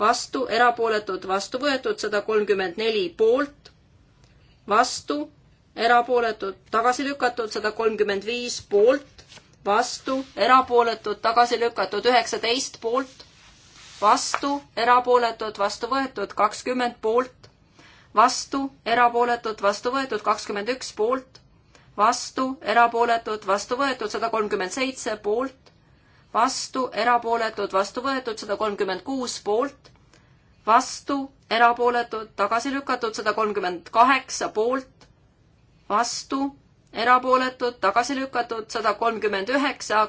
vastu, erapooletud, vastu võetud, sada kolmkümmend neli poolt, vastu, erapooletud, tagasi lükatud, sada kolmkümmend viis poolt, vastu, erapooletud, tagasi lükatud, üheksateist poolt, vastu, erapooletud, vastu võetud, kakskümmend poolt, vastu, erapooletud, vastu võetud, kakskümmend üks poolt, vastu, erapooletud, vastu võetud, sada kolmkümmend seitse poolt, vastu, erapooletud, vastu võetud, sada kolmkümmend kuus poolt, vastu, erapooletud, tagasi lükatud, sada kolmkümmend kaheksa poolt, vastu, erapooletud, tagasi lükatud, sada kolmkümmend üheksa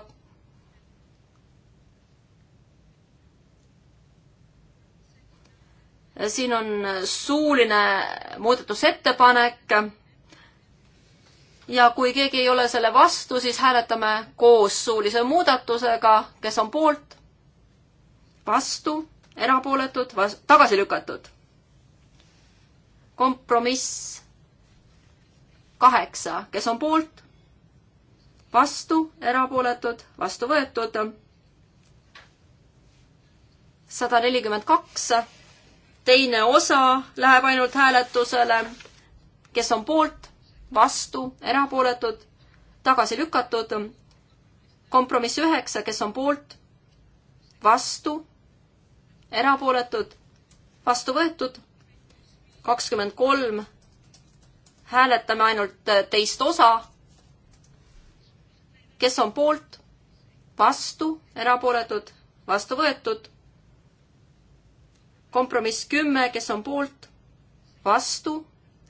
siin on suuline muudatusettepanek ja kui keegi ei ole selle vastu, siis hääletame koos suulise muudatusega, kes on poolt, vastu, erapooletud, tagasi lükatud. kompromiss kaheksa, kes on poolt, vastu, erapooletud, vastu võetud. sada nelikümmend kaks, teine osa läheb ainult hääletusele, kes on poolt vastu, erapooletud, tagasi lükatud. kompromiss üheksa, kes on poolt, vastu, erapooletud, vastu võetud. kakskümmend kolm, hääletame ainult teist osa. kes on poolt, vastu, erapooletud, vastu võetud. kompromiss kümme, kes on poolt, vastu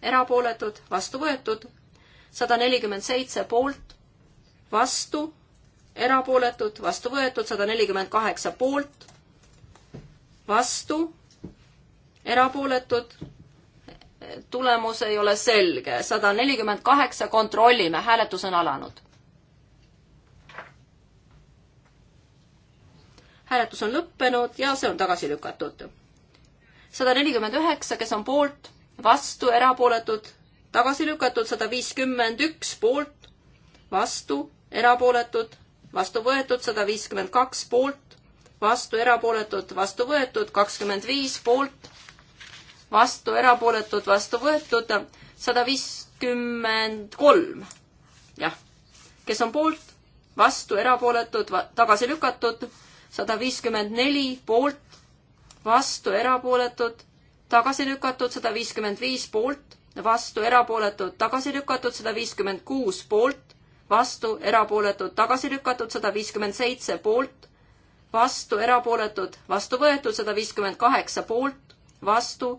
erapooletud, vastu võetud, sada nelikümmend seitse poolt, vastu, erapooletud, vastu võetud, sada nelikümmend kaheksa poolt, vastu, erapooletud, tulemus ei ole selge, sada nelikümmend kaheksa, kontrollime, hääletus on alanud. hääletus on lõppenud ja see on tagasi lükatud. sada nelikümmend üheksa, kes on poolt vastu, erapooletud, tagasi lükatud, sada viiskümmend üks poolt, vastu, erapooletud, vastu võetud, sada viiskümmend kaks poolt, vastu, erapooletud, vastu võetud, kakskümmend viis poolt, vastu, erapooletud, vastu võetud, sada viiskümmend kolm. jah, kes on poolt, vastu, erapooletud, tagasi lükatud, sada viiskümmend neli poolt, vastu, erapooletud tagasi lükatud sada viiskümmend viis poolt, vastu erapooletud, tagasi lükatud sada viiskümmend kuus poolt, vastu erapooletud, tagasi lükatud sada viiskümmend seitse poolt, vastu erapooletud, vastu võetud sada viiskümmend kaheksa poolt, vastu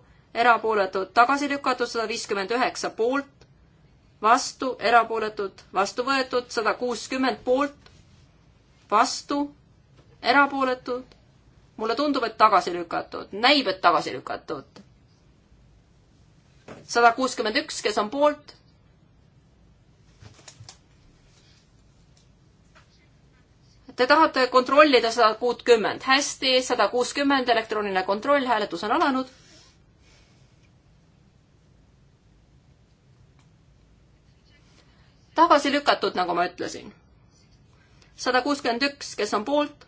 erapooletud, tagasi lükatud sada viiskümmend üheksa poolt, vastu erapooletud, vastu võetud sada kuuskümmend poolt, vastu erapooletud mulle tundub, et tagasi lükatud, näib, et tagasi lükatud sada kuuskümmend üks, kes on poolt? Te tahate kontrollida sada kuutkümmend, hästi, sada kuuskümmend, elektrooniline kontroll, hääletus on alanud. tagasi lükatud, nagu ma ütlesin. sada kuuskümmend üks, kes on poolt,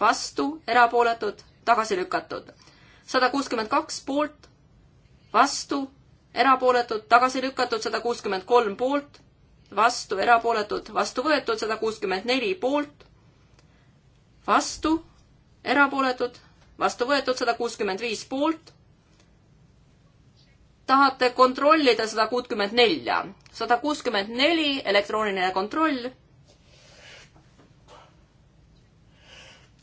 vastu, erapooletud, tagasi lükatud. sada kuuskümmend kaks poolt, vastu, erapooletud, tagasi lükatud sada kuuskümmend kolm poolt, vastu erapooletud, vastu võetud sada kuuskümmend neli poolt, vastu erapooletud, vastu võetud sada kuuskümmend viis poolt. tahate kontrollida sada kuutkümmend nelja, sada kuuskümmend neli elektrooniline kontroll.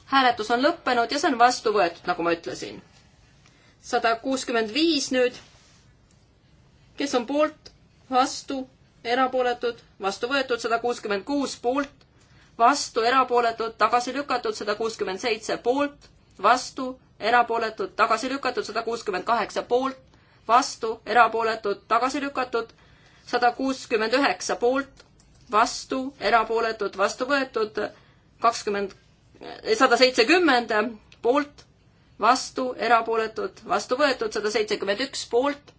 hääletus on lõppenud ja see on vastu võetud, nagu ma ütlesin. sada kuuskümmend viis nüüd kes on poolt, vastu, erapooletud, vastu võetud sada kuuskümmend kuus poolt, vastu, erapooletud, tagasi lükatud sada kuuskümmend seitse poolt, vastu, erapooletud, tagasi lükatud sada kuuskümmend kaheksa poolt, vastu, erapooletud, tagasi lükatud sada kuuskümmend üheksa poolt, vastu, erapooletud, vastu võetud kakskümmend, eh, sada seitsekümmend poolt, vastu, erapooletud, vastu võetud sada seitsekümmend üks poolt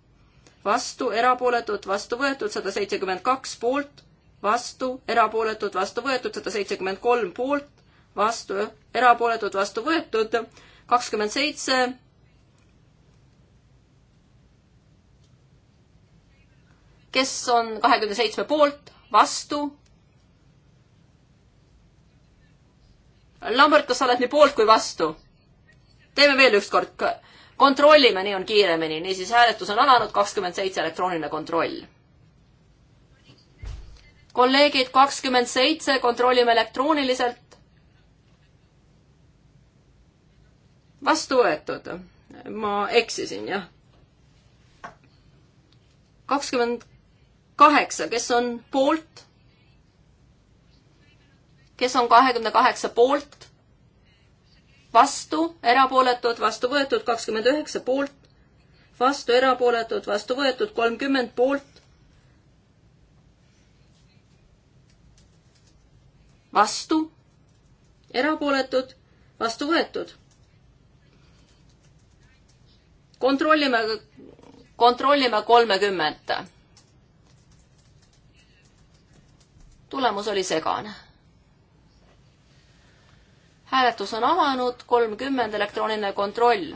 vastu, erapooletud, vastu võetud, sada seitsekümmend kaks poolt, vastu, erapooletud, vastu võetud, sada seitsekümmend kolm poolt, vastu, erapooletud, vastu võetud, kakskümmend seitse kes on kahekümne seitsme poolt, vastu? Lambert, kas sa oled nii poolt kui vastu? teeme veel ükskord kontrollime, nii on kiiremini. niisiis, hääletus on alanud, kakskümmend seitse elektrooniline kontroll. kolleegid, kakskümmend seitse, kontrollime elektrooniliselt. vastu võetud. ma eksisin, jah. kakskümmend kaheksa, kes on poolt? kes on kahekümne kaheksa poolt? vastu, erapooletud, vastu võetud, kakskümmend üheksa poolt, vastu erapooletud, vastu võetud, kolmkümmend poolt, vastu, erapooletud, vastu võetud. kontrollime, kontrollime kolmekümmet. tulemus oli segane hääletus on avanud, kolmkümmend elektrooniline kontroll.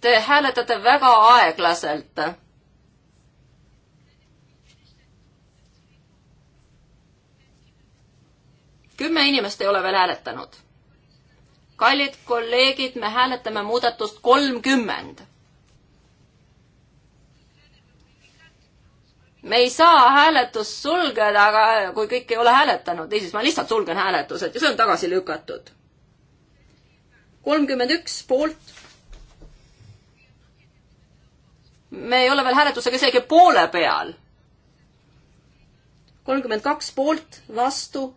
Te hääletate väga aeglaselt kümme inimest ei ole veel hääletanud. kallid kolleegid, me hääletame muudatust kolmkümmend. me ei saa hääletust sulgeda, aga kui kõik ei ole hääletanud, niisiis ma lihtsalt sulgen hääletused ja see on tagasi lükatud. kolmkümmend üks poolt. me ei ole veel hääletusega isegi poole peal. kolmkümmend kaks poolt, vastu,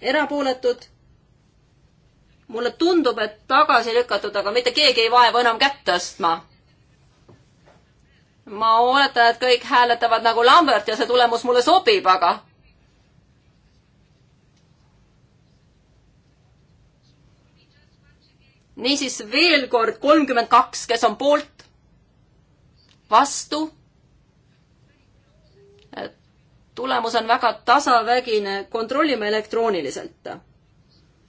erapooletud. mulle tundub, et tagasi lükatud, aga mitte keegi ei vaeva enam kätt tõstma ma oletan, et kõik hääletavad nagu Lambert ja see tulemus mulle sobib, aga. niisiis veel kord kolmkümmend kaks, kes on poolt, vastu. tulemus on väga tasavägine, kontrollime elektrooniliselt.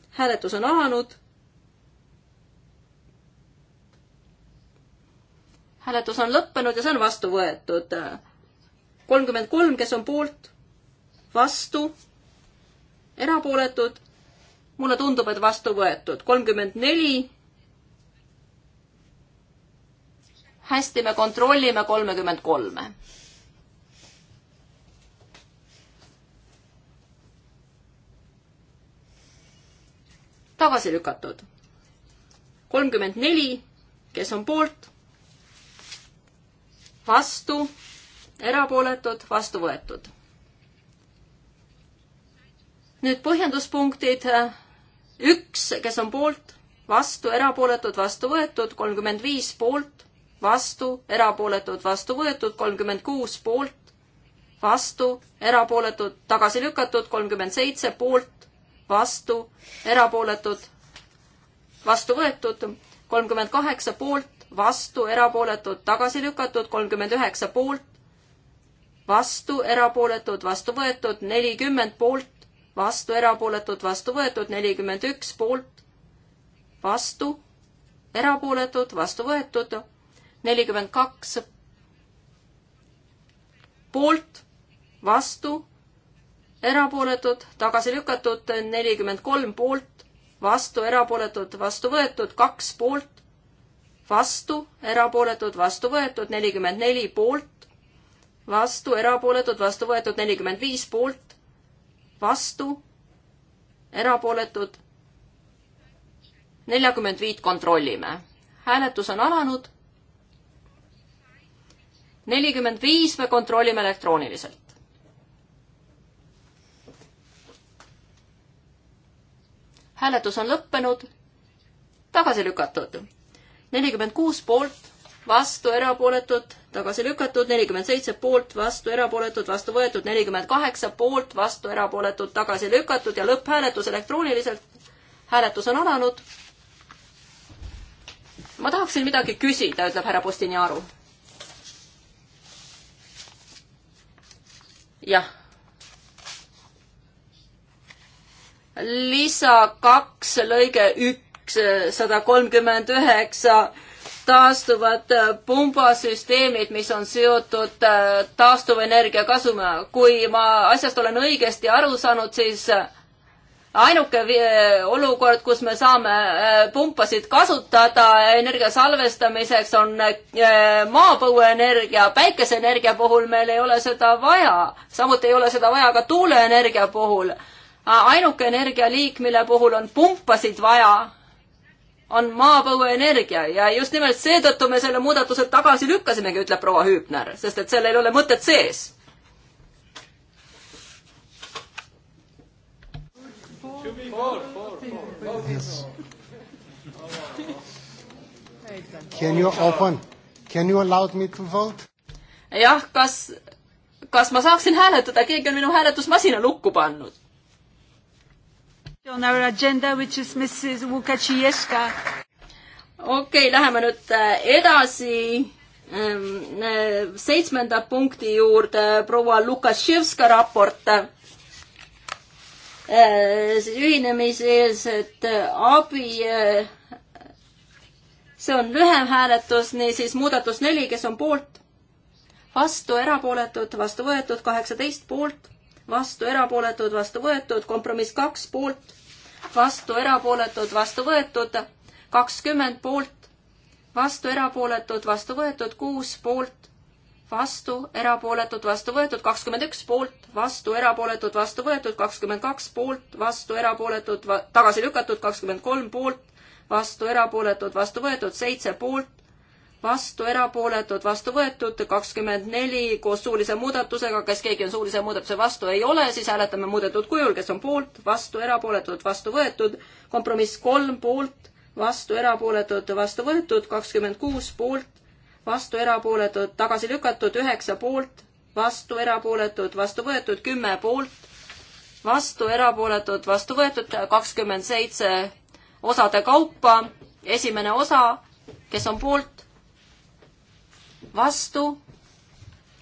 hääletus on alanud hääletus on lõppenud ja see on vastu võetud. kolmkümmend kolm, kes on poolt, vastu, erapooletud. mulle tundub, et vastu võetud. kolmkümmend neli. hästi, me kontrollime kolmekümmend kolme. tagasi lükatud. kolmkümmend neli, kes on poolt vastu, erapooletud, vastu võetud. nüüd põhjenduspunktid üks, kes on poolt, vastu, erapooletud, vastu võetud, kolmkümmend viis poolt, vastu, erapooletud, vastu võetud, kolmkümmend kuus poolt, vastu, erapooletud, tagasi lükatud, kolmkümmend seitse poolt, vastu, erapooletud, vastu võetud, kolmkümmend kaheksa poolt, vastu, erapooletud, tagasi lükatud, kolmkümmend üheksa poolt, vastu, erapooletud, vastu võetud, nelikümmend poolt, vastu, erapooletud, vastu võetud, nelikümmend üks poolt, vastu, erapooletud, vastu võetud, nelikümmend kaks poolt, vastu, erapooletud, tagasi lükatud, nelikümmend kolm poolt, vastu, erapooletud, vastu võetud, kaks poolt, vastu, erapooletud, vastu võetud, nelikümmend neli poolt, vastu, erapooletud, vastu võetud, nelikümmend viis poolt, vastu, erapooletud, neljakümmend viit kontrollime. hääletus on alanud. nelikümmend viis me kontrollime elektrooniliselt. hääletus on lõppenud, tagasi lükatud nelikümmend kuus poolt, vastu, erapooletud, tagasi lükatud, nelikümmend seitse poolt, vastu, erapooletud, vastu võetud, nelikümmend kaheksa poolt, vastu, erapooletud, tagasi lükatud ja lõpphääletus elektrooniliselt. hääletus on alanud. ma tahaksin midagi küsida, ütleb härra Postiniaru. jah lisa kaks lõige üks kakssada kolmkümmend üheksa taastuvad äh, pumbasüsteemid, mis on seotud äh, taastuvenergia kasumiga. kui ma asjast olen õigesti aru saanud, siis äh, ainuke olukord, kus me saame pumpasid kasutada energia salvestamiseks, on maapõueenergia, päikeseenergia puhul meil ei ole seda vaja. samuti ei ole seda vaja ka tuuleenergia puhul. ainuke energialiik, mille puhul on pumpasid vaja, on maapõueenergia ja just nimelt seetõttu me selle muudatuse tagasi lükkasimegi, ütleb proua Hüübner, sest et sellel ei ole mõtet sees. Can you open, can you allow me to vote? jah, kas, kas ma saaksin hääletada, keegi on minu hääletusmasina lukku pannud on our agenda which is Mrs Vukacijevska. okei okay,, läheme nüüd äh, edasi ähm, äh, seitsmenda punkti juurde, proua Lukaševska raport äh, siis ühinemiseelset abi. see on lühem hääletus, niisiis muudatus neli, kes on poolt, vastu, erapooletud, vastu võetud, kaheksateist poolt, vastu erapooletud, vastu võetud, kompromiss kaks poolt, vastu erapooletud, vastu võetud, kakskümmend poolt, vastu erapooletud, vastu võetud, kuus poolt, vastu erapooletud, vastu võetud, kakskümmend üks poolt, vastu erapooletud, vastu võetud, kakskümmend kaks poolt, vastu erapooletud, tagasi lükatud, kakskümmend kolm poolt, vastu erapooletud, vastu võetud, seitse poolt vastu, erapooletud, vastu võetud, kakskümmend neli koos suulise muudatusega, kas keegi on suulise muudatuse vastu, ei ole, siis hääletame muudetud kujul, kes on poolt, vastu, erapooletud, vastu võetud, kompromiss kolm poolt, vastu, erapooletud, vastu võetud, kakskümmend kuus poolt, vastu, erapooletud, tagasi lükatud, üheksa poolt, vastu, erapooletud, vastu võetud, kümme poolt, vastu, erapooletud, vastu võetud, kakskümmend seitse osade kaupa, esimene osa, kes on poolt, vastu,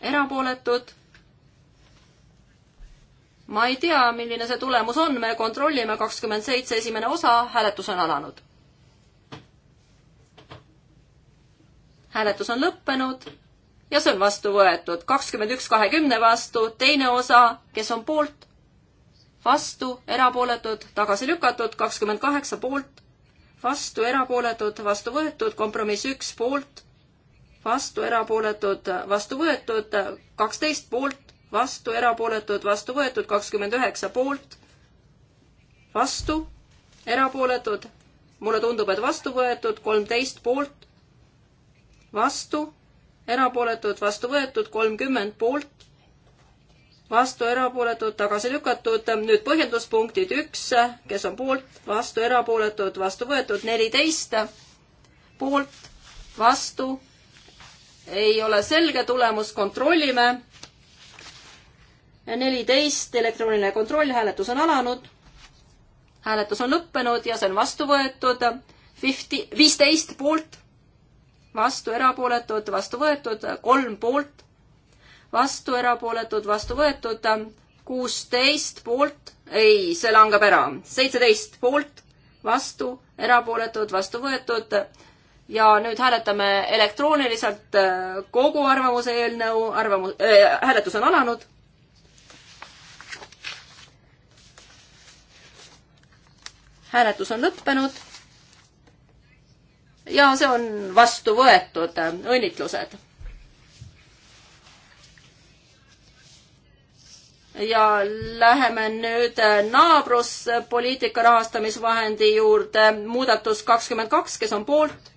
erapooletud. ma ei tea, milline see tulemus on, me kontrollime kakskümmend seitse, esimene osa, hääletus on alanud. hääletus on lõppenud ja see on vastu võetud kakskümmend üks kahekümne vastu, teine osa, kes on poolt, vastu, erapooletud, tagasi lükatud, kakskümmend kaheksa poolt, vastu, erapooletud, vastu võetud, kompromiss üks poolt, vastu, erapooletud, vastu võetud, kaksteist poolt, vastu, erapooletud, vastu võetud, kakskümmend üheksa poolt, vastu, erapooletud, mulle tundub, et vastu võetud, kolmteist poolt, vastu, erapooletud, vastu võetud, kolmkümmend poolt, vastu, erapooletud, tagasi lükatud, nüüd põhjenduspunktid üks, kes on poolt, vastu, erapooletud, vastu võetud, neliteist, poolt, vastu, ei ole selge tulemus, kontrollime. neliteist, elektrooniline kontroll, hääletus on alanud. hääletus on lõppenud ja see on vastu võetud. Fifty, viisteist poolt, vastu erapooletud, vastu võetud, kolm poolt, vastu erapooletud, vastu võetud, kuusteist poolt, ei, see langeb ära, seitseteist poolt, vastu erapooletud, vastu võetud ja nüüd hääletame elektrooniliselt äh, kogu arvamuse eelnõu, arvamus äh,, hääletus on alanud. hääletus on lõppenud. ja see on vastu võetud, õnnitlused. ja läheme nüüd äh, naabruspoliitika rahastamisvahendi juurde, muudatus kakskümmend kaks, kes on poolt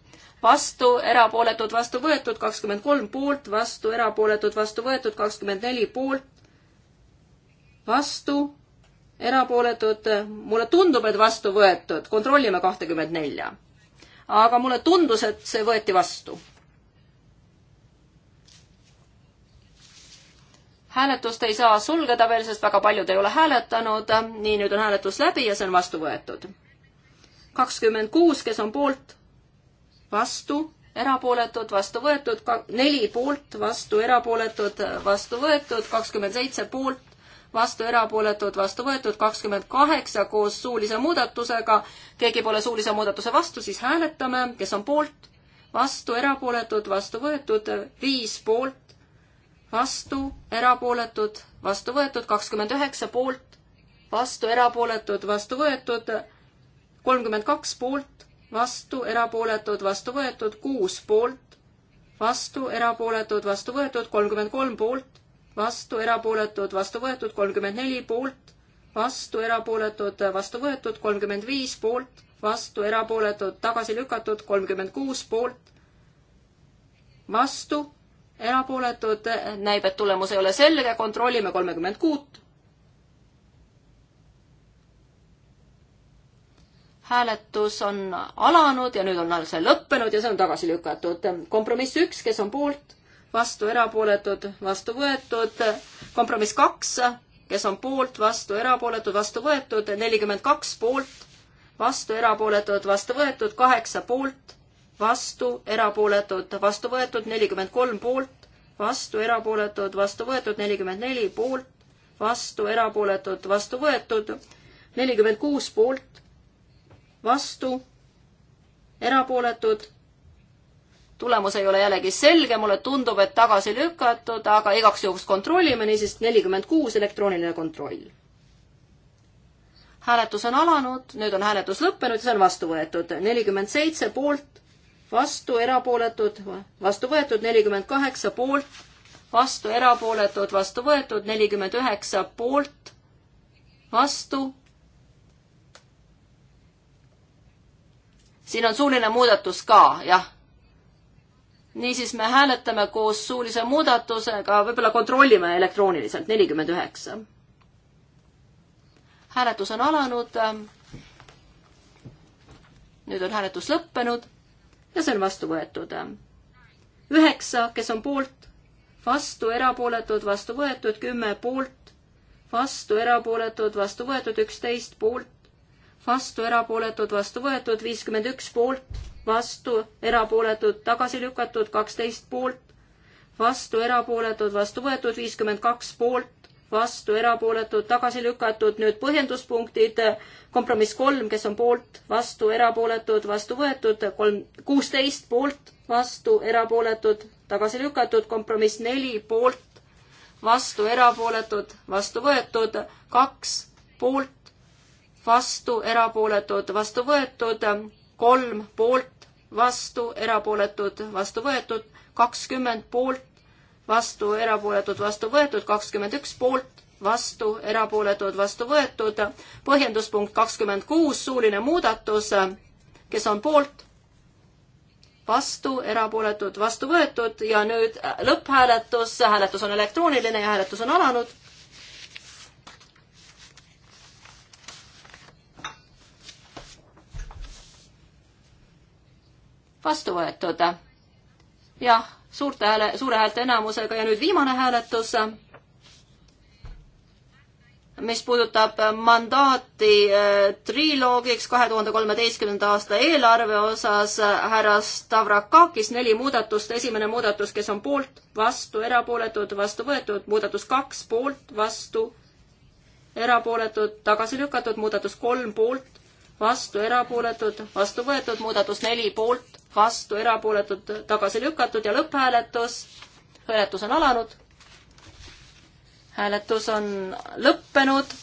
vastu, erapooletud, vastu võetud, kakskümmend kolm poolt, vastu, erapooletud, vastu võetud, kakskümmend neli poolt, vastu, erapooletud, mulle tundub, et vastu võetud, kontrollime kahtekümmet nelja. aga mulle tundus, et see võeti vastu. hääletust ei saa sulgeda veel, sest väga paljud ei ole hääletanud, nii nüüd on hääletus läbi ja see on vastu võetud. kakskümmend kuus, kes on poolt vastu, erapooletud, vastu võetud, neli poolt, vastu erapooletud, vastu võetud, kakskümmend seitse poolt, vastu erapooletud, vastu võetud, kakskümmend kaheksa koos suulise muudatusega. keegi pole suulise muudatuse vastu, siis hääletame, kes on poolt, vastu erapooletud, vastu võetud, viis poolt, vastu erapooletud, vastu võetud, kakskümmend üheksa poolt, vastu erapooletud, vastu võetud, kolmkümmend kaks poolt, vastu, erapooletud, vastu võetud, kuus poolt, vastu, erapooletud, vastu võetud, kolmkümmend kolm poolt, vastu, erapooletud, vastu võetud, kolmkümmend neli poolt, vastu, erapooletud, vastu võetud, kolmkümmend viis poolt, vastu, erapooletud, tagasi lükatud, kolmkümmend kuus poolt, vastu, erapooletud, näib, et tulemus ei ole selge, kontrollime kolmekümmend kuut hääletus on alanud ja nüüd on see lõppenud ja see on tagasi lükatud. kompromiss üks, kes on poolt, vastu erapooletud, vastu võetud. kompromiss kaks, kes on poolt, vastu erapooletud, vastu võetud, nelikümmend kaks poolt, vastu erapooletud, vastu võetud, kaheksa poolt, vastu erapooletud, vastu võetud, nelikümmend kolm poolt, vastu erapooletud, vastu võetud, nelikümmend neli poolt, vastu erapooletud, vastu võetud, nelikümmend kuus poolt vastu, erapooletud. tulemus ei ole jällegi selge, mulle tundub, et tagasi lükatud, aga igaks juhuks kontrollime, niisiis nelikümmend kuus elektrooniline kontroll. hääletus on alanud, nüüd on hääletus lõppenud, see on vastu võetud, nelikümmend seitse poolt, vastu, erapooletud, vastu võetud, nelikümmend kaheksa poolt, vastu, erapooletud, vastu võetud, nelikümmend üheksa poolt, vastu siin on suuline muudatus ka, jah. niisiis, me hääletame koos suulise muudatusega, võib-olla kontrollime elektrooniliselt, nelikümmend üheksa. hääletus on alanud. nüüd on hääletus lõppenud ja see on vastu võetud. üheksa, kes on poolt, vastu, erapooletud, vastu võetud, kümme poolt, vastu, erapooletud, vastu võetud, üksteist poolt, vastu, erapooletud, vastu võetud, viiskümmend üks poolt, vastu, erapooletud, tagasi lükatud, kaksteist poolt, vastu, erapooletud, vastu võetud, viiskümmend kaks poolt, vastu, erapooletud, tagasi lükatud, nüüd põhjenduspunktid, kompromiss kolm, kes on poolt, vastu, erapooletud, vastu võetud, kolm, kuusteist poolt, vastu, erapooletud, tagasi lükatud, kompromiss neli poolt, vastu, erapooletud, vastu võetud, kaks poolt, vastu, erapooletud, vastu võetud, kolm poolt, vastu, erapooletud, vastu võetud, kakskümmend poolt, vastu, erapooletud, vastu võetud, kakskümmend üks poolt, vastu, erapooletud, vastu võetud. põhjenduspunkt kakskümmend kuus, suuline muudatus, kes on poolt, vastu, erapooletud, vastu võetud ja nüüd lõpphääletus, hääletus on elektrooniline ja hääletus on alanud vastu võetud. jah, suurte hääle, suure häälte enamusega ja nüüd viimane hääletus, mis puudutab mandaati äh, triloogiks kahe tuhande kolmeteistkümnenda aasta eelarve osas äh, härra Stavrakakis, neli muudatust, esimene muudatus, kes on poolt, vastu, erapooletud, vastu võetud, muudatus kaks, poolt, vastu, erapooletud, tagasi lükatud, muudatus kolm, poolt, vastu erapooletud, vastu võetud, muudatus neli poolt, vastu, erapooletud, tagasi lükatud ja lõpphääletus. hääletus on alanud. hääletus on lõppenud.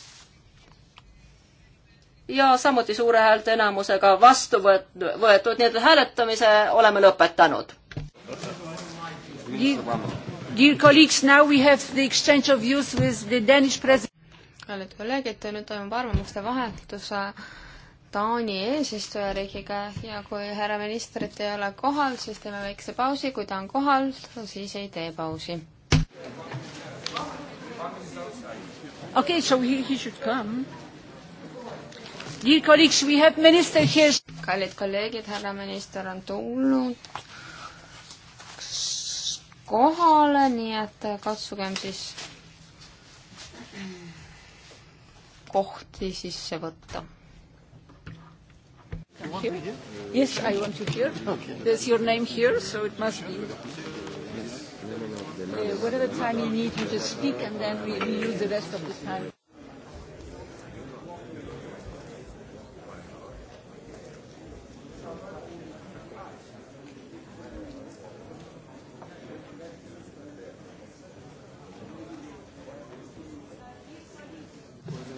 ja samuti suure häälteenamusega vastu võet-, võetud, nii et hääletamise oleme lõpetanud. Dear colleagues, now we have the exchange of views with the Danish president. kallid kolleegid, nüüd toimub arvamuste vahetus Taani eesistujariigiga ja kui härra ministrit ei ole kohal, siis teeme väikse pausi, kui ta on kohal, siis ei tee pausi. Okay, so he, he should come. Dear colleagues, we have minister here. kallid kolleegid, härra minister on tulnud kohale, nii et katsugem siis kohti sisse võtta You want here? to hear? Yes, I want to hear. Okay. There's your name here, so it must be. Yes. Uh, whatever time you need, you just speak, and then we, we use the rest of the time.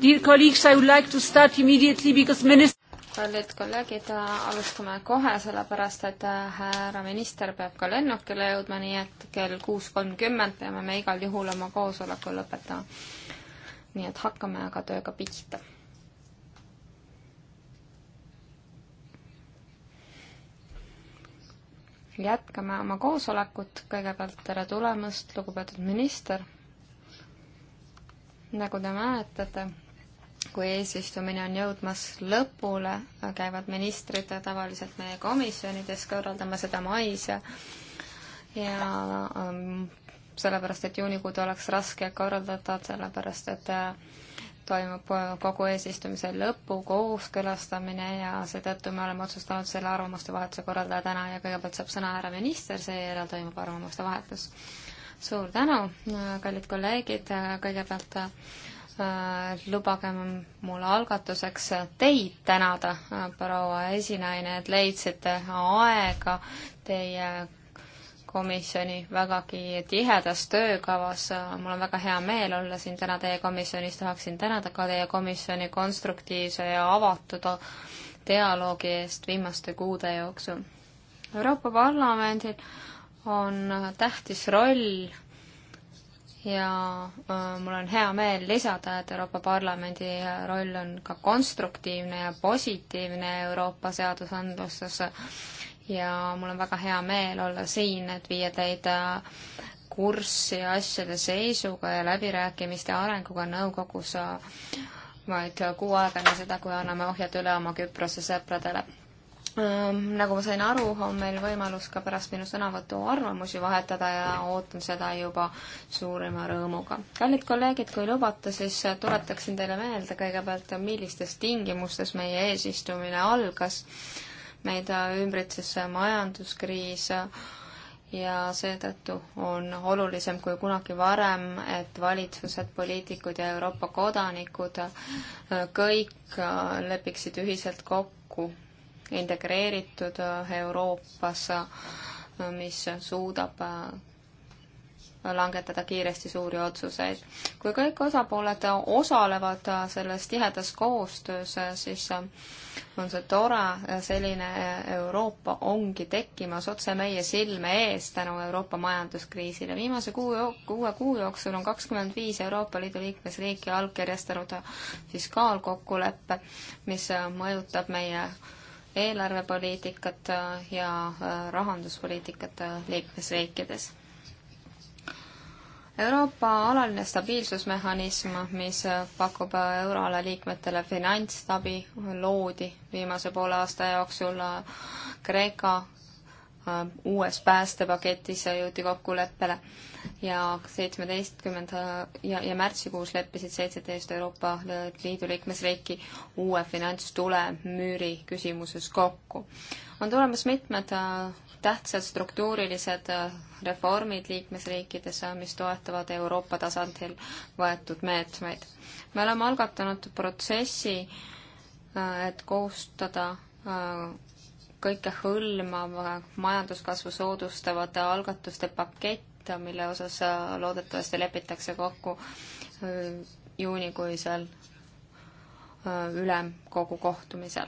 Dear colleagues, I would like to start immediately because minister kallid kolleegid, alustame kohe, sellepärast et äh, härra minister peab ka lennukile jõudma, nii et kell kuus kolmkümmend peame me igal juhul oma koosoleku lõpetama. nii et hakkame aga tööga pihta. jätkame oma koosolekut, kõigepealt tere tulemast, lugupeetud minister. nagu te mäletate kui eesistumine on jõudmas lõpule, käivad ministrid tavaliselt meie komisjonides, korraldame seda mais ja ja um, ähm, sellepärast, et juunikuud oleks raske korraldada, sellepärast et äh, toimub äh, kogu eesistumise lõpu kooskõlastamine ja seetõttu me oleme otsustanud selle arvamuste vahetuse korraldada täna ja kõigepealt saab sõna härra minister, seejärel toimub arvamuste vahetus. suur tänu, kallid kolleegid, kõigepealt äh, Äh, lubage mul algatuseks teid tänada, äh, proua esinaine, et leidsite aega teie komisjoni vägagi tihedas töökavas. Äh, mul on väga hea meel olla siin täna teie komisjonis, tahaksin tänada ka teie komisjoni konstruktiivse ja avatud dialoogi eest viimaste kuude jooksul. Euroopa Parlamendil on tähtis roll ja äh, mul on hea meel lisada, et Euroopa Parlamendi äh, roll on ka konstruktiivne ja positiivne Euroopa seadusandluses ja mul on väga hea meel olla siin, et viia teid äh, kurssi asjade seisuga ja läbirääkimiste arenguga nõukogus vaid kuu aega enne seda, kui anname ohjad üle oma Küprose sõpradele Ehm, nagu ma sain aru, on meil võimalus ka pärast minu sõnavõtu arvamusi vahetada ja ootan seda juba suurima rõõmuga. kallid kolleegid, kui lubate, siis tuletaksin teile meelde kõigepealt, millistes tingimustes meie eesistumine algas. meid ümbritses majanduskriis ja seetõttu on olulisem kui kunagi varem, et valitsused, poliitikud ja Euroopa kodanikud kõik lepiksid ühiselt kokku integreeritud äh, Euroopas, äh, mis suudab äh, langetada kiiresti suuri otsuseid. kui kõik osapooled osalevad selles tihedas koostöös, siis on see tore, selline Euroopa ongi tekkimas otse meie silme ees tänu Euroopa majanduskriisile. viimase kuu, kuue kuu jooksul on kakskümmend viis Euroopa Liidu liikmesriiki allkirjastanud fiskaalkokkuleppe, mis mõjutab meie eelarvepoliitikat ja äh, rahanduspoliitikat äh, liikmesriikides. Euroopa alaline stabiilsusmehhanism, mis äh, pakub euroala liikmetele finantsabi, loodi viimase poole aasta jooksul Kreeka uues päästepaketis jõuti kokkuleppele ja seitsmeteistkümnenda ja, ja märtsikuus leppisid seitseteist Euroopa Liidu liikmesriiki uue finantstulemüüri küsimuses kokku. on tulemas mitmed äh, tähtsad struktuurilised äh, reformid liikmesriikides, äh, mis toetavad Euroopa tasandil võetud meetmeid. me oleme algatanud protsessi, et koostada kõike hõlmav majanduskasvu soodustavate algatuste pakett, pakett, mille osas äh, loodetavasti lepitakse kokku äh, juunikuisel äh, ülemkogu kohtumisel.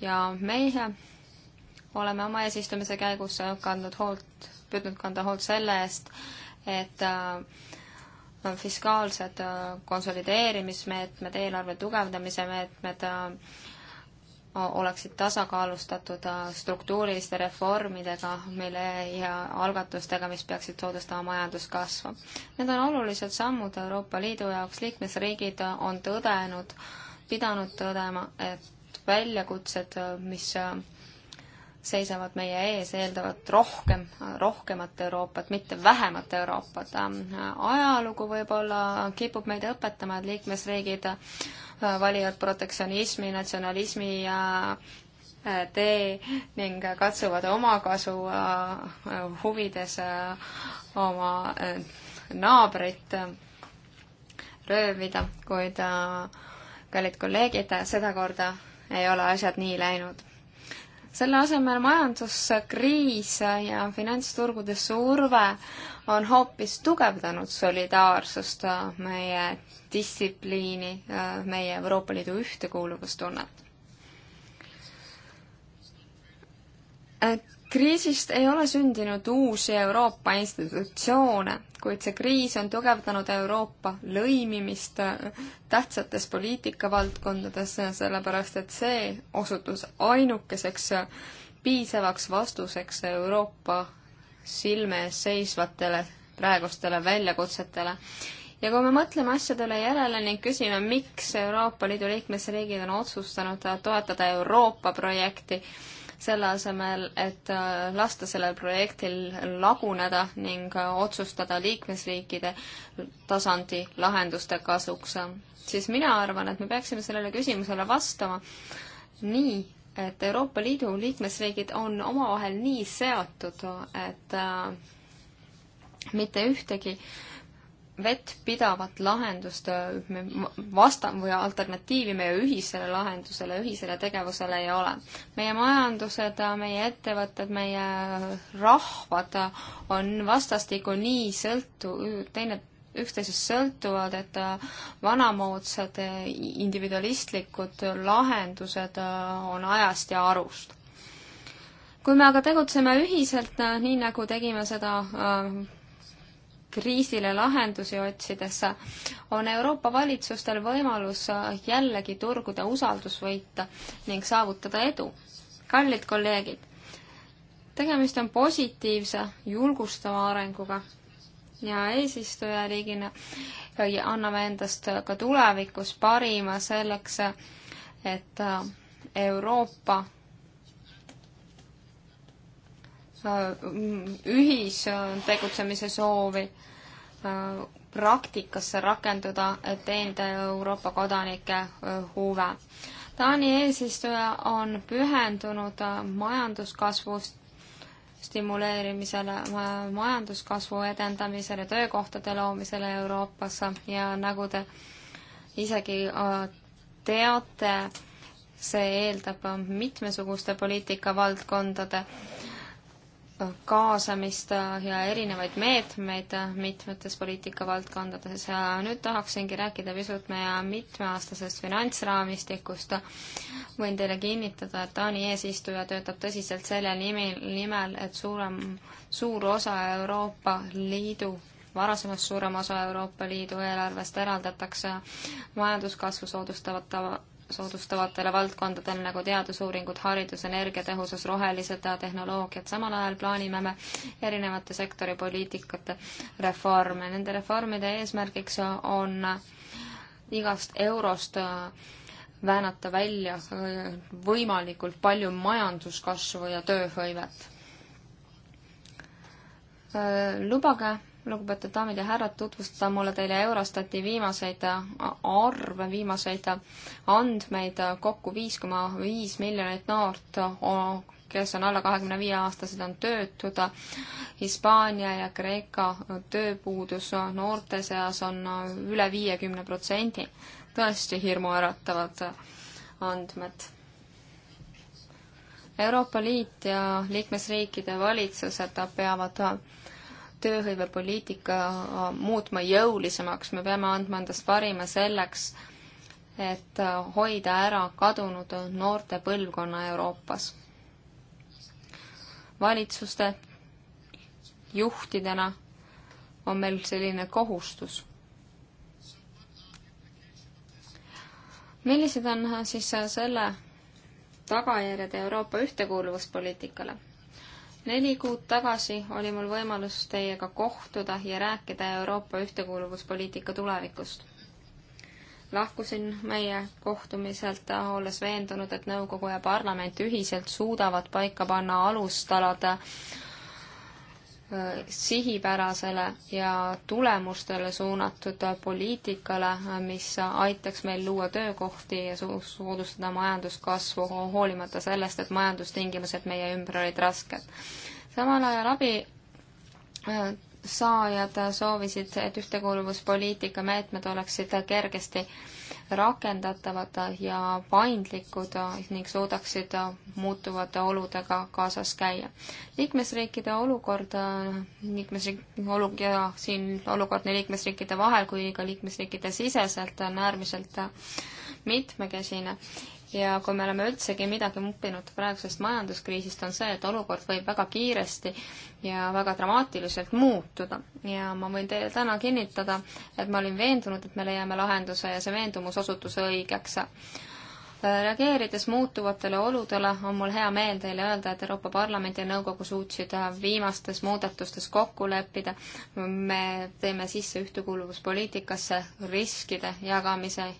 ja meie oleme oma eesistumise käigus kandnud hoolt, püüdnud kanda hoolt selle eest, et fiskaalsed konsolideerimismeetmed, eelarve tugevdamise meetmed, oleksid tasakaalustatud äh, struktuuriliste reformidega, mille ja algatustega, mis peaksid soodustama majanduskasvu. Need on olulised sammud Euroopa Liidu jaoks, liikmesriigid on tõdenud, pidanud tõdema, et väljakutsed, mis äh, seisavad meie ees, eeldavad rohkem, rohkemat Euroopat, mitte vähemat Euroopat. ajalugu võib-olla kipub meid õpetama, et liikmesriigid äh, valivad protektsionismi, natsionalismi ja äh, tee ning katsuvad omakasu äh, huvides oma naabrit röövida, kuid kallid kolleegid, sedakorda ei ole asjad nii läinud selle asemel majanduskriis ja finantsturgude surve on hoopis tugevdanud solidaarsust, äh, meie distsipliini, äh, meie Euroopa Liidu ühtekuuluvustunnet. et kriisist ei ole sündinud uusi Euroopa institutsioone, kuid see kriis on tugevdanud Euroopa lõimimist äh, tähtsates poliitikavaldkondades, sellepärast et see osutus ainukeseks äh, piisavaks vastuseks Euroopa silme ees seisvatele praegustele väljakutsetele. ja kui me mõtleme asjadele järele ning küsime, miks Euroopa Liidu liikmesriigid on otsustanud toetada Euroopa projekti, selle asemel, et äh, lasta sellel projektil laguneda ning äh, otsustada liikmesriikide tasandi lahenduste kasuks, siis mina arvan, et me peaksime sellele küsimusele vastama nii, et Euroopa Liidu liikmesriigid on omavahel nii seotud, et äh, mitte ühtegi äh, vettpidavat lahendust, äh, vasta- või alternatiivi meie ühisele lahendusele, ühisele tegevusele ei ole. meie majandused, meie ettevõtted, meie rahvad on vastastikku nii sõltu-, teine, üksteisest sõltuvad, et äh, vanamoodsad individualistlikud lahendused äh, on ajast ja arust kui me aga tegutseme ühiselt, nii nagu tegime seda kriisile lahendusi otsides on Euroopa valitsustel võimalus jällegi turgude usaldus võita ning saavutada edu. kallid kolleegid, tegemist on positiivse, julgustava arenguga ja eesistujariigina anname endast ka tulevikus parima selleks, et Euroopa Äh, ühistegutsemise soovi äh, praktikasse rakendada, et teenida Euroopa kodanike äh, huve. Taani eesistuja on pühendunud majanduskasvu stimuleerimisele, majanduskasvu edendamisele, töökohtade loomisele Euroopas ja nagu te isegi teate, see eeldab mitmesuguste poliitikavaldkondade äh, kaasamist ja erinevaid meetmeid mitmetes poliitikavaldkondades ja nüüd tahaksingi rääkida pisut meie mitmeaastasest finantsraamistikust. võin teile kinnitada, et Taani eesistuja töötab tõsiselt selle nimel, nimel, et suurem, suur osa Euroopa Liidu varasemast suurem osa Euroopa Liidu eelarvest eraldatakse majanduskasvu soodustavate soodustavatele valdkondadele nagu teadusuuringud, haridus, energiatõhusus, rohelised tehnoloogiad, samal ajal plaanime me erinevate sektori poliitikate reforme. Nende reformide eesmärgiks on igast eurost väänata välja võimalikult palju majanduskasvu ja tööhõivet. lubage lugupeetud daamid ja härrad, tutvustan mulle teile Eurostati viimaseid äh, arve, viimaseid äh, andmeid, äh, kokku viis koma viis miljonit noort, kes on alla kahekümne viie aastased, on töötud. Hispaania ja Kreeka tööpuudus noorte seas on üle viiekümne protsendi. tõesti hirmuäratavad andmed Euroopa Liit ja liikmesriikide valitsused peavad tööhõivepoliitika muutma jõulisemaks, me peame andma endast parima selleks, et hoida ära kadunud noorte põlvkonna Euroopas. valitsuste juhtidena on meil selline kohustus. millised on siis selle tagajärjed Euroopa ühtekuuluvuspoliitikale? neli kuud tagasi oli mul võimalus teiega kohtuda ja rääkida Euroopa ühtekuuluvuspoliitika tulevikust. lahkusin meie kohtumiselt, olles veendunud, et nõukogu ja parlament ühiselt suudavad paika panna alustalad Äh, sihipärasele ja tulemustele suunatud poliitikale, mis aitaks meil luua töökohti ja soodustada majanduskasvu, hoolimata sellest, et majandustingimused meie ümber olid rasked. samal ajal abi äh, saajad soovisid, et ühtekuuluvuspoliitika meetmed oleksid kergesti rakendatavad ja paindlikud ning suudaksid muutuvate oludega kaasas käia. liikmesriikide olukord, liikmesriik, olu- ja siin olukord nii liikmesriikide vahel kui ka liikmesriikide siseselt on äärmiselt mitmekesine ja kui me oleme üldsegi midagi õppinud praegusest majanduskriisist, on see, et olukord võib väga kiiresti ja väga dramaatiliselt muutuda. ja ma võin teile täna kinnitada, et ma olin veendunud, et me leiame lahenduse ja see veendumus osutus õigeks. reageerides muutuvatele oludele, on mul hea meel teile öelda, et Euroopa Parlamendi ja Nõukogu suutsid viimastes muudatustes kokku leppida. me teeme sisse ühtekuuluvuspoliitikasse riskide jagamise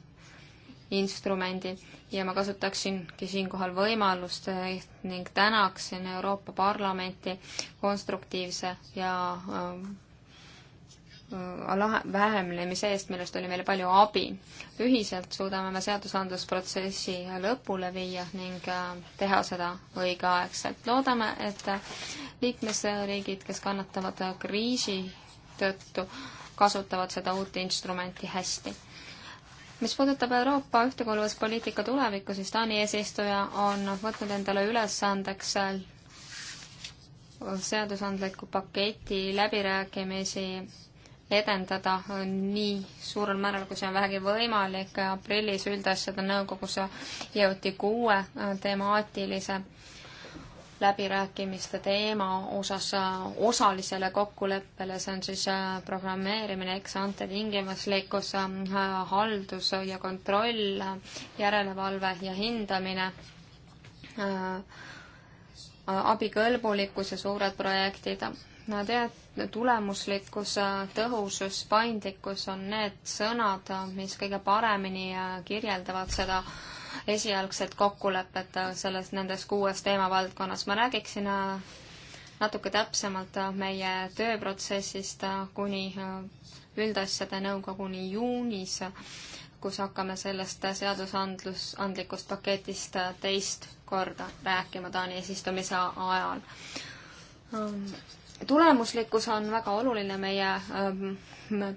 instrumendi ja ma kasutaksingi siinkohal võimalust eh, ning tänaksin Euroopa Parlamenti konstruktiivse ja eh, vähemlemise eest, millest oli meile palju abi. ühiselt suudame me seadusandlusprotsessi lõpule viia ning eh, teha seda õigeaegselt. loodame, et liikmesriigid, kes kannatavad kriisi tõttu, kasutavad seda uut instrumenti hästi mis puudutab Euroopa ühtekuuluvuspoliitika tulevikku, siis Taani eesistuja on võtnud endale ülesandeks äh, seadusandliku paketi läbirääkimisi edendada äh, nii suurel määral, kui see on vähegi võimalik. aprillis üldasjade nõukogus jõuti kuue äh, temaatilise läbirääkimiste teema osas osalisele kokkuleppele, see on siis äh, programmeerimine, eksante tingimuslikkus, äh, haldus ja kontroll, järelevalve ja hindamine, äh, abikõlbulikkus ja suured projektid. no tead, tulemuslikkus, tõhusus, paindlikkus on need sõnad, mis kõige paremini kirjeldavad seda esialgsed kokkulepped äh, selles, nendes kuues teemavaldkonnas. ma räägiksin äh, natuke täpsemalt äh, meie tööprotsessist kuni üldasjade nõukoguni juunis, kus hakkame sellest seadusandlus, andlikust paketist teist korda rääkima Taani eesistumise ajal ähm, tulemuslikkus on väga oluline meie ähm,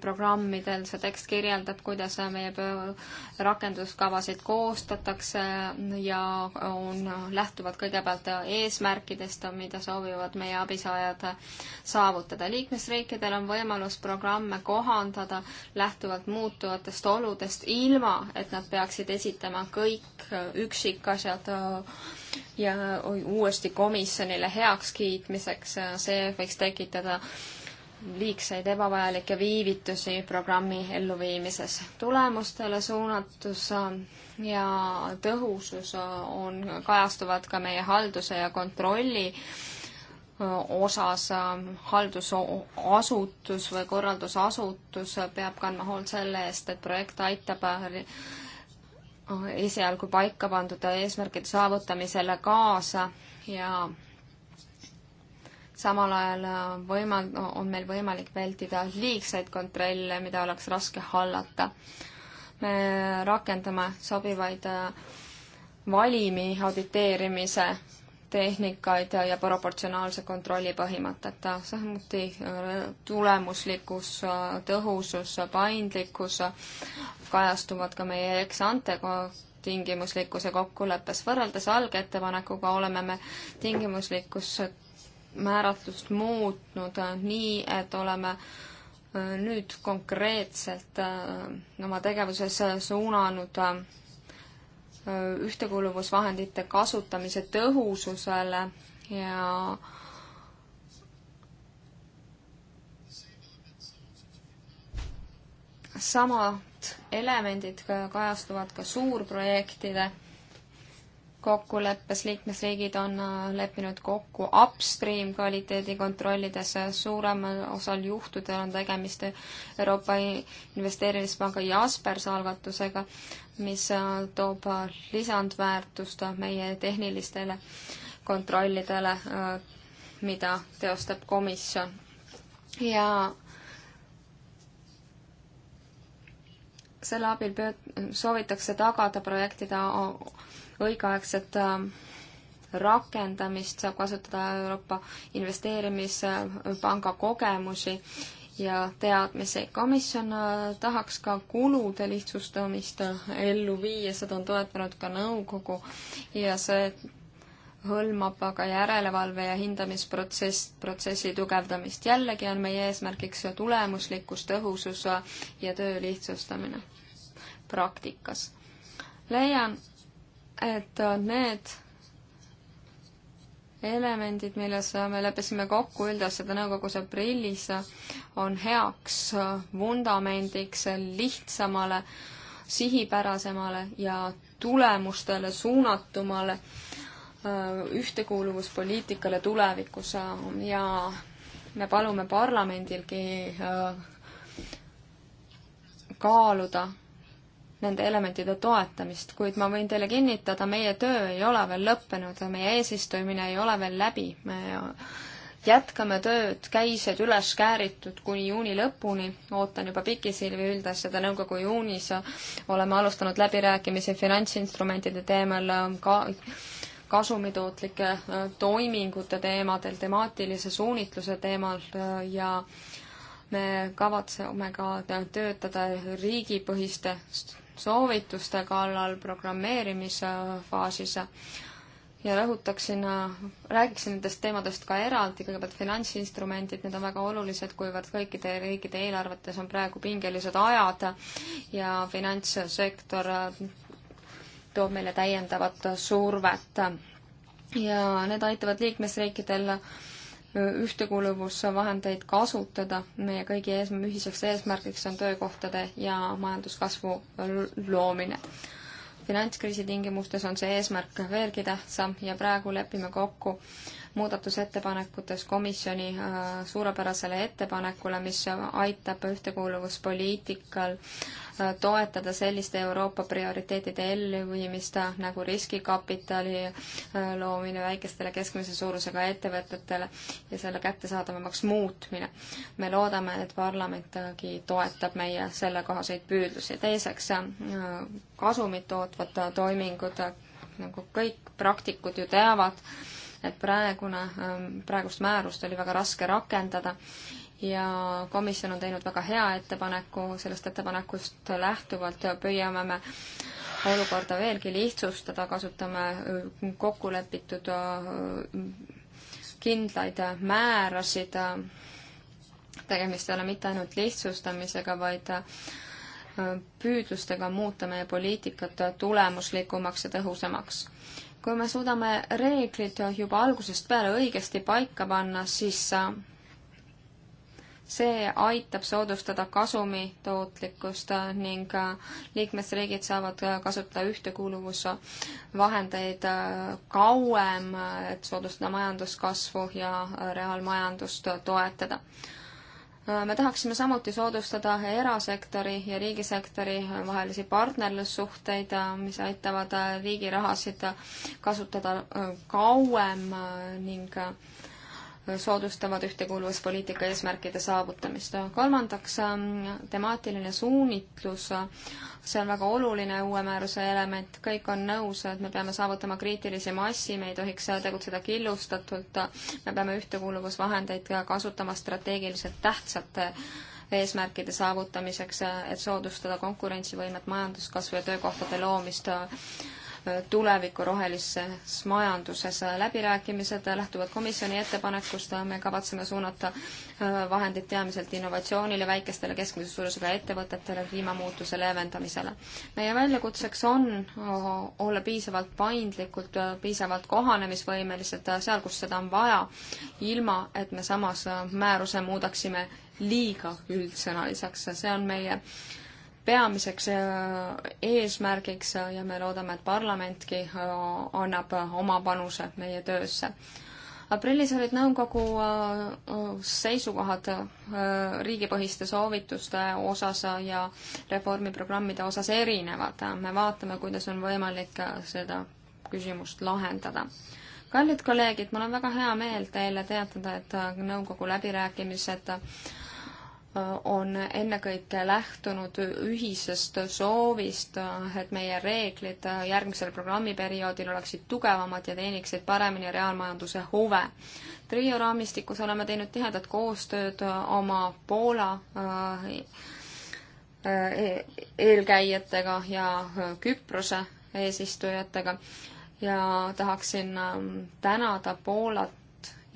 programmidel see tekst kirjeldab, kuidas meie rakenduskavasid koostatakse ja on, lähtuvad kõigepealt eesmärkidest, mida soovivad meie abisaajad saavutada. liikmesriikidel on võimalus programme kohandada lähtuvalt muutuvatest oludest, ilma et nad peaksid esitama kõik üksikasjad ja uuesti komisjonile heakskiitmiseks, see võiks tekitada liigseid ebavajalikke viivitusi programmi elluviimises. tulemustele suunatus äh, ja tõhusus äh, on, kajastuvad ka meie halduse ja kontrolli äh, osas haldusasutus või korraldusasutus peab kandma hoolt selle eest, et projekt aitab esialgu paika pandud eesmärkide saavutamisele kaasa ja samal ajal äh, võimal-, on meil võimalik vältida liigseid kontrolle, mida oleks raske hallata. me rakendame sobivaid äh, valimi auditeerimise tehnikaid ja, ja proportsionaalse kontrolli põhimõtet, samuti äh, tulemuslikkus, tõhusus, paindlikkus kajastuvad ka meie ex-ante tingimuslikkuse kokkuleppes. võrreldes algettepanekuga oleme me tingimuslikkuse määratlust muutnud äh, nii, et oleme äh, nüüd konkreetselt äh, oma tegevuses suunanud ühtekuuluvusvahendite kasutamise tõhususele ja samad elemendid kajastuvad ka suurprojektide kokkuleppes liikmesriigid on äh, leppinud kokku upstream kvaliteedikontrollides, suuremal osal juhtudel on tegemist Euroopa Investeerimispanga Jaspers algatusega, mis äh, toob lisandväärtust meie tehnilistele kontrollidele, äh, mida teostab komisjon. ja selle abil pööd-, soovitakse tagada projektide õigeaegset äh, rakendamist, saab kasutada Euroopa Investeerimispanga kogemusi ja teadmisi. komisjon äh, tahaks ka kulude lihtsustamist äh, ellu viia, seda on toetanud ka nõukogu ja see hõlmab aga järelevalve ja hindamisprotsess, protsessi tugevdamist. jällegi on meie eesmärgiks tulemuslikkus, tõhusus ja töö lihtsustamine praktikas. leian, et need elemendid, milles me leppisime kokku üldasjade nõukogus aprillis, on heaks vundamendiks lihtsamale, sihipärasemale ja tulemustele suunatumale äh, ühtekuuluvuspoliitikale tulevikus ja me palume parlamendilgi äh, kaaluda nende elementide toetamist, kuid ma võin teile kinnitada, meie töö ei ole veel lõppenud, meie eesistumine ei ole veel läbi, me jätkame tööd, käised üles kääritud kuni juuni lõpuni, ootan juba pikisilmi üldasjade nõukogu juunis, oleme alustanud läbirääkimisi finantsinstrumentide teemal, ka kasumitootlike äh, toimingute teemadel, temaatilise suunitluse teemal äh, ja me kavatseme ka töötada riigipõhiste soovituste kallal programmeerimise faasis ja rõhutaksin, räägiksin nendest teemadest ka eraldi, kõigepealt finantsinstrumendid, need on väga olulised, kuivõrd kõikide riikide eelarvetes on praegu pingelised ajad ja finantssektor toob meile täiendavat survet. ja need aitavad liikmesriikidel ühtekuuluvusvahendeid kasutada. meie kõigi ees, ühiseks eesmärgiks on töökohtade ja majanduskasvu loomine. finantskriisi tingimustes on see eesmärk veelgi tähtsam ja praegu lepime kokku äh, muudatusettepanekutes komisjoni äh, suurepärasele ettepanekule, mis aitab ühtekuuluvuspoliitikal äh, toetada selliste Euroopa prioriteetide elluviimist äh, nagu riskikapitali loomine väikestele keskmise suurusega ettevõtetele ja selle kättesaadavamaks muutmine. me loodame, et parlamentagi toetab meie sellekohaseid püüdlusi. teiseks, kasumit tootvad toimingud, nagu kõik praktikud ju teavad, et praegune, ähm, praegust määrust oli väga raske rakendada ja komisjon on teinud väga hea ettepaneku, sellest ettepanekust lähtuvalt püüame me olukorda veelgi lihtsustada, kasutame äh, kokkulepitud äh, kindlaid äh, määrasid, tegemist ei ole mitte ainult lihtsustamisega, vaid püüdlustega muuta meie poliitikat tulemuslikumaks ja tõhusamaks kui me suudame reeglid juba algusest peale õigesti paika panna, siis äh, see aitab soodustada kasumi tootlikkust ning äh, liikmesriigid saavad äh, kasutada ühtekuuluvusvahendeid kauem, et soodustada majanduskasvu ja reaalmajandust toetada. Äh, me tahaksime samuti soodustada erasektori ja riigisektori äh, vahelisi partnerlussuhteid, äh, mis aitavad riigi rahasid kasutada kauem ning soodustavad ühtekuuluvuspoliitika eesmärkide saavutamist. kolmandaks, ähm, temaatiline suunitlus, see on väga oluline uue määruse element, kõik on nõus, et me peame saavutama kriitilise massi, me ei tohiks tegutseda killustatult, me peame ühtekuuluvusvahendeid kasutama strateegiliselt tähtsate eesmärkide saavutamiseks, et soodustada konkurentsivõimet, majanduskasvu ja töökohtade loomist tuleviku rohelises majanduses. läbirääkimised lähtuvad komisjoni ettepanekust, me kavatseme suunata äh, vahendid teamiselt innovatsioonile, väikestele keskmise suurusega ettevõtetele, kliimamuutuse leevendamisele. meie väljakutseks on äh, olla piisavalt paindlikult, äh, piisavalt kohanemisvõimelised seal, kus seda on vaja, ilma et me samas määruse muudaksime liiga üldsõnaliseks, see on meie äh, peamiseks äh, eesmärgiks äh, ja me loodame, et parlamentki äh, annab oma panuse meie töösse. aprillis olid nõukogu seisukohad riigipõhiste soovituste osas ja reformiprogrammide osas erinevad. me vaatame, kuidas on võimalik seda küsimust lahendada kallid kolleegid, mul on väga hea meel teile teatada, et nõukogu läbirääkimised on ennekõike lähtunud ühisest soovist, et meie reeglid järgmisel programmiperioodil oleksid tugevamad ja teeniksid paremini reaalmajanduse huve. trio raamistikus oleme teinud tihedat koostööd oma Poola äh, e, eelkäijatega ja Küprose eesistujatega ja tahaksin ähm, tänada Poolat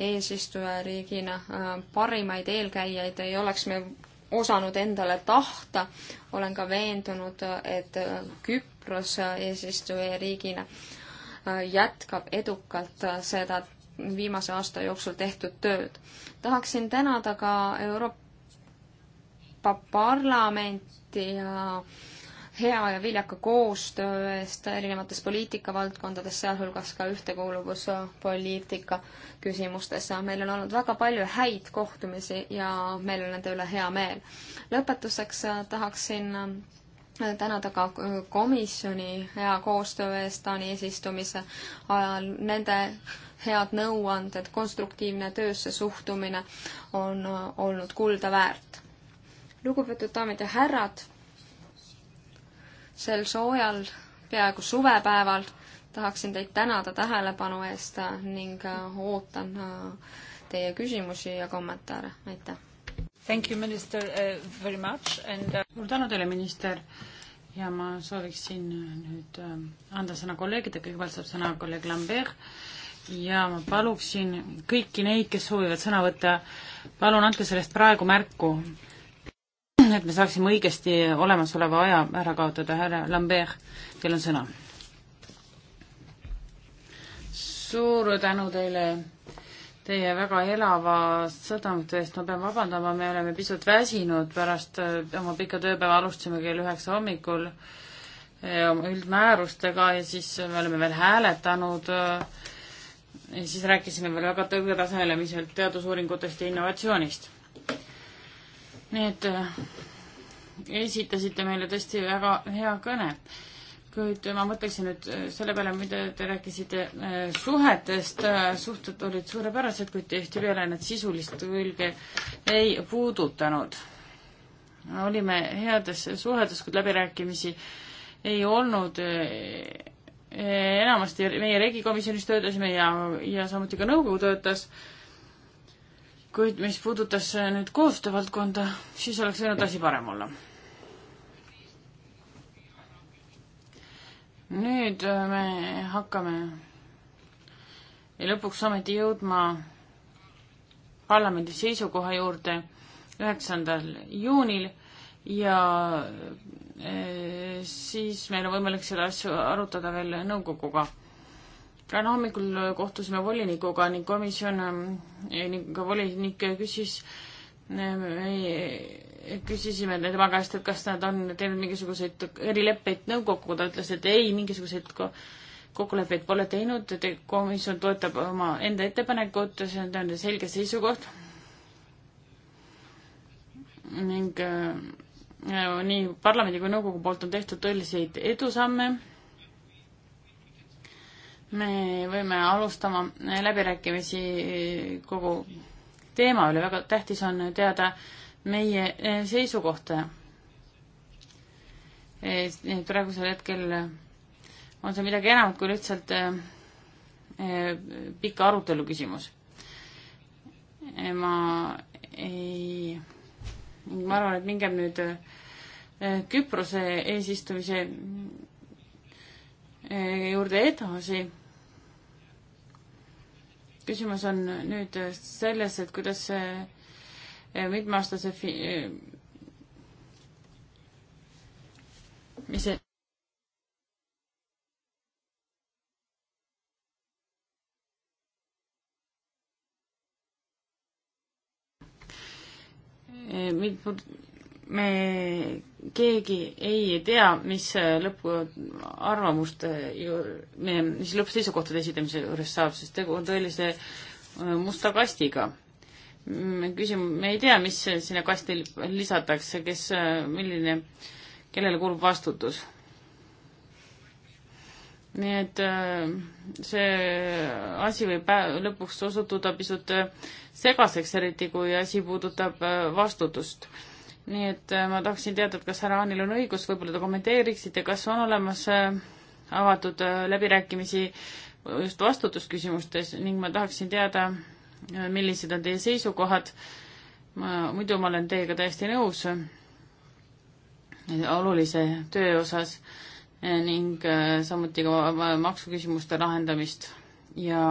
eesistujariigina äh, parimaid eelkäijaid ei oleks me osanud endale tahta. olen ka veendunud, et äh, Küpros eesistujariigina äh, jätkab edukalt seda viimase aasta jooksul tehtud tööd. tahaksin tänada ka Euroopa Parlamenti ja äh, hea ja viljaka koostöö eest erinevates poliitikavaldkondades, sealhulgas ka ühtekuuluvuspoliitika küsimustes. meil on olnud väga palju häid kohtumisi ja meil on nende üle hea meel. lõpetuseks tahaksin tänada ka komisjoni hea koostöö eest Taani eesistumise ajal, nende head nõuanded, konstruktiivne töösse suhtumine on olnud kulda väärt. lugupeetud daamid ja härrad sel soojal, peaaegu suvepäeval tahaksin teid tänada tähelepanu eest ning äh, ootan äh, teie küsimusi ja kommentaare, aitäh! Thank you, minister uh,, very much and uh... suur tänu teile, minister, ja ma sooviksin nüüd uh, anda sõna kolleegidele, kõigepealt saab sõna kolleeg Lambert ja ma paluksin kõiki neid, kes soovivad sõna võtta, palun andke sellest praegu märku nii et me saaksime õigesti olemasoleva aja ära kaotada. härra Lambert, teil on sõna. suur tänu teile teie väga elava sõdamute eest. ma pean vabandama, me oleme pisut väsinud pärast äh, oma pika tööpäeva, alustasime kell üheksa hommikul äh, üldmäärustega ja siis me oleme veel hääletanud äh, ja siis rääkisime veel väga tõrgetasemele, mis on teadusuuringutest ja innovatsioonist. Need äh, esitasite meile tõesti väga hea kõne, kuid ma mõtleksin nüüd äh, selle peale, mida te rääkisite äh, suhetest, suhted olid suurepärased, kuid tihtipeale need sisulist külge ei puudutanud. olime heades suhetes, kuid läbirääkimisi ei olnud enamasti meie regikomisjonis töötasime ja, ja samuti ka nõukogu töötas kuid mis puudutas äh, nüüd koostöövaldkonda, siis oleks võinud asi parem olla. nüüd äh, me hakkame ja lõpuks ometi jõudma parlamendi seisukoha juurde üheksandal juunil ja äh, siis meil on võimalik selle asju arutada veel nõukoguga täna hommikul kohtusime volinikuga ning komisjon ähm, eh, ning ka volinik küsis, ähm, eh, küsisime tema käest, et kas nad on teinud mingisuguseid erileppeid nõukoguga, ta ütles, et ei, mingisuguseid kokkuleppeid pole teinud, komisjon toetab oma enda ettepanekut, see on nende selge seisukoht. ning äh, nii parlamendi kui nõukogu poolt on tehtud tõeliseid edusamme me võime alustama läbirääkimisi kogu teema üle, väga tähtis on teada meie eh, seisukohta. nii eh, et praegusel hetkel on see midagi enamat kui lihtsalt eh, pika arutelu küsimus. ma ei, ma arvan, et mingem nüüd Küprose eesistumise juurde edasi küsimus on nüüd selles, et kuidas see eh, mitmeaastase fi-, eh, mis see eh, mind me keegi ei tea, mis lõpuarvamust, mis lõppseisukohtade esitamise juures saab, sest tegu on tõelise äh, musta kastiga. küsime, me ei tea, mis sinna kasti lisatakse, kes, äh, milline, kellele kuulub vastutus. nii et äh, see asi võib lõpuks osutuda pisut segaseks, eriti kui asi puudutab vastutust nii et äh, ma tahaksin teada, et kas härra Aanil on õigus, võib-olla te kommenteeriksite, kas on olemas äh, avatud äh, läbirääkimisi just vastutusküsimustes ning ma tahaksin teada, millised on teie seisukohad. ma, muidu ma olen teiega täiesti nõus olulise töö osas ning samuti ka maksuküsimuste lahendamist ja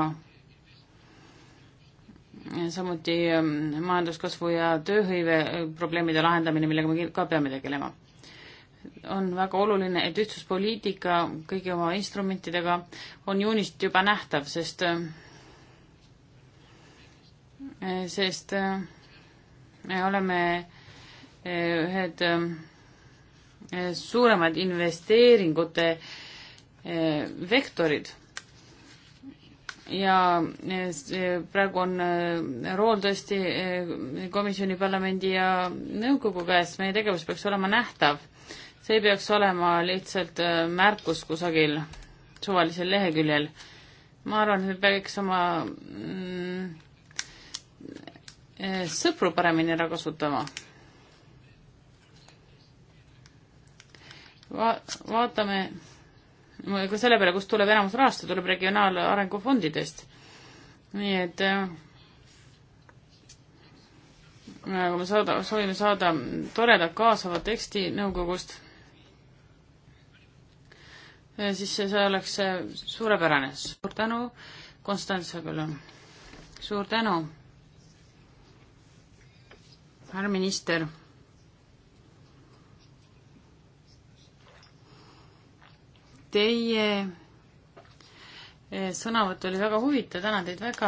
samuti ähm, majanduskasvu ja tööhõive äh, probleemide lahendamine, millega me ka peame tegelema. on väga oluline, et ühtsuspoliitika kõigi oma instrumentidega on juunist juba nähtav, sest äh, sest äh, me oleme ühed suuremad investeeringute vektorid ja praegu on äh, rool tõesti äh, komisjoni, parlamendi ja nõukogu käes, meie tegevus peaks olema nähtav. see ei peaks olema lihtsalt äh, märkus kusagil suvalisel leheküljel. ma arvan, et me peaks oma mm, sõpru paremini ära kasutama Va. vaatame kui selle peale, kust tuleb enamus rahastada, tuleb regionaalarengu fondidest. nii et kui äh, me saada, soovime saada toreda kaasava teksti nõukogust, siis see oleks äh, suurepärane. suur tänu, Konstantin Sõbel. suur tänu, härra minister Teie eh, sõnavõtt oli väga huvitav, tänan teid väga.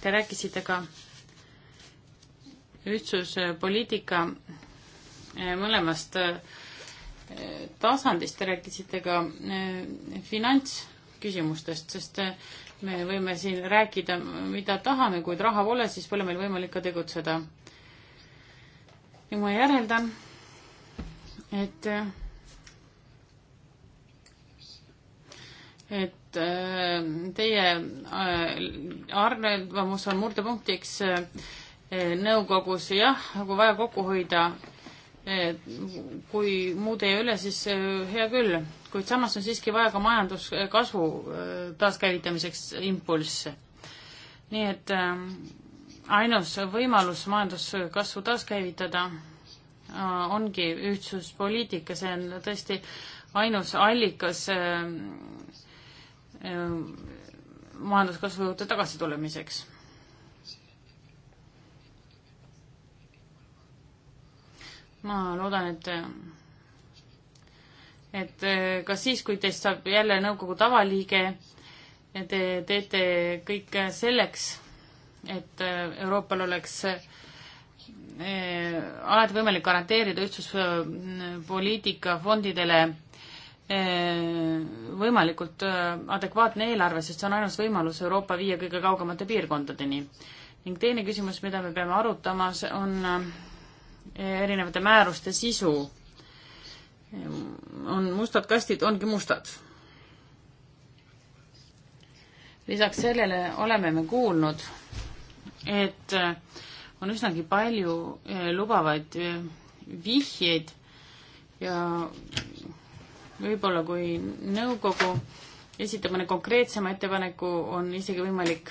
Te rääkisite ka ühtsuspoliitika eh, mõlemast eh, tasandist, te rääkisite ka finantsküsimustest, sest me võime siin rääkida, mida tahame, kuid raha pole, siis pole meil võimalik ka tegutseda. ja ma järeldan, et et äh, teie äh, arvamus on murdepunktiks äh, nõukogus, jah, kui nagu vaja kokku hoida, kui muud ei üle, siis hea küll, kuid samas on siiski vaja ka majanduskasvu taaskäivitamiseks impulsse. nii et ainus võimalus majanduskasvu taaskäivitada ongi ühtsuspoliitika, see on tõesti ainus allikas Äh, majanduskasvu juurde tagasi tulemiseks. ma loodan, et et äh, ka siis, kui teist saab jälle nõukogu tavaliige, te teete kõik selleks, et äh, Euroopal oleks alati võimalik garanteerida ühtsuspoliitika fondidele Eh, võimalikult eh, adekvaatne eelarve, sest see on ainus võimalus Euroopa viia kõige kaugemate piirkondadeni. ning teine küsimus, mida me peame arutama, see on eh, erinevate määruste sisu. on mustad kastid, ongi mustad. lisaks sellele oleme me kuulnud, et on üsnagi palju lubavaid vihjeid ja võib-olla kui nõukogu esitab mõne konkreetsema ettepaneku, on isegi võimalik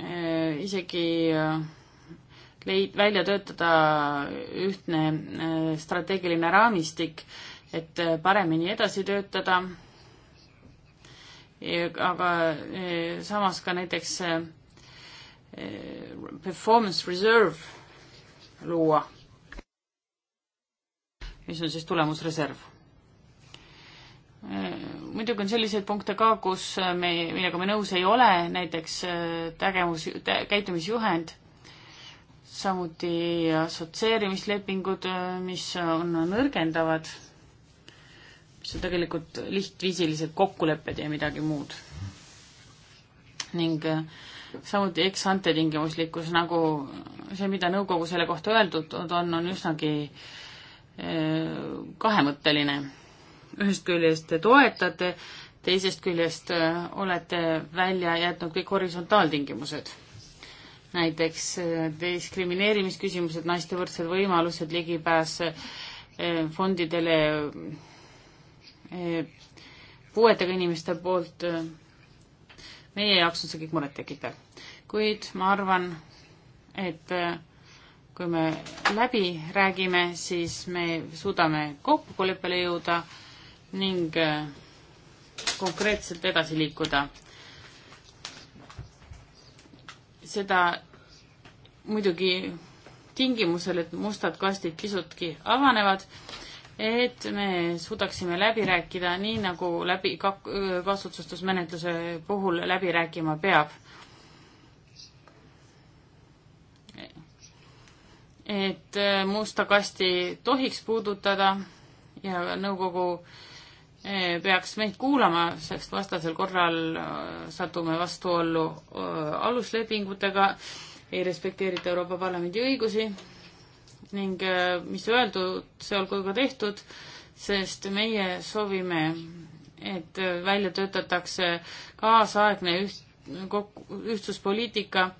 äh, isegi äh, leid-, välja töötada ühtne äh, strateegiline raamistik, et paremini edasi töötada, aga samas ka näiteks performance reserve luua mis on siis tulemusreserv. Äh, muidugi on selliseid punkte ka, kus äh, me, millega me nõus ei ole, näiteks äh, tegevus, käitumisjuhend, samuti assotsieerimislepingud, mis on nõrgendavad, mis on tegelikult lihtviisilised kokkulepped ja midagi muud. ning samuti ex-ante tingimuslikkus, nagu see, mida nõukogu selle kohta öeldud on, on üsnagi äh, Äh, kahemõtteline. ühest küljest te toetate, teisest küljest äh, olete välja jätnud kõik horisontaaltingimused. näiteks äh, diskrimineerimisküsimused, naiste võrdsed võimalused, ligipääs fondidele puuetega inimeste poolt. meie jaoks on see kõik murettekitav. kuid ma arvan, et kui me läbi räägime, siis me suudame kokkuleppele jõuda ning äh, konkreetselt edasi liikuda. seda muidugi tingimusel, et mustad kastid pisutki avanevad, et me suudaksime läbi rääkida nii, nagu läbi kak-, kaasotsustusmenetluse puhul läbi rääkima peab et äh, musta kasti tohiks puudutada ja nõukogu äh, peaks meid kuulama, sest vastasel korral äh, satume vastuollu aluslepingutega, ei respekteerita Euroopa Parlamendi õigusi ning mis öeldud, see olgu ka tehtud, sest meie soovime, et välja töötatakse kaasaegne üht-, ühtsuspoliitika,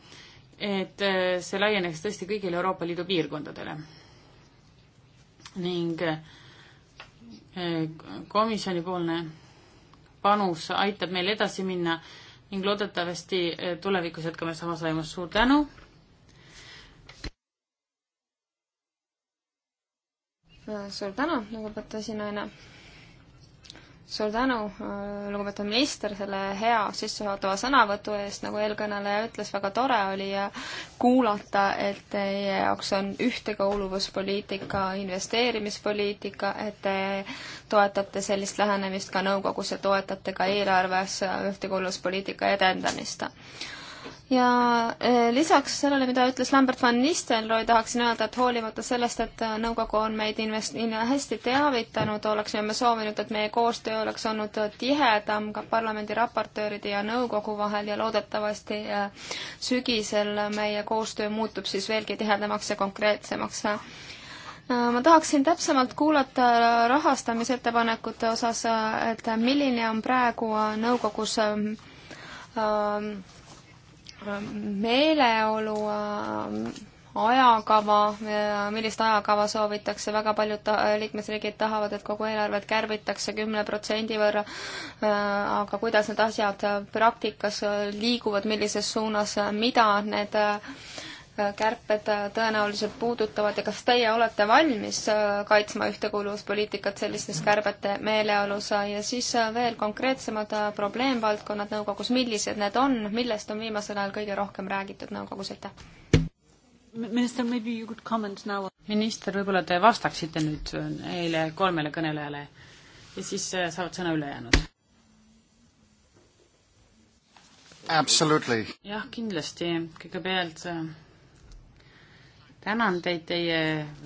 et äh, see laieneks tõesti kõigile Euroopa Liidu piirkondadele. ning äh, komisjonipoolne panus aitab meil edasi minna ning loodetavasti äh, tulevikus jätkame samas vaimus. suur tänu! suur tänu, lugupeetud esinaine! suur tänu, äh, lugupeetud minister, selle hea sissejuhatava sõnavõtu eest, nagu eelkõneleja ütles, väga tore oli kuulata, et teie jaoks on ühtekuuluvuspoliitika, investeerimispoliitika, et te toetate sellist lähenemist ka nõukogus ja toetate ka eelarves ühtekuuluvuspoliitika edendamist ja eh, lisaks sellele, mida ütles Lambert van Nistelrooy, tahaksin öelda, et hoolimata sellest, et eh, nõukogu on meid invest-, hästi teavitanud, oleksime me soovinud, et meie koostöö oleks olnud tihedam ka parlamendi raportööride ja nõukogu vahel ja loodetavasti eh, sügisel meie koostöö muutub siis veelgi tihedamaks ja konkreetsemaks. ma tahaksin täpsemalt kuulata rahastamisettepanekute osas, et milline on praegu nõukogus meeleolu äh, ajakava, äh, millist ajakava soovitakse, väga paljud ta liikmesriigid tahavad, et kogu eelarvet kärbitakse kümne protsendi võrra, äh, aga kuidas need asjad praktikas liiguvad, millises suunas, mida need äh, kärped tõenäoliselt puudutavad ja kas teie olete valmis äh, kaitsma ühtekuuluvuspoliitikat sellistes kärbete meeleolus ja siis äh, veel konkreetsemad äh, probleemvaldkonnad nõukogus, millised need on, millest on viimasel ajal kõige rohkem räägitud nõukogus, aitäh? minister, maybe you could comment now. minister, võib-olla te vastaksite nüüd neile kolmele kõnelejale ja siis saavad sõna ülejäänud. Absolutely. jah, kindlasti, kõigepealt tänan teid teie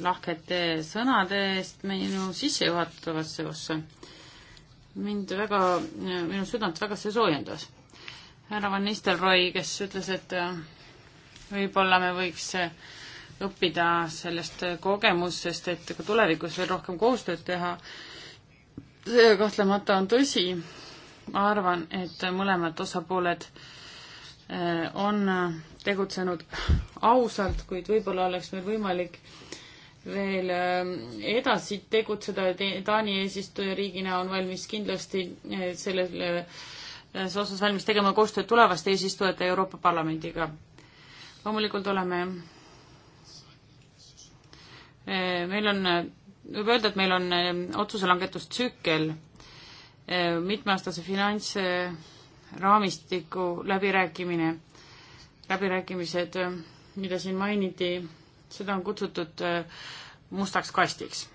lahkete sõnade eest minu sissejuhatavasse ossa. mind väga, minu südant väga see soojendas. härra Van Nistelrooy, kes ütles, et äh, võib-olla me võiks äh, õppida sellest äh, kogemusest, et ka tulevikus veel rohkem koostööd teha. see kahtlemata on tõsi. ma arvan, et mõlemad osapooled on tegutsenud ausalt, kuid võib-olla oleks meil võimalik veel äh, edasi tegutseda. Taani eesistujariigina on valmis kindlasti äh, selles äh, osas valmis tegema koostööd tulevaste eesistujate Euroopa Parlamendiga. loomulikult oleme, meil on, võib öelda, et meil on otsuse langetustsükkel mitmeaastase finantsraamistiku läbirääkimine läbirääkimised, mida siin mainiti, seda on kutsutud äh, mustaks kastiks.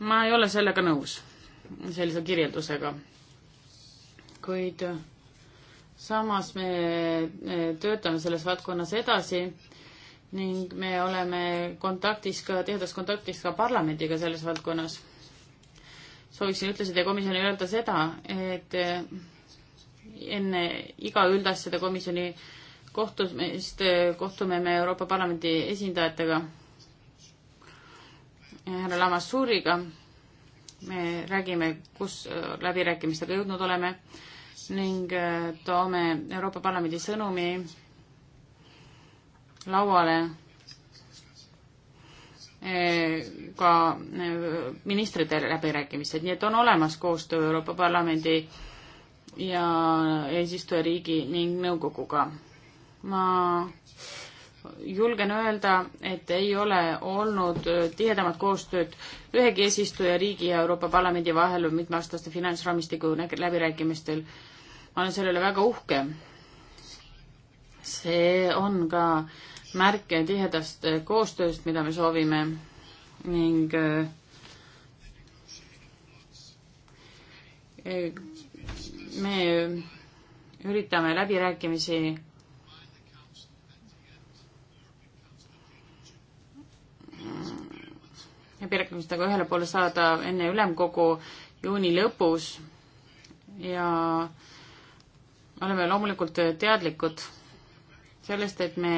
ma ei ole sellega nõus, sellise kirjeldusega. kuid äh, samas me töötame selles valdkonnas edasi ning me oleme kontaktis ka, tihedas kontaktis ka parlamendiga selles valdkonnas. sooviksin ütlesite komisjoni öelda seda, et äh, enne iga üldasjade komisjoni äh, kohtumist, kohtume me Euroopa Parlamendi esindajatega, härra Lamassuuriga, me räägime, kus läbirääkimistega jõudnud oleme ning äh, toome Euroopa Parlamendi sõnumi lauale äh, ka äh, ministrite läbirääkimised, nii et on olemas koostöö Euroopa Parlamendi ja eesistujariigi ning nõukoguga ma julgen öelda, et ei ole olnud tihedamat koostööd ühegi eesistuja riigi ja Euroopa Parlamendi vahel mitmeaastaste finantsraamistiku läbirääkimistel. ma olen selle üle väga uhke. see on ka märk tihedast koostööst, mida me soovime ning äh, me üritame läbirääkimisi läbirääkimistega ühele poole saada enne ülemkogu juuni lõpus ja oleme loomulikult teadlikud sellest, et me,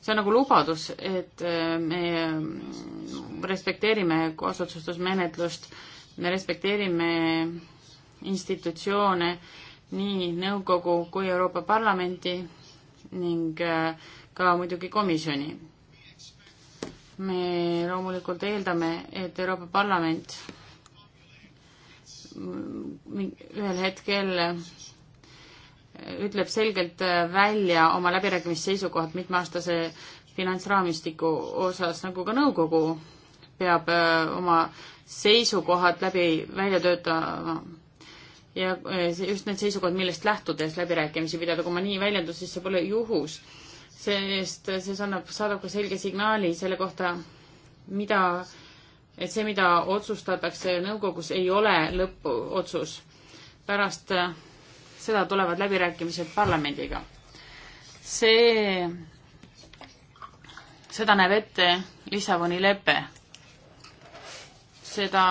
see on nagu lubadus, et äh, me respekteerime kaasotsustusmenetlust, me respekteerime institutsioone, nii nõukogu kui Euroopa Parlamenti ning äh, ka muidugi komisjoni me loomulikult eeldame, et Euroopa Parlament mm, ühel hetkel ütleb selgelt välja oma läbirääkimisseisukohad mitmeaastase finantsraamistiku osas, nagu ka nõukogu peab äh, oma seisukohad läbi välja töötama ja äh, just need seisukohad, millest lähtudes läbirääkimisi pidada, kui ma nii väljendun, siis see pole juhus sest see annab, saadab ka selge signaali selle kohta, mida, et see, mida otsustatakse nõukogus, ei ole lõppotsus. pärast äh, seda tulevad läbirääkimised parlamendiga. see, seda näeb ette Lissaboni lepe. seda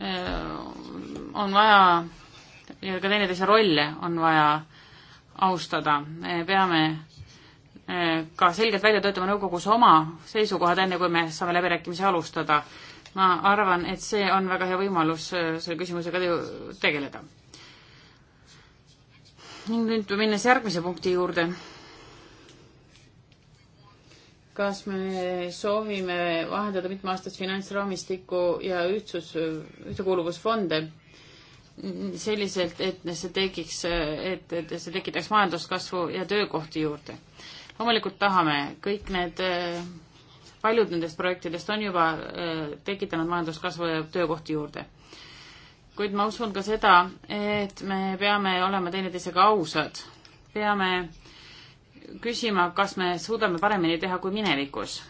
äh, on vaja ja ka teineteise rolle on vaja austada, me peame eh, ka selgelt välja töötama nõukogus oma seisukohad, enne kui me saame läbirääkimisi alustada. ma arvan, et see on väga hea võimalus eh, selle küsimusega tegeleda. ning nüüd minnes järgmise punkti juurde. kas me soovime vahendada mitmeaastast finantsraamistikku ja ühtsus, ühtekuuluvusfonde? selliselt, et see tekiks, et, et see tekitaks majanduskasvu ja töökohti juurde. loomulikult tahame, kõik need, paljud nendest projektidest on juba tekitanud majanduskasvu ja töökohti juurde. kuid ma usun ka seda, et me peame olema teineteisega ausad, peame küsima, kas me suudame paremini teha kui minevikus.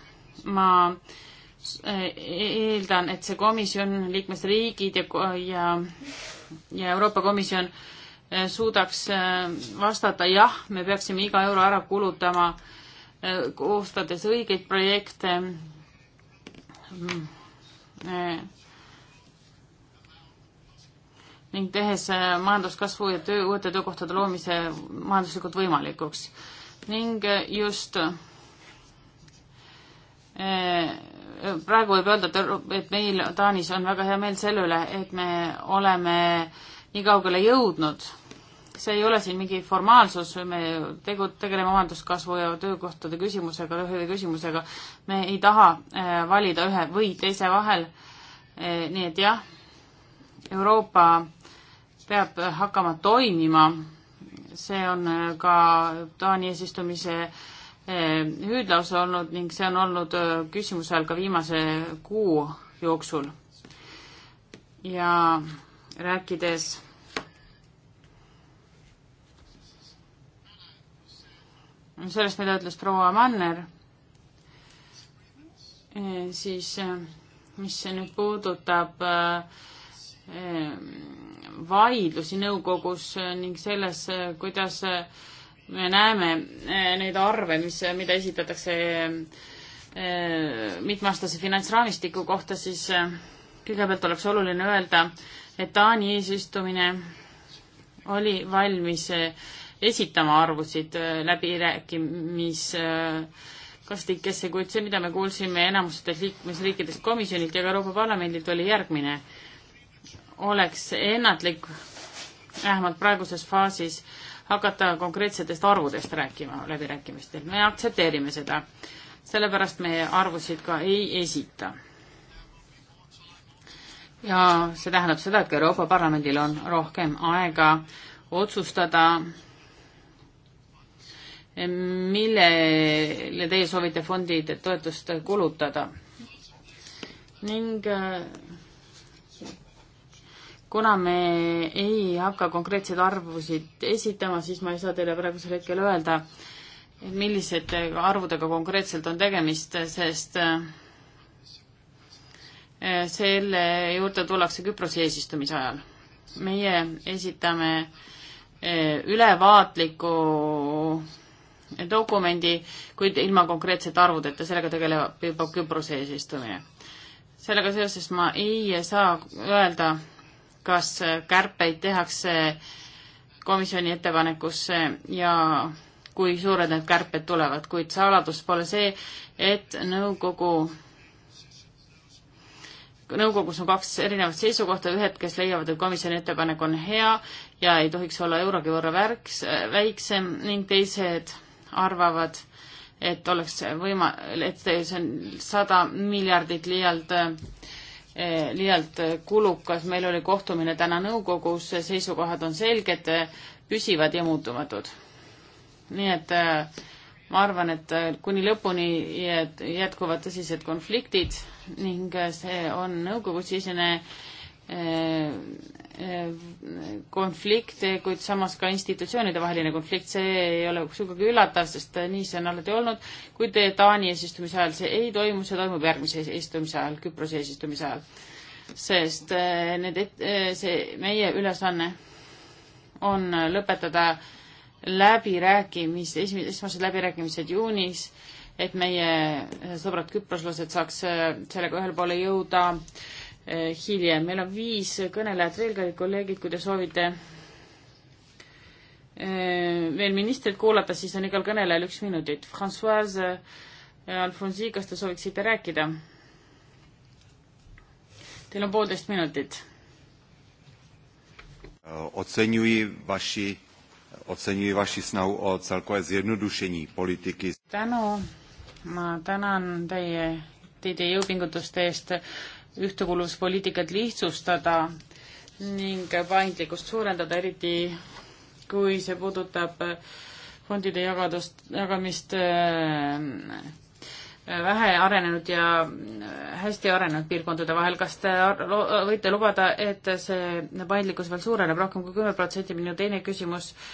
ma e-, eeldan, et see komisjon, liikmesriigid ja, ja ja Euroopa Komisjon eh, suudaks eh, vastata jah, me peaksime iga euro ära kulutama, eh, koostades õigeid projekte. Mm. ning tehes majanduskasvu ja töö, uute töökohtade loomise majanduslikult võimalikuks. ning just praegu võib öelda, et meil Taanis on väga hea meel selle üle, et me oleme nii kaugele jõudnud. see ei ole siin mingi formaalsus, me tegu-, tegeleme majanduskasvu ja töökohtade küsimusega, ühe küsimusega. me ei taha äh, valida ühe või teise vahel. Äh, nii et jah, Euroopa peab hakkama toimima. see on äh, ka Taani eesistumise Eh, hüüdlaus olnud ning see on olnud eh, küsimuse all ka viimase kuu jooksul. ja rääkides sellest, mida ütles proua Manner, eh, siis mis nüüd puudutab vaidlusi nõukogus ning selles, kuidas me näeme eh, neid arve, mis, eh, mida esitatakse eh, mitmeaastase finantsraamistiku kohta, siis kõigepealt oleks oluline öelda, et Taani eesistumine oli valmis esitama arvusid läbirääkimiskastikesse, kuid see, mida me kuulsime enamustes liikmesriikidest komisjonilt ja ka Euroopa Parlamendilt, oli järgmine. oleks ennatlik, vähemalt praeguses faasis, hakata konkreetsetest arvudest rääkima läbirääkimistel. me aktsepteerime seda. sellepärast me arvusid ka ei esita. ja see tähendab seda, et ka Euroopa Parlamendil on rohkem aega otsustada, millele teie soovite fondide toetust kulutada. ning äh, kuna me ei hakka konkreetseid arvusid esitama, siis ma ei saa teile praegusel hetkel öelda, millisete arvudega konkreetselt on tegemist, sest äh, selle juurde tullakse Küprose eesistumise ajal. meie esitame äh, ülevaatliku dokumendi, kuid ilma konkreetsete arvudeta, sellega tegeleb juba Küprose eesistumine. sellega seoses ma ei saa öelda, kas kärpeid tehakse komisjoni ettepanekusse ja kui suured need kärped tulevad, kuid saladus pole see, et nõukogu, nõukogus on kaks erinevat seisukohta, ühed, kes leiavad, et komisjoni ettepanek on hea ja ei tohiks olla eurogi võrra värks, väiksem ning teised arvavad, et oleks võima-, et see on sada miljardit liialt äh, Eh, liialt eh, kulukas, meil oli kohtumine täna nõukogus, seisukohad on selged, eh, püsivad ja muutumatud. nii et ma arvan, et kuni lõpuni jätkuvad tõsised konfliktid ning see on nõukogusisene Äh, konflikte, kuid samas ka institutsioonide vaheline konflikt, see ei ole sugugi üllatav, sest nii see on alati olnud, kuid Taani eesistumise ajal see ei toimu, see toimub järgmise eesistumise ajal, Küprose eesistumise ajal. sest äh, need, äh, see meie ülesanne on lõpetada läbirääkimis, esmi-, esmased läbirääkimised juunis, et meie sõbrad küproslased saaks sellega ühele poole jõuda äh, Eh, hiljem. meil on viis kõnelejat veel, kallid kolleegid, kui te soovite eh, veel ministrit kuulata, siis on igal kõnelejal üks minutit. Françoise eh, Alfonsi, kas te sooviksite rääkida? Teil on poolteist minutit. Oceňuji vaši, oceňuji vaši snahu o celkové zjednodušení politiky. tänu, ma tänan teie, teie jõupingutuste eest ühtekuuluvuspoliitikat lihtsustada ning paindlikkust suurendada, eriti kui see puudutab fondide jagadust, jagamist äh, vähe arenenud ja äh, hästi arenenud piirkondade vahel. kas te võite lubada, et see paindlikkus veel suureneb rohkem kui kümme protsenti? minu teine küsimus äh,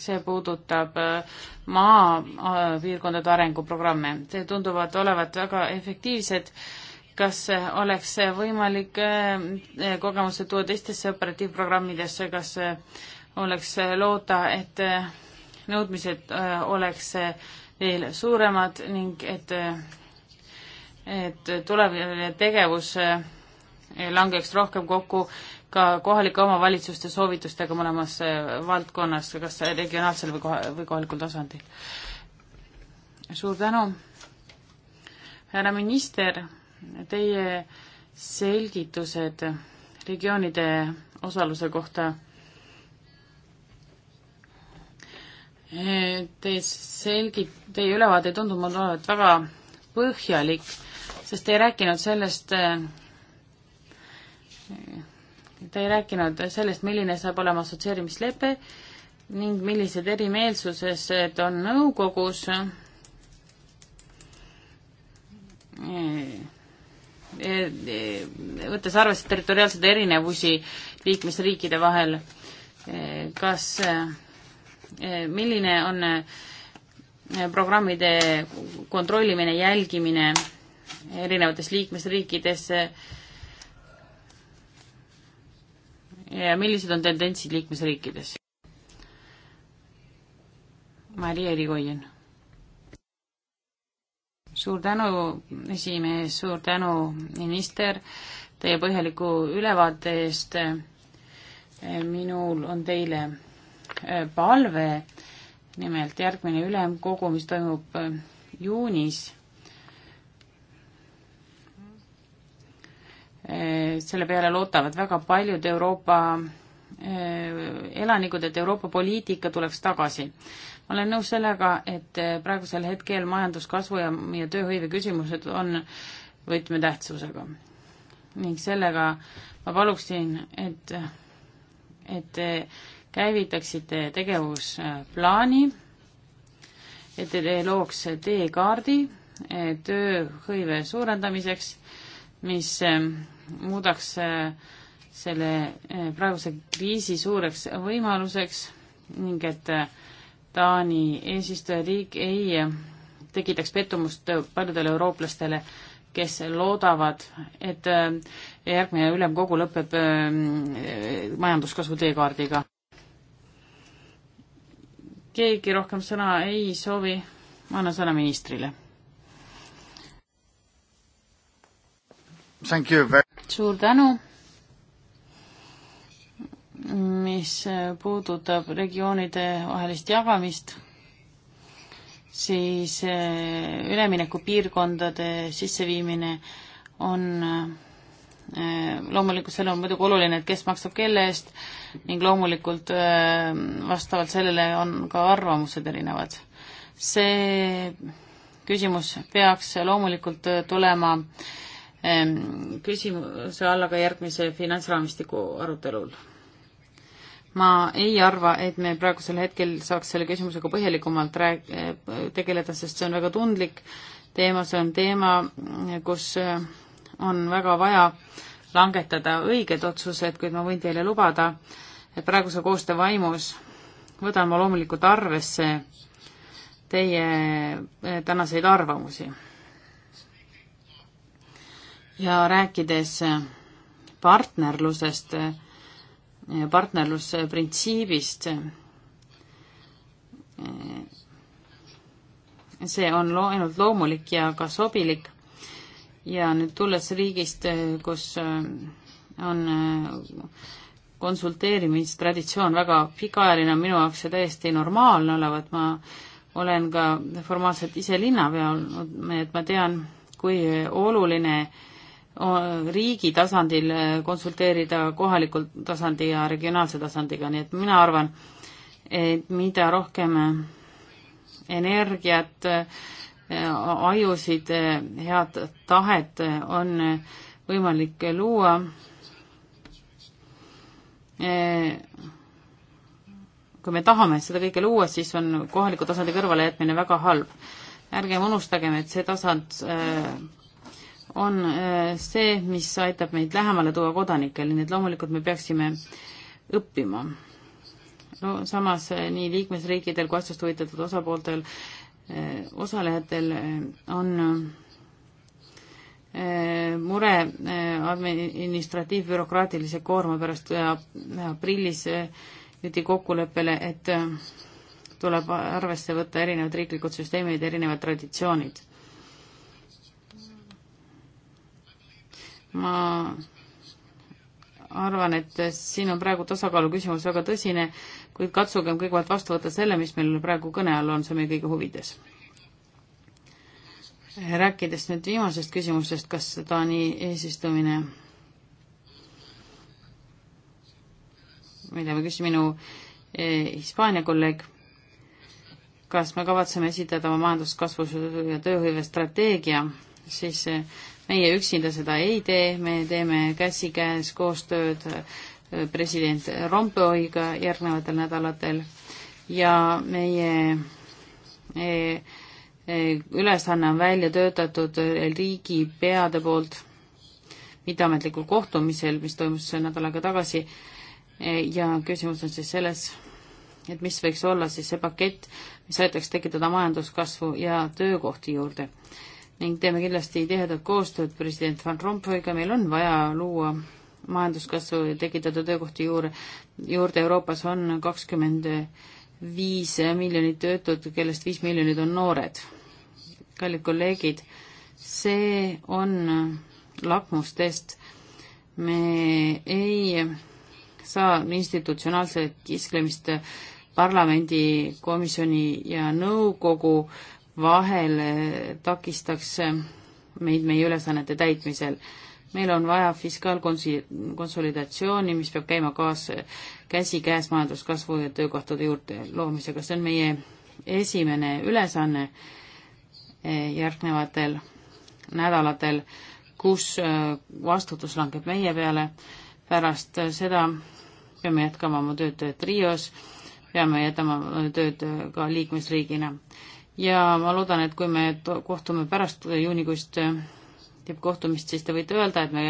see puudutab äh, maapiirkondade äh, arenguprogramme. Need tunduvad olevat väga efektiivsed. kas oleks võimalik äh, kogemused tuua teistesse operatiivprogrammidesse, kas oleks loota, et nõudmised oleks veel suuremad ning et, et tulev tegevus langeks rohkem kokku ka kohalike omavalitsuste soovitustega mõlemas eh, valdkonnas, kas regionaalsel või koha, või kohalikul tasandil. suur tänu, härra minister, teie selgitused regioonide osaluse kohta Teie selgi-, teie ülevaade ei tundunud mulle olevat väga põhjalik, sest te ei rääkinud sellest, Te ei rääkinud sellest, milline saab olema assotsieerimislepe ning millised erimeelsused on nõukogus. E, e, võttes arvesse territoriaalseid erinevusi liikmesriikide vahel, e, kas, milline on programmide kontrollimine, jälgimine erinevates liikmesriikides ja millised on tendentsid liikmesriikides? Maria Erikoien. suur tänu, esimees, suur tänu, minister, teie põhjaliku ülevaate eest. minul on teile e, palve, nimelt järgmine ülemkogu, mis toimub e, juunis Eh, selle peale loodavad väga paljud Euroopa eh, elanikud, et Euroopa poliitika tuleks tagasi. ma olen nõus sellega, et eh, praegusel hetkel majanduskasvu ja, ja tööhõive küsimused on võtmetähtsusega. ning sellega ma paluksin, et, et te käivitaksite tegevusplaani, et te looks teekaardi tööhõive suurendamiseks mis eh, muudaks eh, selle eh, praeguse kriisi suureks võimaluseks ning et Taani eesistujariik ei tekitaks pettumust paljudele eurooplastele, kes loodavad, et järgmine ülemkogu lõpeb majanduskasvu teekaardiga. keegi rohkem sõna ei soovi, ma annan sõna ministrile suur tänu. mis puudutab regioonide vahelist jagamist, siis eh, üleminekupiirkondade sisseviimine on eh, loomulikult seal on muidugi oluline, et kes maksab kelle eest ning loomulikult eh, vastavalt sellele on ka arvamused erinevad. see küsimus peaks loomulikult tulema äh, Ehm, küsimuse alla ka järgmise finantsraamistiku arutelul. ma ei arva, et me praegusel hetkel saaks selle küsimusega põhjalikumalt rääg-, eh, tegeleda, sest see on väga tundlik teema, see on teema, kus eh, on väga vaja langetada õiged otsused, kuid ma võin teile lubada, et praeguse koostöö vaimus võtan ma loomulikult arvesse teie eh, tänaseid arvamusi ja rääkides partnerlusest, partnerlusprintsiibist, see on lo-, ainult loomulik ja ka sobilik ja nüüd tulles riigist, kus on konsulteerimistraditsioon väga pikaajaline, on minu jaoks see täiesti normaalne olevat, ma olen ka formaalselt ise linnapea olnud, et ma tean, kui oluline äh, riigi tasandil eh, konsulteerida kohaliku tasandi ja regionaalse tasandiga, nii et mina arvan, et mida rohkem eh, energiat, eh, ajusid, head tahet on võimalik luua, kui me tahame seda kõike luua, siis on kohaliku tasandi kõrvalejätmine väga halb. ärgem unustagem, et see tasand on äh, see, mis aitab meid lähemale tuua kodanikele, nii et loomulikult me peaksime õppima. no samas äh, nii liikmesriikidel kui asjast huvitatud osapooltel, äh, osalejatel on mure administratiivbürokraatilise koorma pärast aprillis jõuti kokkuleppele, et tuleb arvesse võtta erinevad riiklikud süsteemid, erinevad traditsioonid ma arvan, et siin on praegu tasakaalu küsimus väga tõsine, kuid katsugem kõigepealt vastu võtta selle, mis meil praegu kõne all on, see on meie kõigi huvides. rääkides nüüd viimasest küsimusest, kas Taani eesistumine, mida me küsis minu e, Hispaania kolleeg, kas me kavatseme esitada oma majanduskasvu ja tööhõive strateegia, siis e, meie üksinda seda ei tee, me teeme käsikäes koostööd äh, president Rompuyiga järgnevatel nädalatel ja meie e, e, ülesanne on välja töötatud riigipeade poolt mitteametlikul kohtumisel, mis toimus nädal aega tagasi e, ja küsimus on siis selles, et mis võiks olla siis see pakett, mis aitaks tekitada majanduskasvu ja töökohti juurde ning teeme kindlasti tihedat koostööd president Van Rompuyga, meil on vaja luua majanduskasvu ja tekitada töökohti juurde, juurde Euroopas on kakskümmend viis miljonit töötut, kellest viis miljonit on noored. kallid kolleegid, see on lakmustest. me ei saa institutsionaalset kisklemist parlamendi, komisjoni ja nõukogu vahel takistaks meid meie ülesannete täitmisel. meil on vaja fiskaalkonsolidatsiooni, mis peab käima kaas, käsikäes majanduskasvu ja töökohtade juurde loomisega, see on meie esimene ülesanne eh, järgnevatel nädalatel, kus eh, vastutus langeb meie peale. pärast eh, seda peame jätkama oma tööd Trios, peame jätama tööd ka liikmesriigina ja ma loodan, et kui me kohtume pärast juunikuist äh, tippkohtumist, siis te võite öelda, et me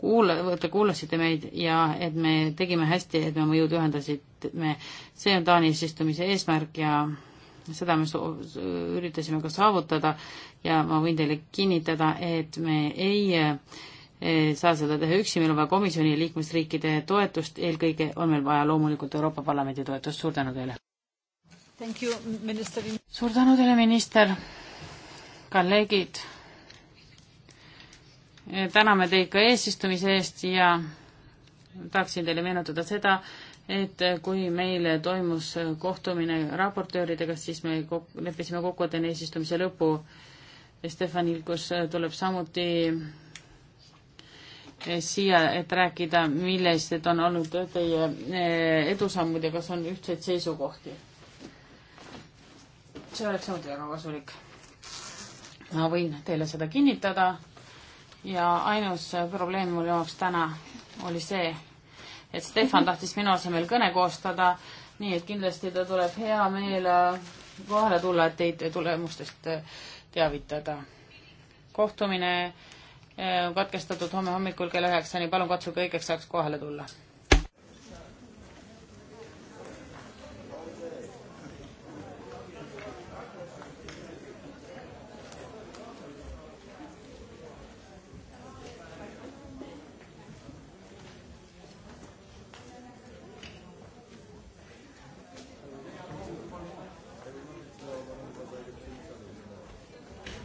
kuula-, te kuulasite meid ja et me tegime hästi, et me oma jõud ühendasime. see on Taani eesistumise eesmärk ja seda me soo-, üritasime ka saavutada ja ma võin teile kinnitada, et me ei äh, saa seda teha üksi, meil on vaja komisjoni ja liikmesriikide toetust, eelkõige on meil vaja loomulikult Euroopa Parlamendi toetust, suur tänu teile! suur tänu teile, minister, kolleegid. täname teid ka eesistumise eest ja tahaksin teile meenutada seda, et kui meil toimus kohtumine raportööridega, siis me kok leppisime kokku, et enne eesistumise lõpu Stefanil, kus tuleb samuti siia, et rääkida, millised on olnud teie edusammud ja kas on ühtseid seisukohti see oleks samuti väga kasulik. ma võin teile seda kinnitada ja ainus probleem mul jaoks täna oli see, et Stefan tahtis minu asemel kõne koostada, nii et kindlasti ta tuleb hea meele äh, kohale tulla, et teid tulemustest äh, teavitada. kohtumine äh, katkestatud homme hommikul kella üheksani, palun katsuge õigeks ajaks kohale tulla